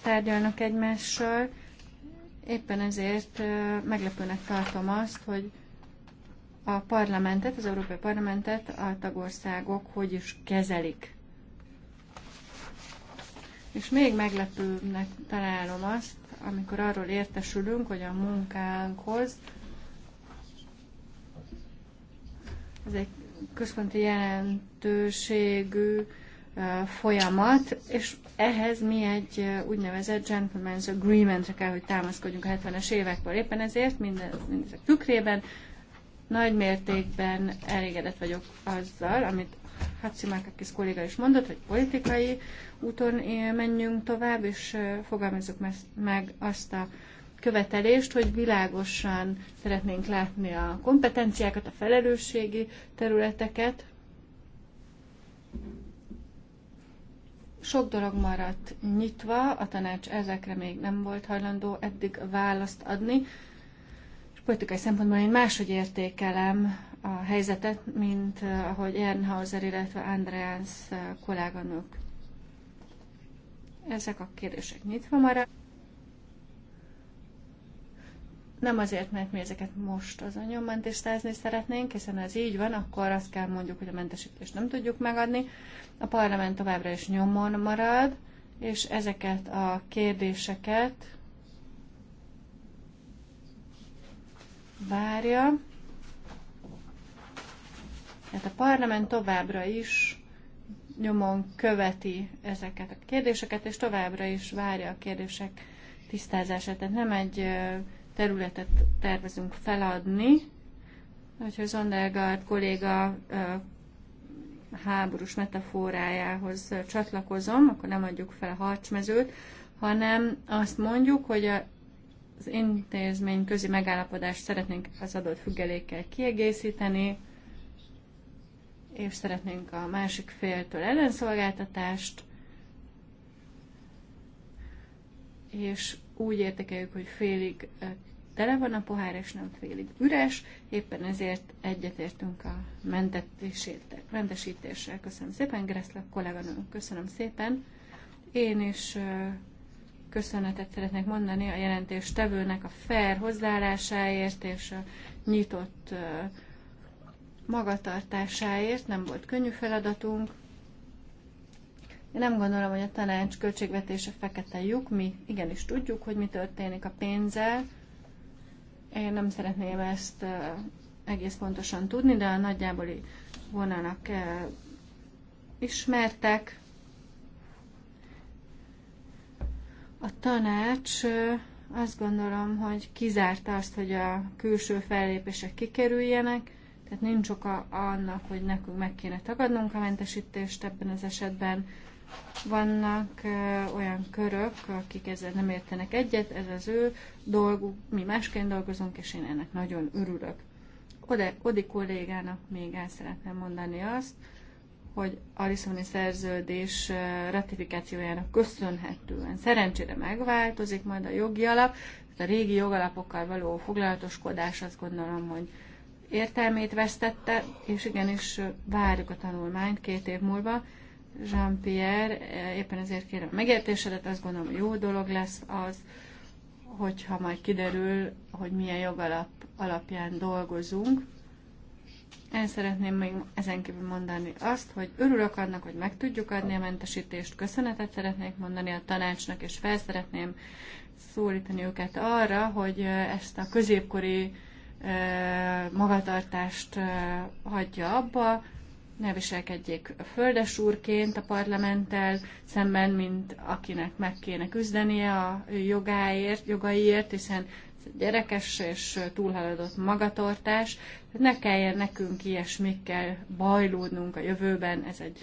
tárgyalnak egymással. Éppen ezért meglepőnek tartom azt, hogy a parlamentet, az Európai Parlamentet a tagországok hogy is kezelik. És még meglepőbbnek találom azt, amikor arról értesülünk, hogy a munkánkhoz ez egy központi jelentőségű folyamat, és ehhez mi egy úgynevezett gentleman's agreement-re kell, hogy támaszkodjunk a 70-es évekből. Éppen ezért minden, minden tükrében nagy mértékben elégedett vagyok azzal, amit Hatsimákakis kolléga is mondott, hogy politikai úton menjünk tovább, és fogalmazzuk meg azt a követelést, hogy világosan szeretnénk látni a kompetenciákat, a felelősségi területeket. Sok dolog maradt nyitva, a tanács ezekre még nem volt hajlandó eddig választ adni. Politikai szempontból én máshogy értékelem a helyzetet, mint eh, ahogy Ernhauser, illetve Andreas eh, kolléganők. Ezek a kérdések nyitva maradnak. Nem azért, mert mi ezeket most azonnyomban mentestázni szeretnénk, hiszen ez így van, akkor azt kell mondjuk, hogy a mentesítést nem tudjuk megadni. A parlament továbbra is nyomon marad, és ezeket a kérdéseket várja. Tehát a parlament továbbra is nyomon követi ezeket a kérdéseket, és továbbra is várja a kérdések tisztázását. Tehát nem egy területet tervezünk feladni. Hogyha Zondergaard kolléga háborús metaforájához csatlakozom, akkor nem adjuk fel a harcsmezőt, hanem azt mondjuk, hogy a az intézmény közi megállapodást szeretnénk az adott függelékkel kiegészíteni, és szeretnénk a másik féltől ellenszolgáltatást, és úgy értekeljük, hogy félig eh, tele van a pohár, és nem félig üres, éppen ezért egyetértünk a mentesítéssel. Köszönöm szépen, Greszla kolléganőm, köszönöm szépen. Én is eh, köszönetet szeretnék mondani a jelentéstevőnek a fair hozzáállásáért és a nyitott magatartásáért. Nem volt könnyű feladatunk. Én nem gondolom, hogy a tanács költségvetése fekete lyuk. Mi igenis tudjuk, hogy mi történik a pénzzel. Én nem szeretném ezt egész pontosan tudni, de a nagyjából vonalak ismertek A tanács azt gondolom, hogy kizárta azt, hogy a külső fellépések kikerüljenek, tehát nincs oka annak, hogy nekünk meg kéne tagadnunk a mentesítést ebben az esetben. Vannak olyan körök, akik ezzel nem értenek egyet, ez az ő dolguk, mi másként dolgozunk, és én ennek nagyon örülök. Ode, Odi kollégának még el szeretném mondani azt, hogy a Lisszaboni szerződés ratifikációjának köszönhetően szerencsére megváltozik majd a jogi alap, tehát a régi jogalapokkal való foglalatoskodás azt gondolom, hogy értelmét vesztette, és igenis várjuk a tanulmányt két év múlva. Jean-Pierre, éppen ezért kérem a megértésedet, azt gondolom, hogy jó dolog lesz az, hogyha majd kiderül, hogy milyen jogalap alapján dolgozunk, én szeretném még ezen kívül mondani azt, hogy örülök annak, hogy meg tudjuk adni a mentesítést, köszönetet szeretnék mondani a tanácsnak, és fel szeretném szólítani őket arra, hogy ezt a középkori magatartást hagyja abba, ne viselkedjék földesúrként a parlamenttel szemben, mint akinek meg kéne küzdenie a jogáért, jogaiért, hiszen gyerekes és túlhaladott magatartás. Hát ne kelljen nekünk ilyesmikkel bajlódnunk a jövőben, ez egy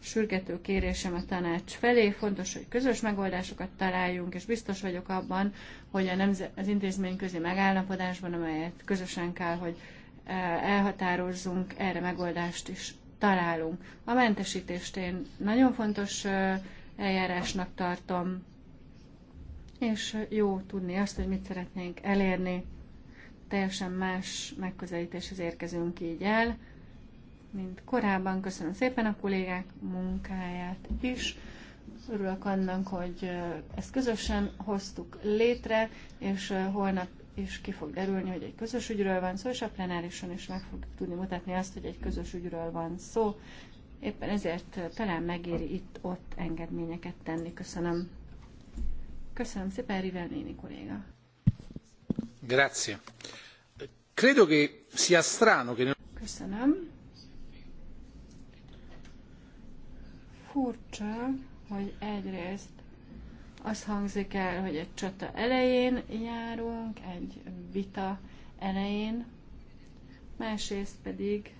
sürgető kérésem a tanács felé. Fontos, hogy közös megoldásokat találjunk, és biztos vagyok abban, hogy a nemze- az intézményközi megállapodásban, amelyet közösen kell, hogy e, elhatározzunk, erre megoldást is találunk. A mentesítést én nagyon fontos e, eljárásnak tartom, és jó tudni azt, hogy mit szeretnénk elérni. Teljesen más megközelítéshez érkezünk így el, mint korábban. Köszönöm szépen a kollégák munkáját is. Örülök annak, hogy ezt közösen hoztuk létre, és holnap is ki fog derülni, hogy egy közös ügyről van szó, és a plenárison is meg fog tudni mutatni azt, hogy egy közös ügyről van szó. Éppen ezért talán megéri itt-ott engedményeket tenni. Köszönöm. Köszönöm szépen, Rivel néni kolléga. Grazie. Credo che sia strano che... Köszönöm. Furcsa, hogy egyrészt az hangzik el, hogy egy csata elején járunk, egy vita elején, másrészt pedig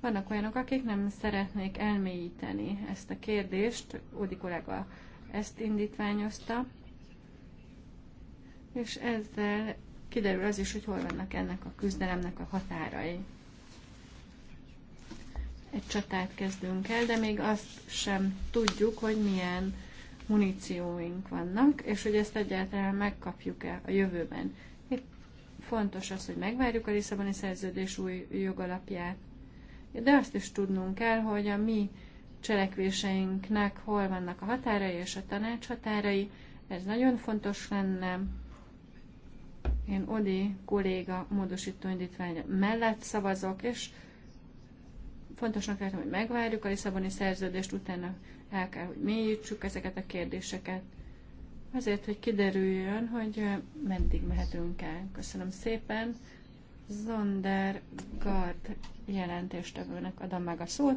vannak olyanok, akik nem szeretnék elmélyíteni ezt a kérdést. Ódi kollega ezt indítványozta, és ezzel kiderül az is, hogy hol vannak ennek a küzdelemnek a határai. Egy csatát kezdünk el, de még azt sem tudjuk, hogy milyen munícióink vannak, és hogy ezt egyáltalán megkapjuk-e a jövőben. Itt fontos az, hogy megvárjuk a Lisszaboni szerződés új jogalapját, de azt is tudnunk kell, hogy a mi cselekvéseinknek hol vannak a határai és a tanács határai. Ez nagyon fontos lenne. Én Odi kolléga módosító indítvány mellett szavazok, és fontosnak látom, hogy megvárjuk a Lisszaboni szerződést, utána el kell, hogy mélyítsük ezeket a kérdéseket, azért, hogy kiderüljön, hogy meddig mehetünk el. Köszönöm szépen. Zonder jelentéstevőnek adom meg a szót.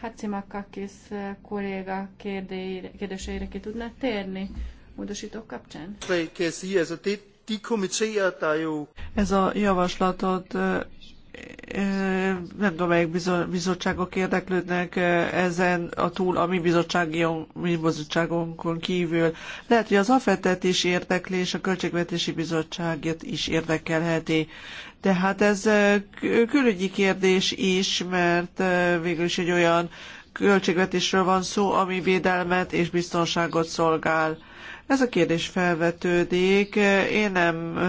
Hatsimakakis eh, kolléga kérdéire, kérdéseire ki tudná térni módosítók kapcsán? Ez a javaslatot eh, nem tudom, melyik bizottságok érdeklődnek ezen a túl a mi bizottságon, bizottságunkon kívül. Lehet, hogy az AFET-et is érdekli, és a Költségvetési Bizottságot is érdekelheti. De hát ez külügyi kérdés is, mert végül is egy olyan költségvetésről van szó, ami védelmet és biztonságot szolgál. Ez a kérdés felvetődik. Én nem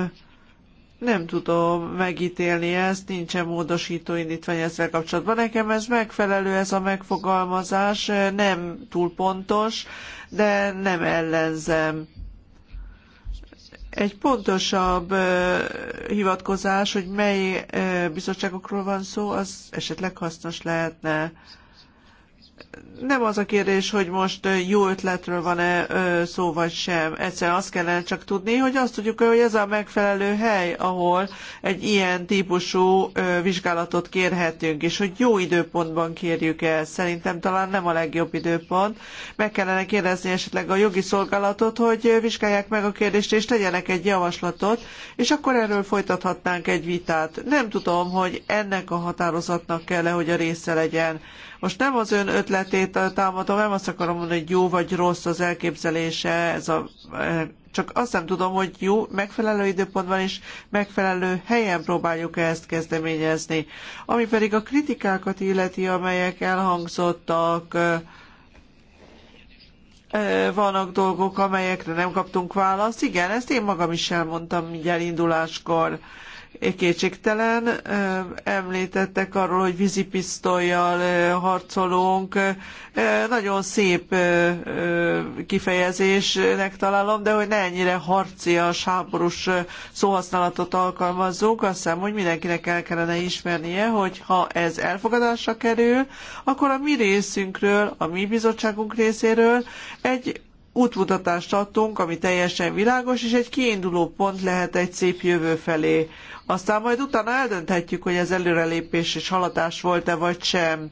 nem tudom megítélni ezt, nincsen módosító indítvány ezzel kapcsolatban. Nekem ez megfelelő, ez a megfogalmazás, nem túl pontos, de nem ellenzem egy pontosabb hivatkozás, hogy mely bizottságokról van szó, az esetleg hasznos lehetne nem az a kérdés, hogy most jó ötletről van-e szó vagy sem. Egyszerűen azt kellene csak tudni, hogy azt tudjuk, hogy ez a megfelelő hely, ahol egy ilyen típusú vizsgálatot kérhetünk, és hogy jó időpontban kérjük el. Szerintem talán nem a legjobb időpont. Meg kellene kérdezni esetleg a jogi szolgálatot, hogy vizsgálják meg a kérdést, és tegyenek egy javaslatot, és akkor erről folytathatnánk egy vitát. Nem tudom, hogy ennek a határozatnak kell-e, hogy a része legyen most nem az ön ötletét támadom, nem azt akarom mondani, hogy jó vagy rossz az elképzelése, ez a, e, csak azt nem tudom, hogy jó, megfelelő időpontban és megfelelő helyen próbáljuk -e ezt kezdeményezni. Ami pedig a kritikákat illeti, amelyek elhangzottak, e, e, vannak dolgok, amelyekre nem kaptunk választ. Igen, ezt én magam is elmondtam mindjárt induláskor kétségtelen. Említettek arról, hogy vízipisztolyjal harcolunk. Nagyon szép kifejezésnek találom, de hogy ne ennyire harcias, háborús szóhasználatot alkalmazzunk, azt hiszem, hogy mindenkinek el kellene ismernie, hogy ha ez elfogadásra kerül, akkor a mi részünkről, a mi bizottságunk részéről egy útmutatást adtunk, ami teljesen világos, és egy kiinduló pont lehet egy szép jövő felé. Aztán majd utána eldönthetjük, hogy ez előrelépés és haladás volt-e vagy sem.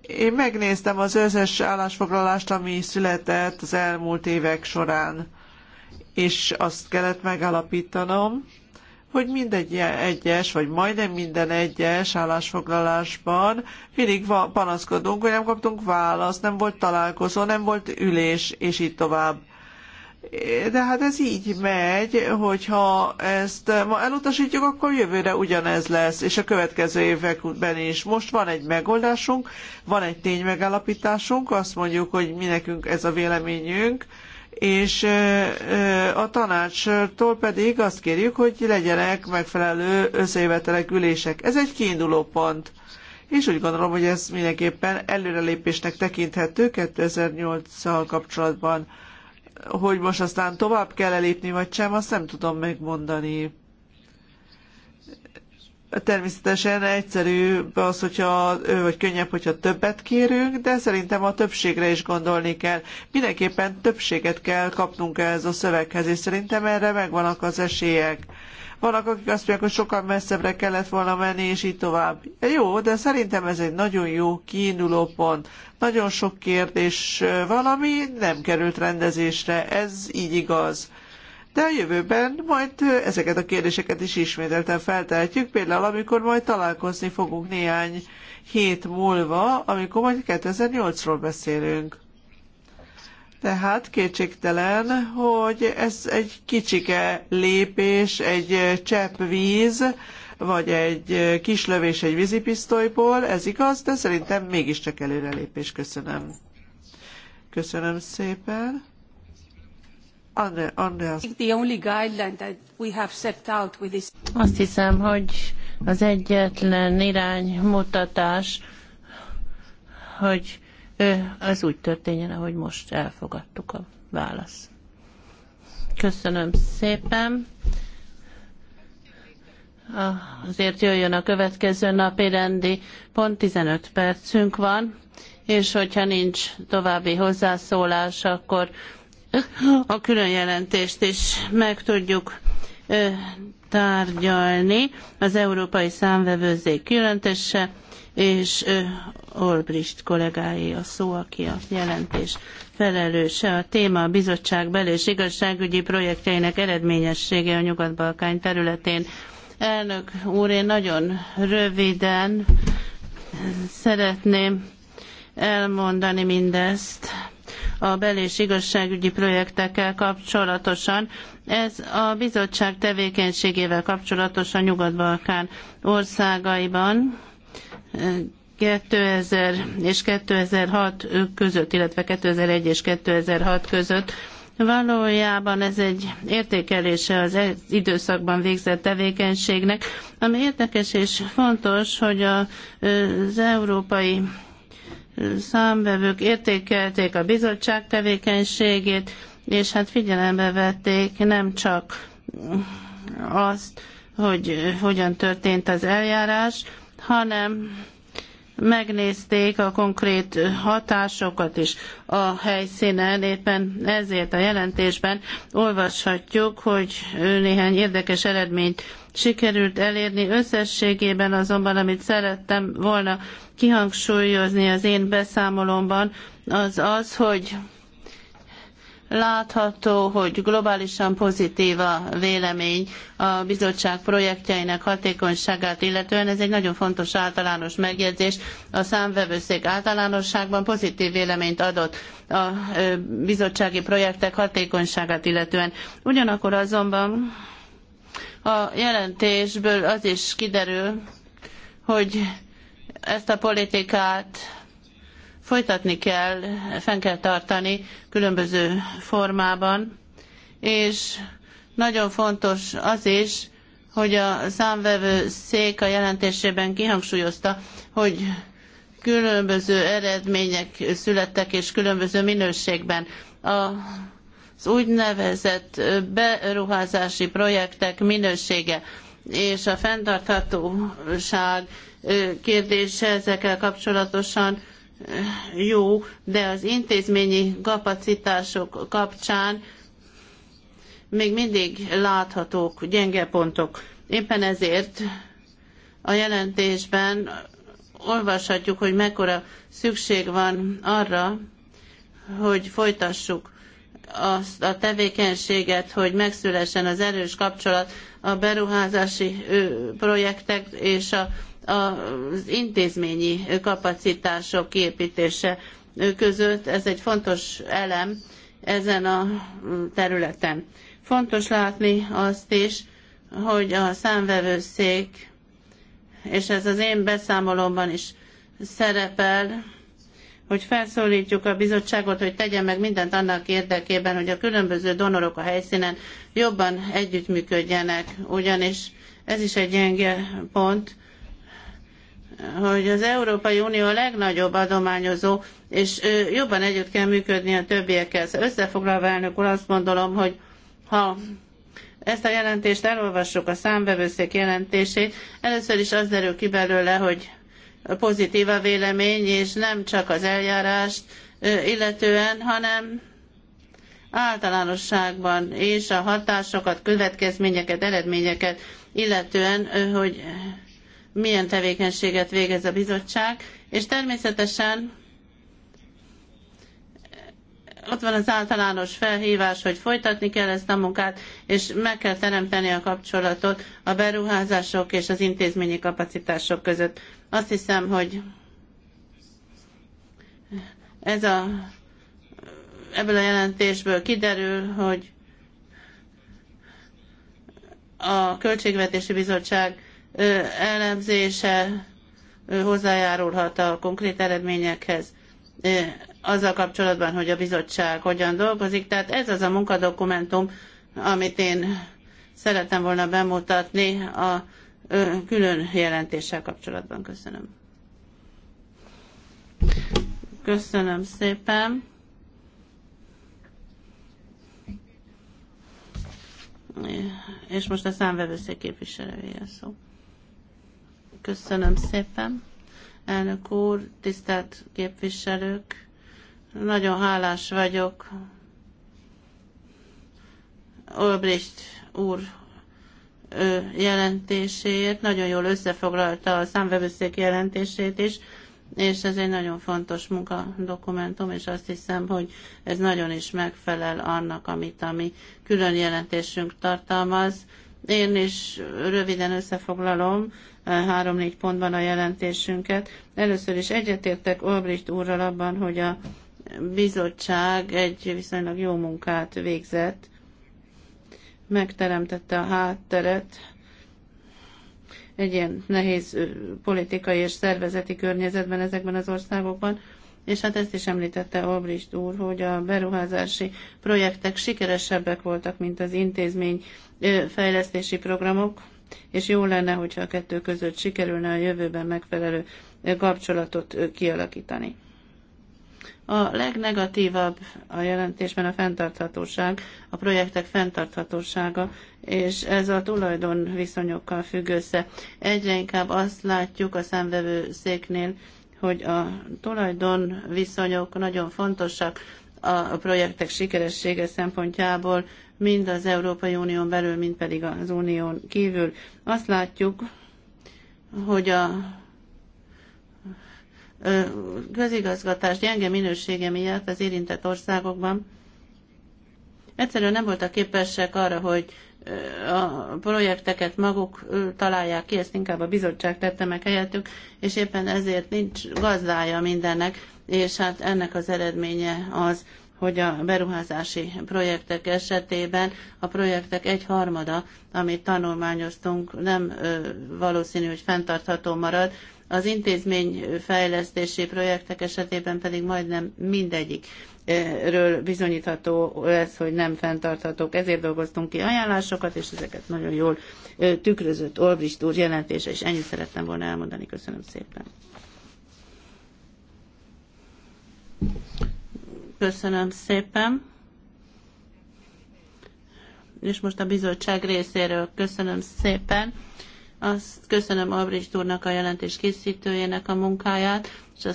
Én megnéztem az összes állásfoglalást, ami született az elmúlt évek során, és azt kellett megállapítanom, hogy mindegy egyes, vagy majdnem minden egyes állásfoglalásban mindig panaszkodunk, hogy nem kaptunk választ, nem volt találkozó, nem volt ülés, és így tovább. De hát ez így megy, hogyha ezt ma elutasítjuk, akkor jövőre ugyanez lesz, és a következő években is. Most van egy megoldásunk, van egy megállapításunk, azt mondjuk, hogy mi nekünk ez a véleményünk, és a tanácstól pedig azt kérjük, hogy legyenek megfelelő összejövetelek ülések. Ez egy kiinduló pont, és úgy gondolom, hogy ez mindenképpen előrelépésnek tekinthető 2008-szal kapcsolatban. Hogy most aztán tovább kell elépni, vagy sem, azt nem tudom megmondani. Természetesen egyszerűbb az, hogyha, vagy könnyebb, hogyha többet kérünk, de szerintem a többségre is gondolni kell. Mindenképpen többséget kell kapnunk ehhez a szöveghez, és szerintem erre megvannak az esélyek. Vannak, akik azt mondják, hogy sokkal messzebbre kellett volna menni, és így tovább. Jó, de szerintem ez egy nagyon jó kiinduló pont. Nagyon sok kérdés valami nem került rendezésre. Ez így igaz de a jövőben majd ezeket a kérdéseket is ismételten feltehetjük, például amikor majd találkozni fogunk néhány hét múlva, amikor majd 2008-ról beszélünk. Tehát kétségtelen, hogy ez egy kicsike lépés, egy csepp víz, vagy egy kis lövés egy vízipisztolyból, ez igaz, de szerintem mégiscsak előrelépés. Köszönöm. Köszönöm szépen. Azt hiszem, hogy az egyetlen iránymutatás, hogy az úgy történjen, ahogy most elfogadtuk a választ. Köszönöm szépen. Azért jöjjön a következő napi rendi pont, 15 percünk van, és hogyha nincs további hozzászólás, akkor a külön jelentést is meg tudjuk tárgyalni az Európai Számvevőzék jelentése, és Olbrist kollégáé a szó, aki a jelentés felelőse. A téma a bizottság bel- és igazságügyi projektjeinek eredményessége a Nyugat-Balkány területén. Elnök úr, én nagyon röviden szeretném elmondani mindezt, a bel- és igazságügyi projektekkel kapcsolatosan. Ez a bizottság tevékenységével kapcsolatosan Nyugat-Balkán országaiban 2000 eh, és 2006 között, illetve 2001 és 2006 között Valójában ez egy értékelése az e- időszakban végzett tevékenységnek, ami érdekes és fontos, hogy az Európai számvevők értékelték a bizottság tevékenységét, és hát figyelembe vették nem csak azt, hogy hogyan történt az eljárás, hanem megnézték a konkrét hatásokat is a helyszínen. Éppen ezért a jelentésben olvashatjuk, hogy néhány érdekes eredményt sikerült elérni. Összességében azonban, amit szerettem volna kihangsúlyozni az én beszámolomban, az az, hogy látható, hogy globálisan pozitív a vélemény a bizottság projektjeinek hatékonyságát illetően. Ez egy nagyon fontos általános megjegyzés. A számvevőszék általánosságban pozitív véleményt adott a bizottsági projektek hatékonyságát illetően. Ugyanakkor azonban a jelentésből az is kiderül, hogy ezt a politikát folytatni kell, fenn kell tartani különböző formában, és nagyon fontos az is, hogy a számvevő szék a jelentésében kihangsúlyozta, hogy különböző eredmények születtek és különböző minőségben. A az úgynevezett beruházási projektek minősége és a fenntarthatóság kérdése ezekkel kapcsolatosan jó, de az intézményi kapacitások kapcsán még mindig láthatók gyenge pontok. Éppen ezért a jelentésben olvashatjuk, hogy mekkora szükség van arra, hogy folytassuk azt a tevékenységet, hogy megszülessen az erős kapcsolat a beruházási projektek és a, az intézményi kapacitások kiépítése között. Ez egy fontos elem ezen a területen. Fontos látni azt is, hogy a számvevőszék, és ez az én beszámolomban is szerepel, hogy felszólítjuk a bizottságot, hogy tegye meg mindent annak érdekében, hogy a különböző donorok a helyszínen jobban együttműködjenek, ugyanis ez is egy gyenge pont, hogy az Európai Unió a legnagyobb adományozó, és jobban együtt kell működni a többiekkel. Szóval összefoglalva, elnök úr, azt gondolom, hogy ha ezt a jelentést elolvassuk, a számbevőszék jelentését, először is az derül ki belőle, hogy pozitív a vélemény, és nem csak az eljárást illetően, hanem általánosságban és a hatásokat, következményeket, eredményeket illetően, hogy milyen tevékenységet végez a bizottság, és természetesen ott van az általános felhívás, hogy folytatni kell ezt a munkát, és meg kell teremteni a kapcsolatot a beruházások és az intézményi kapacitások között. Azt hiszem, hogy ez a, ebből a jelentésből kiderül, hogy a Költségvetési Bizottság elemzése hozzájárulhat a konkrét eredményekhez azzal kapcsolatban, hogy a bizottság hogyan dolgozik. Tehát ez az a munkadokumentum, amit én szerettem volna bemutatni a külön jelentéssel kapcsolatban. Köszönöm. Köszönöm szépen. És most a számvevőszék képviselője szó. Köszönöm szépen. Elnök úr, tisztelt képviselők! Nagyon hálás vagyok Olbricht úr jelentéséért. Nagyon jól összefoglalta a számvevőszék jelentését is, és ez egy nagyon fontos munkadokumentum, és azt hiszem, hogy ez nagyon is megfelel annak, amit a mi külön jelentésünk tartalmaz. Én is röviden összefoglalom három-négy pontban a jelentésünket. Először is egyetértek Olbricht úrral abban, hogy a bizottság egy viszonylag jó munkát végzett, megteremtette a hátteret egy ilyen nehéz politikai és szervezeti környezetben ezekben az országokban, és hát ezt is említette Obrist úr, hogy a beruházási projektek sikeresebbek voltak, mint az intézmény fejlesztési programok, és jó lenne, hogyha a kettő között sikerülne a jövőben megfelelő kapcsolatot kialakítani. A legnegatívabb a jelentésben a fenntarthatóság, a projektek fenntarthatósága, és ez a tulajdon viszonyokkal függ össze. Egyre inkább azt látjuk a szemvevő széknél, hogy a tulajdon viszonyok nagyon fontosak a projektek sikeressége szempontjából, mind az Európai Unión belül, mind pedig az Unión kívül. Azt látjuk, hogy a közigazgatás gyenge minősége miatt az érintett országokban egyszerűen nem voltak képesek arra, hogy a projekteket maguk találják ki, ezt inkább a bizottság tette meg helyettük, és éppen ezért nincs gazdája mindennek, és hát ennek az eredménye az, hogy a beruházási projektek esetében a projektek egy harmada, amit tanulmányoztunk, nem valószínű, hogy fenntartható marad, az intézményfejlesztési projektek esetében pedig majdnem mindegyik ről bizonyítható lesz, hogy nem fenntarthatók. Ezért dolgoztunk ki ajánlásokat, és ezeket nagyon jól tükrözött Olbrist úr jelentése, és ennyit szerettem volna elmondani. Köszönöm szépen. Köszönöm szépen. És most a bizottság részéről köszönöm szépen. Azt köszönöm Abrics úrnak a jelentés készítőjének a munkáját, és a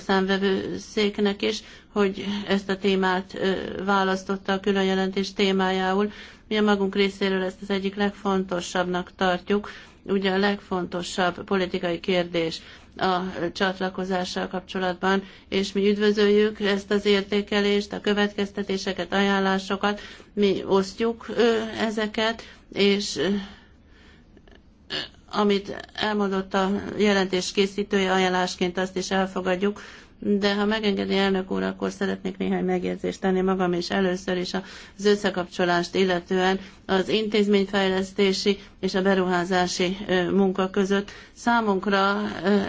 széknek is, hogy ezt a témát választotta a külön jelentés témájául. Mi a magunk részéről ezt az egyik legfontosabbnak tartjuk, ugye a legfontosabb politikai kérdés a csatlakozással kapcsolatban, és mi üdvözöljük ezt az értékelést, a következtetéseket, ajánlásokat, mi osztjuk ezeket, és amit elmondott a jelentés készítője ajánlásként, azt is elfogadjuk, de ha megengedi elnök úr, akkor szeretnék néhány megjegyzést tenni magam is először is az összekapcsolást illetően az intézményfejlesztési és a beruházási munka között. Számunkra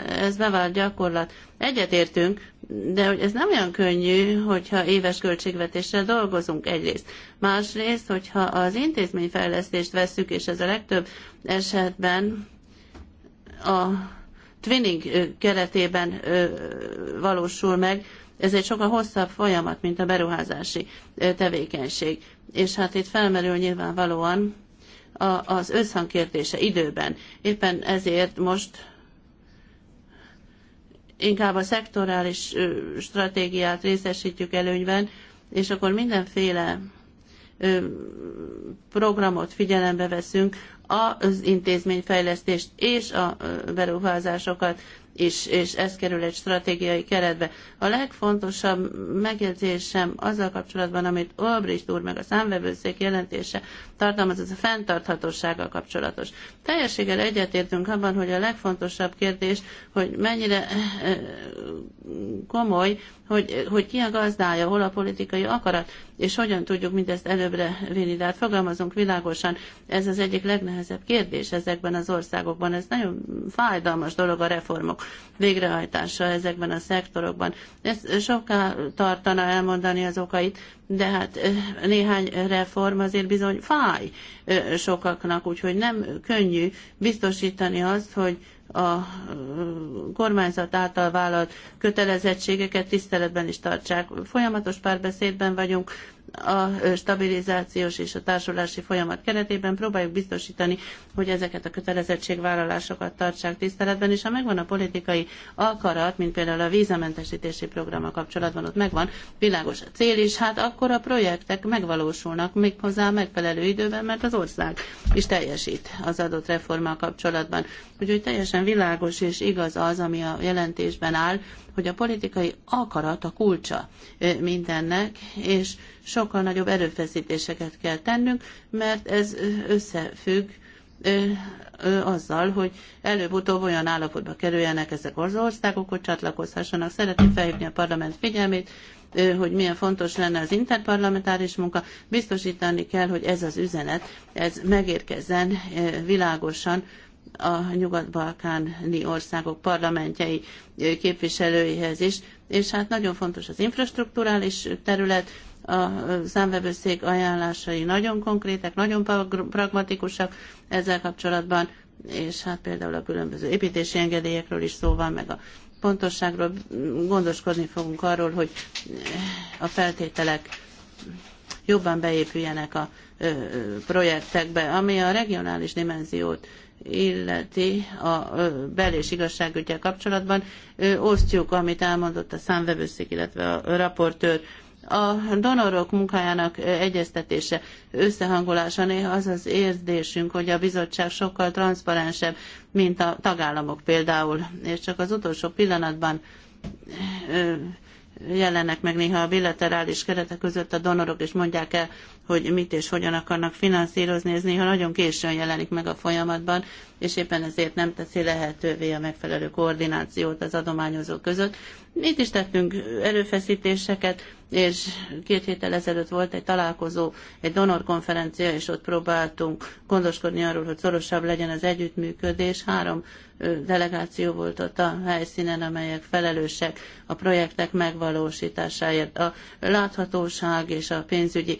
ez bevált gyakorlat. Egyetértünk, de hogy ez nem olyan könnyű, hogyha éves költségvetéssel dolgozunk egyrészt. Másrészt, hogyha az intézményfejlesztést vesszük, és ez a legtöbb esetben a twinning keretében valósul meg, ez egy sokkal hosszabb folyamat, mint a beruházási tevékenység. És hát itt felmerül nyilvánvalóan az összhangkértése időben. Éppen ezért most inkább a szektorális stratégiát részesítjük előnyben, és akkor mindenféle programot figyelembe veszünk, az intézményfejlesztést és a beruházásokat is, és ez kerül egy stratégiai keretbe. A legfontosabb megjegyzésem azzal kapcsolatban, amit Olbricht úr meg a számvevőszék jelentése tartalmaz, ez a fenntarthatósággal kapcsolatos. Teljességgel egyetértünk abban, hogy a legfontosabb kérdés, hogy mennyire eh, eh, komoly, hogy, hogy ki a gazdája, hol a politikai akarat és hogyan tudjuk mindezt előbbre vinni. De hát fogalmazunk világosan, ez az egyik legnehezebb kérdés ezekben az országokban. Ez nagyon fájdalmas dolog a reformok végrehajtása ezekben a szektorokban. Ez soká tartana elmondani az okait, de hát néhány reform azért bizony fáj sokaknak, úgyhogy nem könnyű biztosítani azt, hogy a kormányzat által vállalt kötelezettségeket tiszteletben is tartsák. Folyamatos párbeszédben vagyunk a stabilizációs és a társulási folyamat keretében próbáljuk biztosítani, hogy ezeket a kötelezettségvállalásokat tartsák tiszteletben, és ha megvan a politikai akarat, mint például a vízamentesítési programmal kapcsolatban ott megvan, világos a cél is, hát akkor a projektek megvalósulnak méghozzá megfelelő időben, mert az ország is teljesít az adott reformmal kapcsolatban. Úgyhogy teljesen világos és igaz az, ami a jelentésben áll, hogy a politikai akarat a kulcsa mindennek, és sokkal nagyobb erőfeszítéseket kell tennünk, mert ez összefügg azzal, hogy előbb-utóbb olyan állapotba kerüljenek ezek az országok, hogy csatlakozhassanak. Szeretném felhívni a parlament figyelmét, hogy milyen fontos lenne az interparlamentáris munka. Biztosítani kell, hogy ez az üzenet, ez megérkezzen világosan a nyugat-balkáni országok parlamentjei képviselőihez is, és hát nagyon fontos az infrastruktúrális terület, a számvevőszék ajánlásai nagyon konkrétek, nagyon pragmatikusak ezzel kapcsolatban, és hát például a különböző építési engedélyekről is szó van, meg a pontosságról gondoskodni fogunk arról, hogy a feltételek jobban beépüljenek a projektekbe, ami a regionális dimenziót illeti a bel- és igazságügyel kapcsolatban. Osztjuk, amit elmondott a számvevőszék, illetve a raportőr a donorok munkájának egyeztetése, összehangolása néha az az érzésünk, hogy a bizottság sokkal transzparensebb, mint a tagállamok például, és csak az utolsó pillanatban jelennek meg néha a bilaterális keretek között a donorok, és mondják el, hogy mit és hogyan akarnak finanszírozni, ez néha nagyon későn jelenik meg a folyamatban, és éppen ezért nem teszi lehetővé a megfelelő koordinációt az adományozók között. Itt is tettünk előfeszítéseket, és két héttel ezelőtt volt egy találkozó, egy donorkonferencia, és ott próbáltunk gondoskodni arról, hogy szorosabb legyen az együttműködés. Három delegáció volt ott a helyszínen, amelyek felelősek a projektek megvalósításáért. A láthatóság és a pénzügyi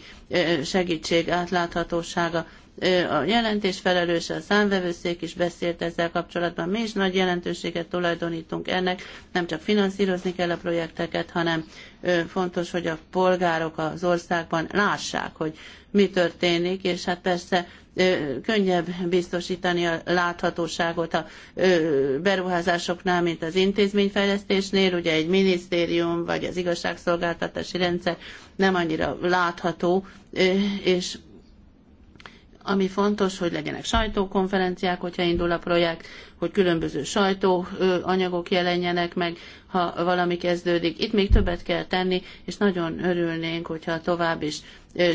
segítség átláthatósága a jelentés felelőse, a számvevőszék is beszélt ezzel kapcsolatban. Mi is nagy jelentőséget tulajdonítunk ennek, nem csak finanszírozni kell a projekteket, hanem fontos, hogy a polgárok az országban lássák, hogy mi történik, és hát persze könnyebb biztosítani a láthatóságot a beruházásoknál, mint az intézményfejlesztésnél. Ugye egy minisztérium vagy az igazságszolgáltatási rendszer nem annyira látható, és ami fontos, hogy legyenek sajtókonferenciák, hogyha indul a projekt, hogy különböző sajtóanyagok jelenjenek meg, ha valami kezdődik. Itt még többet kell tenni, és nagyon örülnénk, hogyha tovább is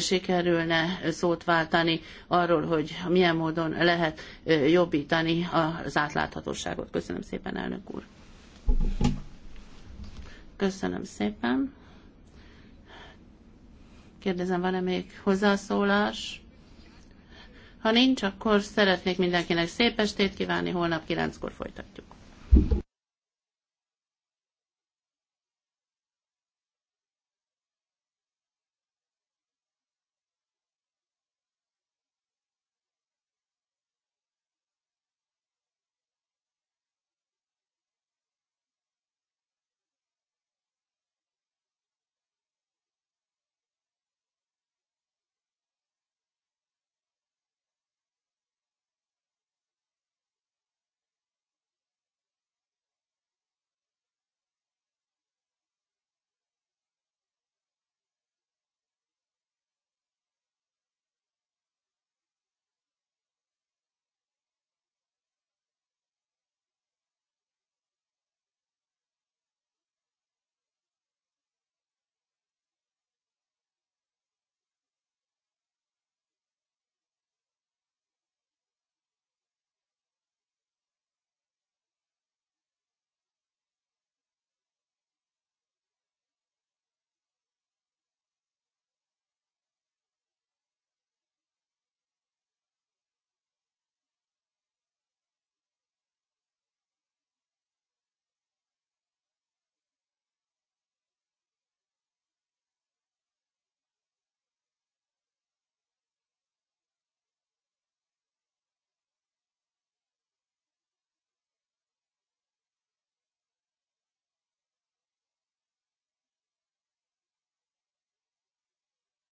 sikerülne szót váltani arról, hogy milyen módon lehet jobbítani az átláthatóságot. Köszönöm szépen, elnök úr. Köszönöm szépen. Kérdezem, van-e még hozzászólás? Ha nincs, akkor szeretnék mindenkinek szép estét kívánni, holnap kilenckor folytatjuk.